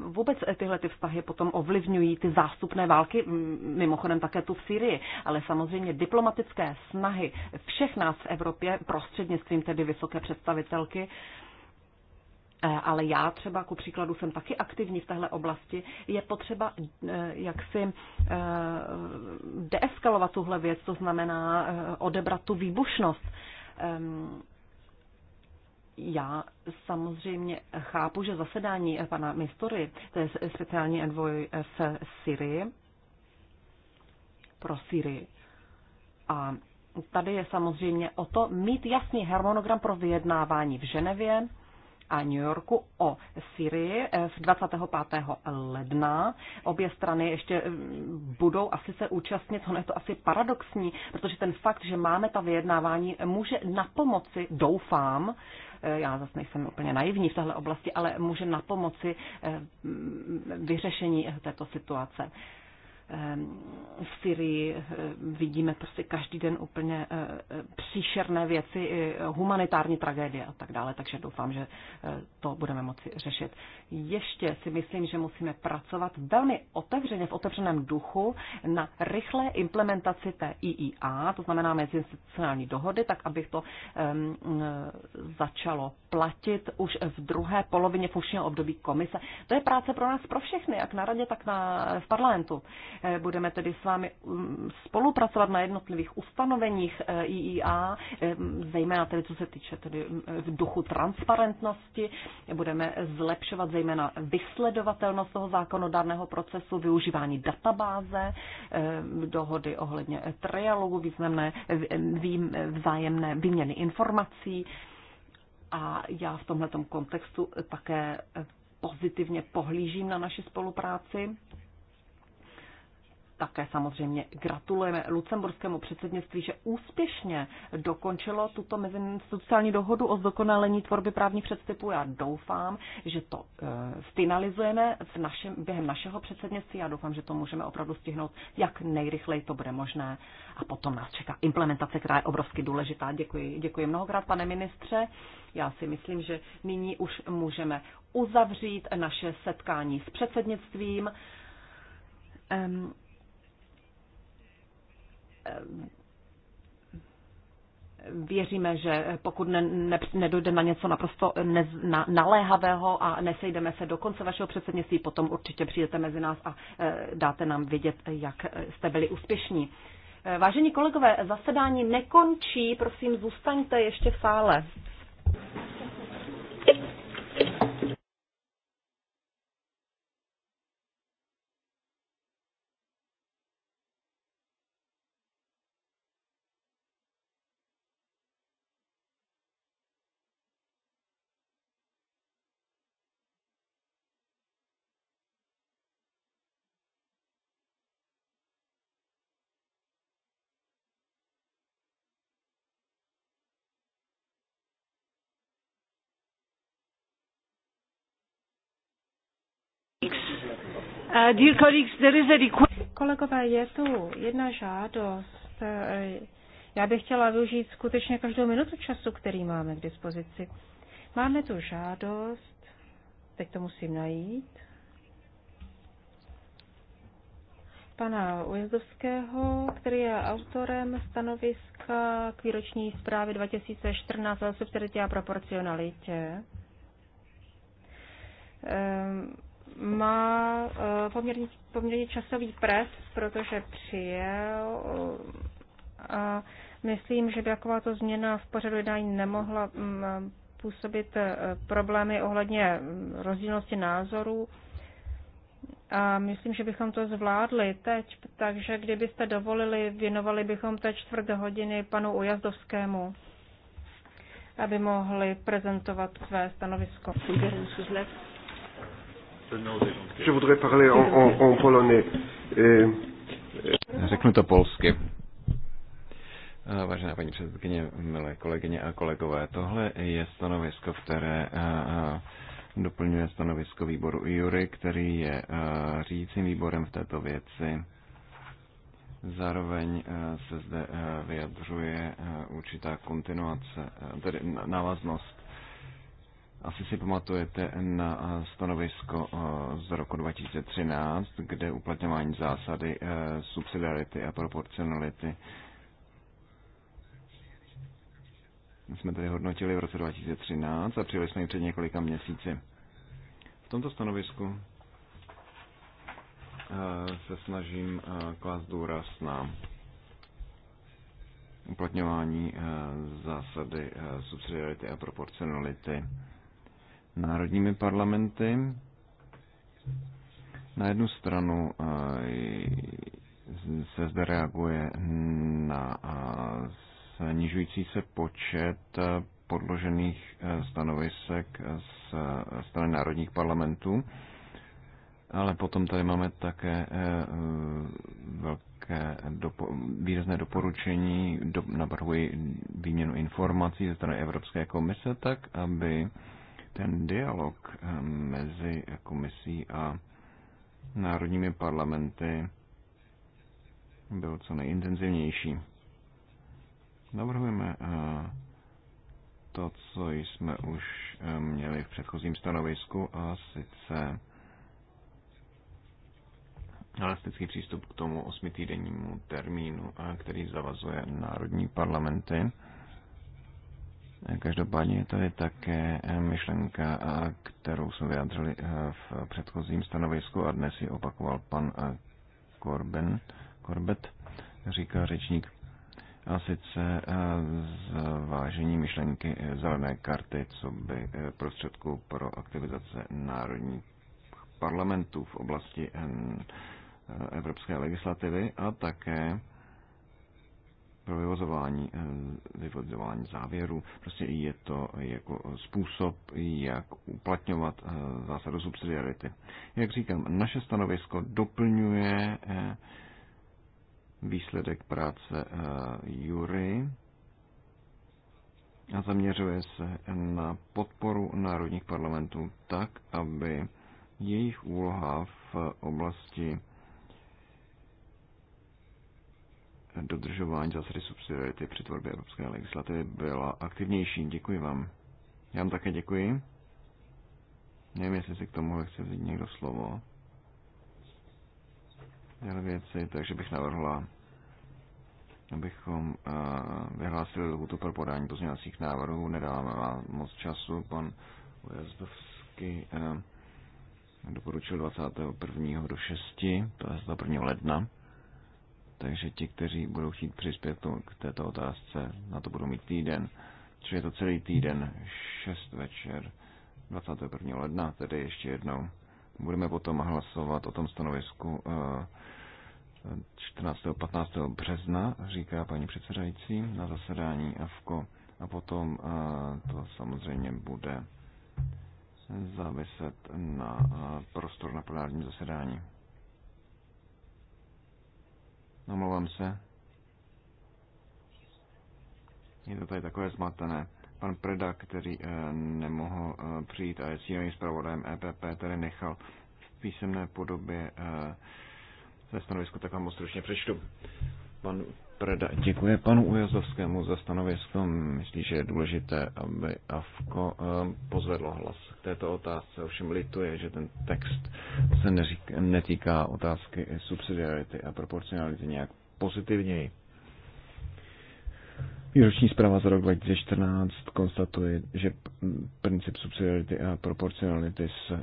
Vůbec tyhle ty vztahy potom ovlivňují ty zástupné války, mimochodem také tu v Syrii, ale samozřejmě diplomatické snahy všech nás v Evropě prostřednictvím tedy vysoké představitelky Eh, ale já třeba ku příkladu jsem taky aktivní v téhle oblasti, je potřeba eh, jaksi eh, deeskalovat tuhle věc, to znamená odebrat tu výbušnost. Ehm, já samozřejmě chápu, že zasedání pana Mistory, to je speciální envoj v Syrii, pro Syrii. A tady je samozřejmě o to mít jasný harmonogram pro vyjednávání v Ženevě, a New Yorku o Syrii eh, v 25. ledna. Obě strany ještě eh, budou asi se účastnit, ono je to asi paradoxní, protože ten fakt, že máme ta vyjednávání, může na pomoci, doufám, eh, já zase nejsem úplně naivní v této oblasti, ale může na pomoci vyřešení této situace. Ehm, v Syrii ehm, vidíme prostě každý den úplně eh, eh, příšerné věci, humanitární tragédie a tak dále, takže doufám, že eh, to budeme moci řešit. Ještě si myslím, že musíme pracovat velmi otevřeně, v otevřeném duchu na rychlé implementaci té IIA, to znamená meziinstitucionální dohody, tak aby to ehm, začalo platit už v druhé polovině funkčního období komise. To je práce pro nás, pro všechny, jak na radě, tak na, v parlamentu. Eh, budeme tedy s vámi mm, spolupracovat na jednotlivých ustanoveních eh, IIA, eh, zejména tedy co se týče tedy mm, v duchu transparentnosti. Budeme zlepšovat zejména vysledovatelnost toho zákonodárného procesu, využívání databáze, dohody ohledně trialogu, významné vzájemné výměny informací. A já v tomto kontextu také pozitivně pohlížím na naši spolupráci. Také samozřejmě gratulujeme lucemburskému předsednictví, že úspěšně dokončilo tuto sociální dohodu o zdokonalení tvorby právních předstupů. Já doufám, že to e, finalizujeme v našem, během našeho předsednictví. Já doufám, že to můžeme opravdu stihnout, jak nejrychleji to bude možné. A potom nás čeká implementace, která je obrovsky důležitá. Děkuji, děkuji mnohokrát, pane ministře. Já si myslím, že nyní už můžeme uzavřít naše setkání s předsednictvím. Ehm, věříme, že pokud ne, ne, nedojde na něco naprosto ne, na, naléhavého a nesejdeme se do konce vašeho předsednictví, potom určitě přijdete mezi nás a e, dáte nám vědět, jak jste byli úspěšní. E, vážení kolegové, zasedání nekončí, prosím, zůstaňte ještě v sále. Uh, dear colleagues, there is a request. Kolegové, je tu jedna žádost. Eh, já bych chtěla využít skutečně každou minutu času, který máme k dispozici. Máme tu žádost, teď to musím najít, pana Ujezdovského, který je autorem stanoviska k výroční zprávy 2014 o subsidiaritě a proporcionalitě. Um, má eh, poměrně, poměrně časový pres, protože přijel eh, a myslím, že by takováto změna v pořadu jednání nemohla mm, působit eh, problémy ohledně mm, rozdílnosti názorů. A myslím, že bychom to zvládli teď, takže kdybyste dovolili, věnovali bychom teď čtvrt hodiny panu Ujazdovskému, aby mohli prezentovat své stanovisko. Je voudrais parler en, en, en polonais. Řeknu to polsky. Eh, vážená paní předsedkyně, milé kolegyně a kolegové, tohle je stanovisko, které eh, eh, doplňuje stanovisko výboru Jury, který je řídícím výborem v této věci. Zároveň se zde vyjadřuje určitá kontinuace, tedy návaznost asi si pamatujete na eh, stanovisko eh, z roku 2013, kde uplatňování zásady eh, subsidiarity a proporcionality jsme tedy hodnotili v roce 2013 a přijeli jsme ji před několika měsíci. V tomto stanovisku se snažím klást důraz na uplatňování zásady subsidiarity a proporcionality národními parlamenty. Na jednu stranu eh, se zde reaguje na eh, snižující se počet eh, podložených stanovisek z strany národních parlamentů, ale potom tady máme také velké dopo- výrazné doporučení, do- navrhuji výměnu informací ze strany Evropské komise, tak aby ten dialog eh, mezi komisí a národními parlamenty byl co nejintenzivnější. Navrhujeme eh, to, co jsme už eh, měli v předchozím stanovisku, a sice elastický přístup k tomu osmitýdennímu termínu, který zavazuje národní parlamenty Každopádně to je také eh, myšlenka, eh, kterou jsme vyjádřili eh, v předchozím stanovisku a dnes ji opakoval pan Corben, Corbett, říká řečník. A sice zvážení myšlenky zelené karty, co by prostředku pro aktivizace národních parlamentů v oblasti evropské legislativy a také pro vyvozování, eh, vyvozování závěru. Prostě je to jako způsob, jak uplatňovat eh, zásadu subsidiarity. Jak říkám, naše stanovisko doplňuje eh, výsledek práce Jury a zaměřuje se na podporu národních parlamentů tak, aby jejich úloha v oblasti dodržování zásady subsidiarity při tvorbě evropské legislativy byla aktivnější. Děkuji vám. Já vám také děkuji. Nevím, jestli si k tomu chce vzít někdo slovo. Dělal věci, takže bych navrhla, abychom uh, vyhlásili lhůtu pro podání pozměňovacích návrhů. Nedáváme vám moc času. Pan Ujazdovský uh, doporučil 21. do 6. to je 1. ledna takže ti, kteří budou chtít přispět k této otázce, na to budou mít týden. Čili je to celý týden, 6 večer, 21. ledna, tedy ještě jednou. Budeme potom hlasovat o tom stanovisku 14. Eh, 15. března, říká paní předsedající, na zasedání AFKO. A potom eh, to samozřejmě bude záviset na eh, prostor na plenárním zasedání. Omlouvám se. Je to tady takové zmatené. Pan Preda, který e, nemohl e, přijít a je sínovým zpravodajem EPP, tady nechal v písemné podobě e, eh, ve stanovisku, tak vám ho stručně přečtu. Pan Preda děkuje panu Ujazovskému za stanovisko. Myslí, že je důležité, aby AFKO eh, pozvedlo hlas k této otázce. Ovšem lituje, že ten text se neřík, netýká otázky subsidiarity a proporcionality nějak pozitivněji. Výroční zpráva za rok 2014 konstatuje, že princip subsidiarity a proporcionality se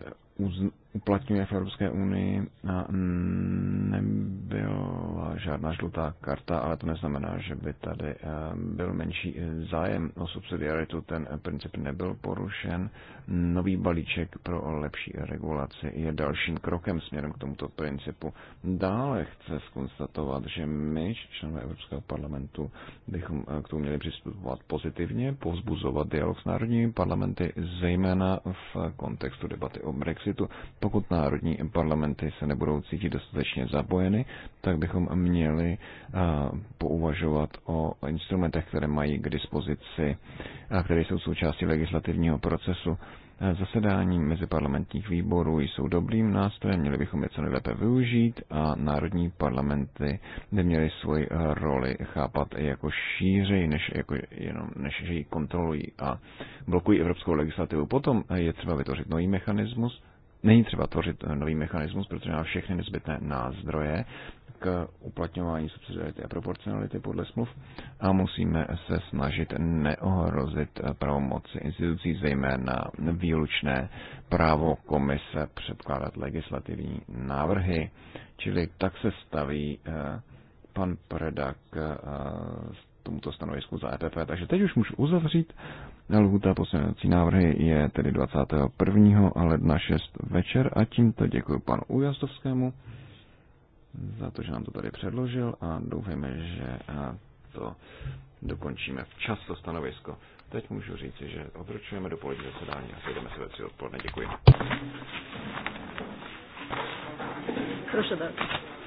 uplatňuje v Evropské unii a nebyla žádná žlutá karta, ale to neznamená, že by tady eh, byl menší eh, zájem o subsidiaritu. Ten princip nebyl porušen. Nový balíček pro lepší regulaci je dalším krokem směrem k tomuto principu. Dále chce skonstatovat, že my, členové Evropského parlamentu, bychom eh, k tomu měli přistupovat pozitivně, povzbuzovat dialog s národními parlamenty, zejména v kontextu debaty o Brexitu pokud národní parlamenty se nebudou cítit dostatečně zapojeny, tak bychom měli eh, pouvažovat o instrumentech, které mají k dispozici a které jsou součástí legislativního procesu. Eh, zasedání meziparlamentních výborů jsou dobrým nástrojem, měli bychom je co nejlépe využít a národní parlamenty by svoji eh, roli chápat jako šířej, než, jako, jenom, než že ji kontrolují a blokují evropskou legislativu. Potom je třeba vytvořit nový mechanismus, není třeba tvořit eh, nový mechanismus, protože má všechny nezbytné nástroje k uplatňování subsidiarity a proporcionality podle smluv a musíme se snažit neohrozit eh, pravomoci institucí, zejména výlučné právo komise předkládat legislativní návrhy. Čili tak se staví eh, pan Predak k tomuto stanovisku za EPP. Takže teď už můžu uzavřít. Lhuta poslanecí návrhy je tedy 21. ledna 6 večer a tímto děkuji panu Ujastovskému za to, že nám to tady předložil a doufejme, že to dokončíme včas to stanovisko. Teď můžu říci, že odročujeme dopolední zasedání a sejdeme se ve tři odpoledne. Děkuji. Prosím,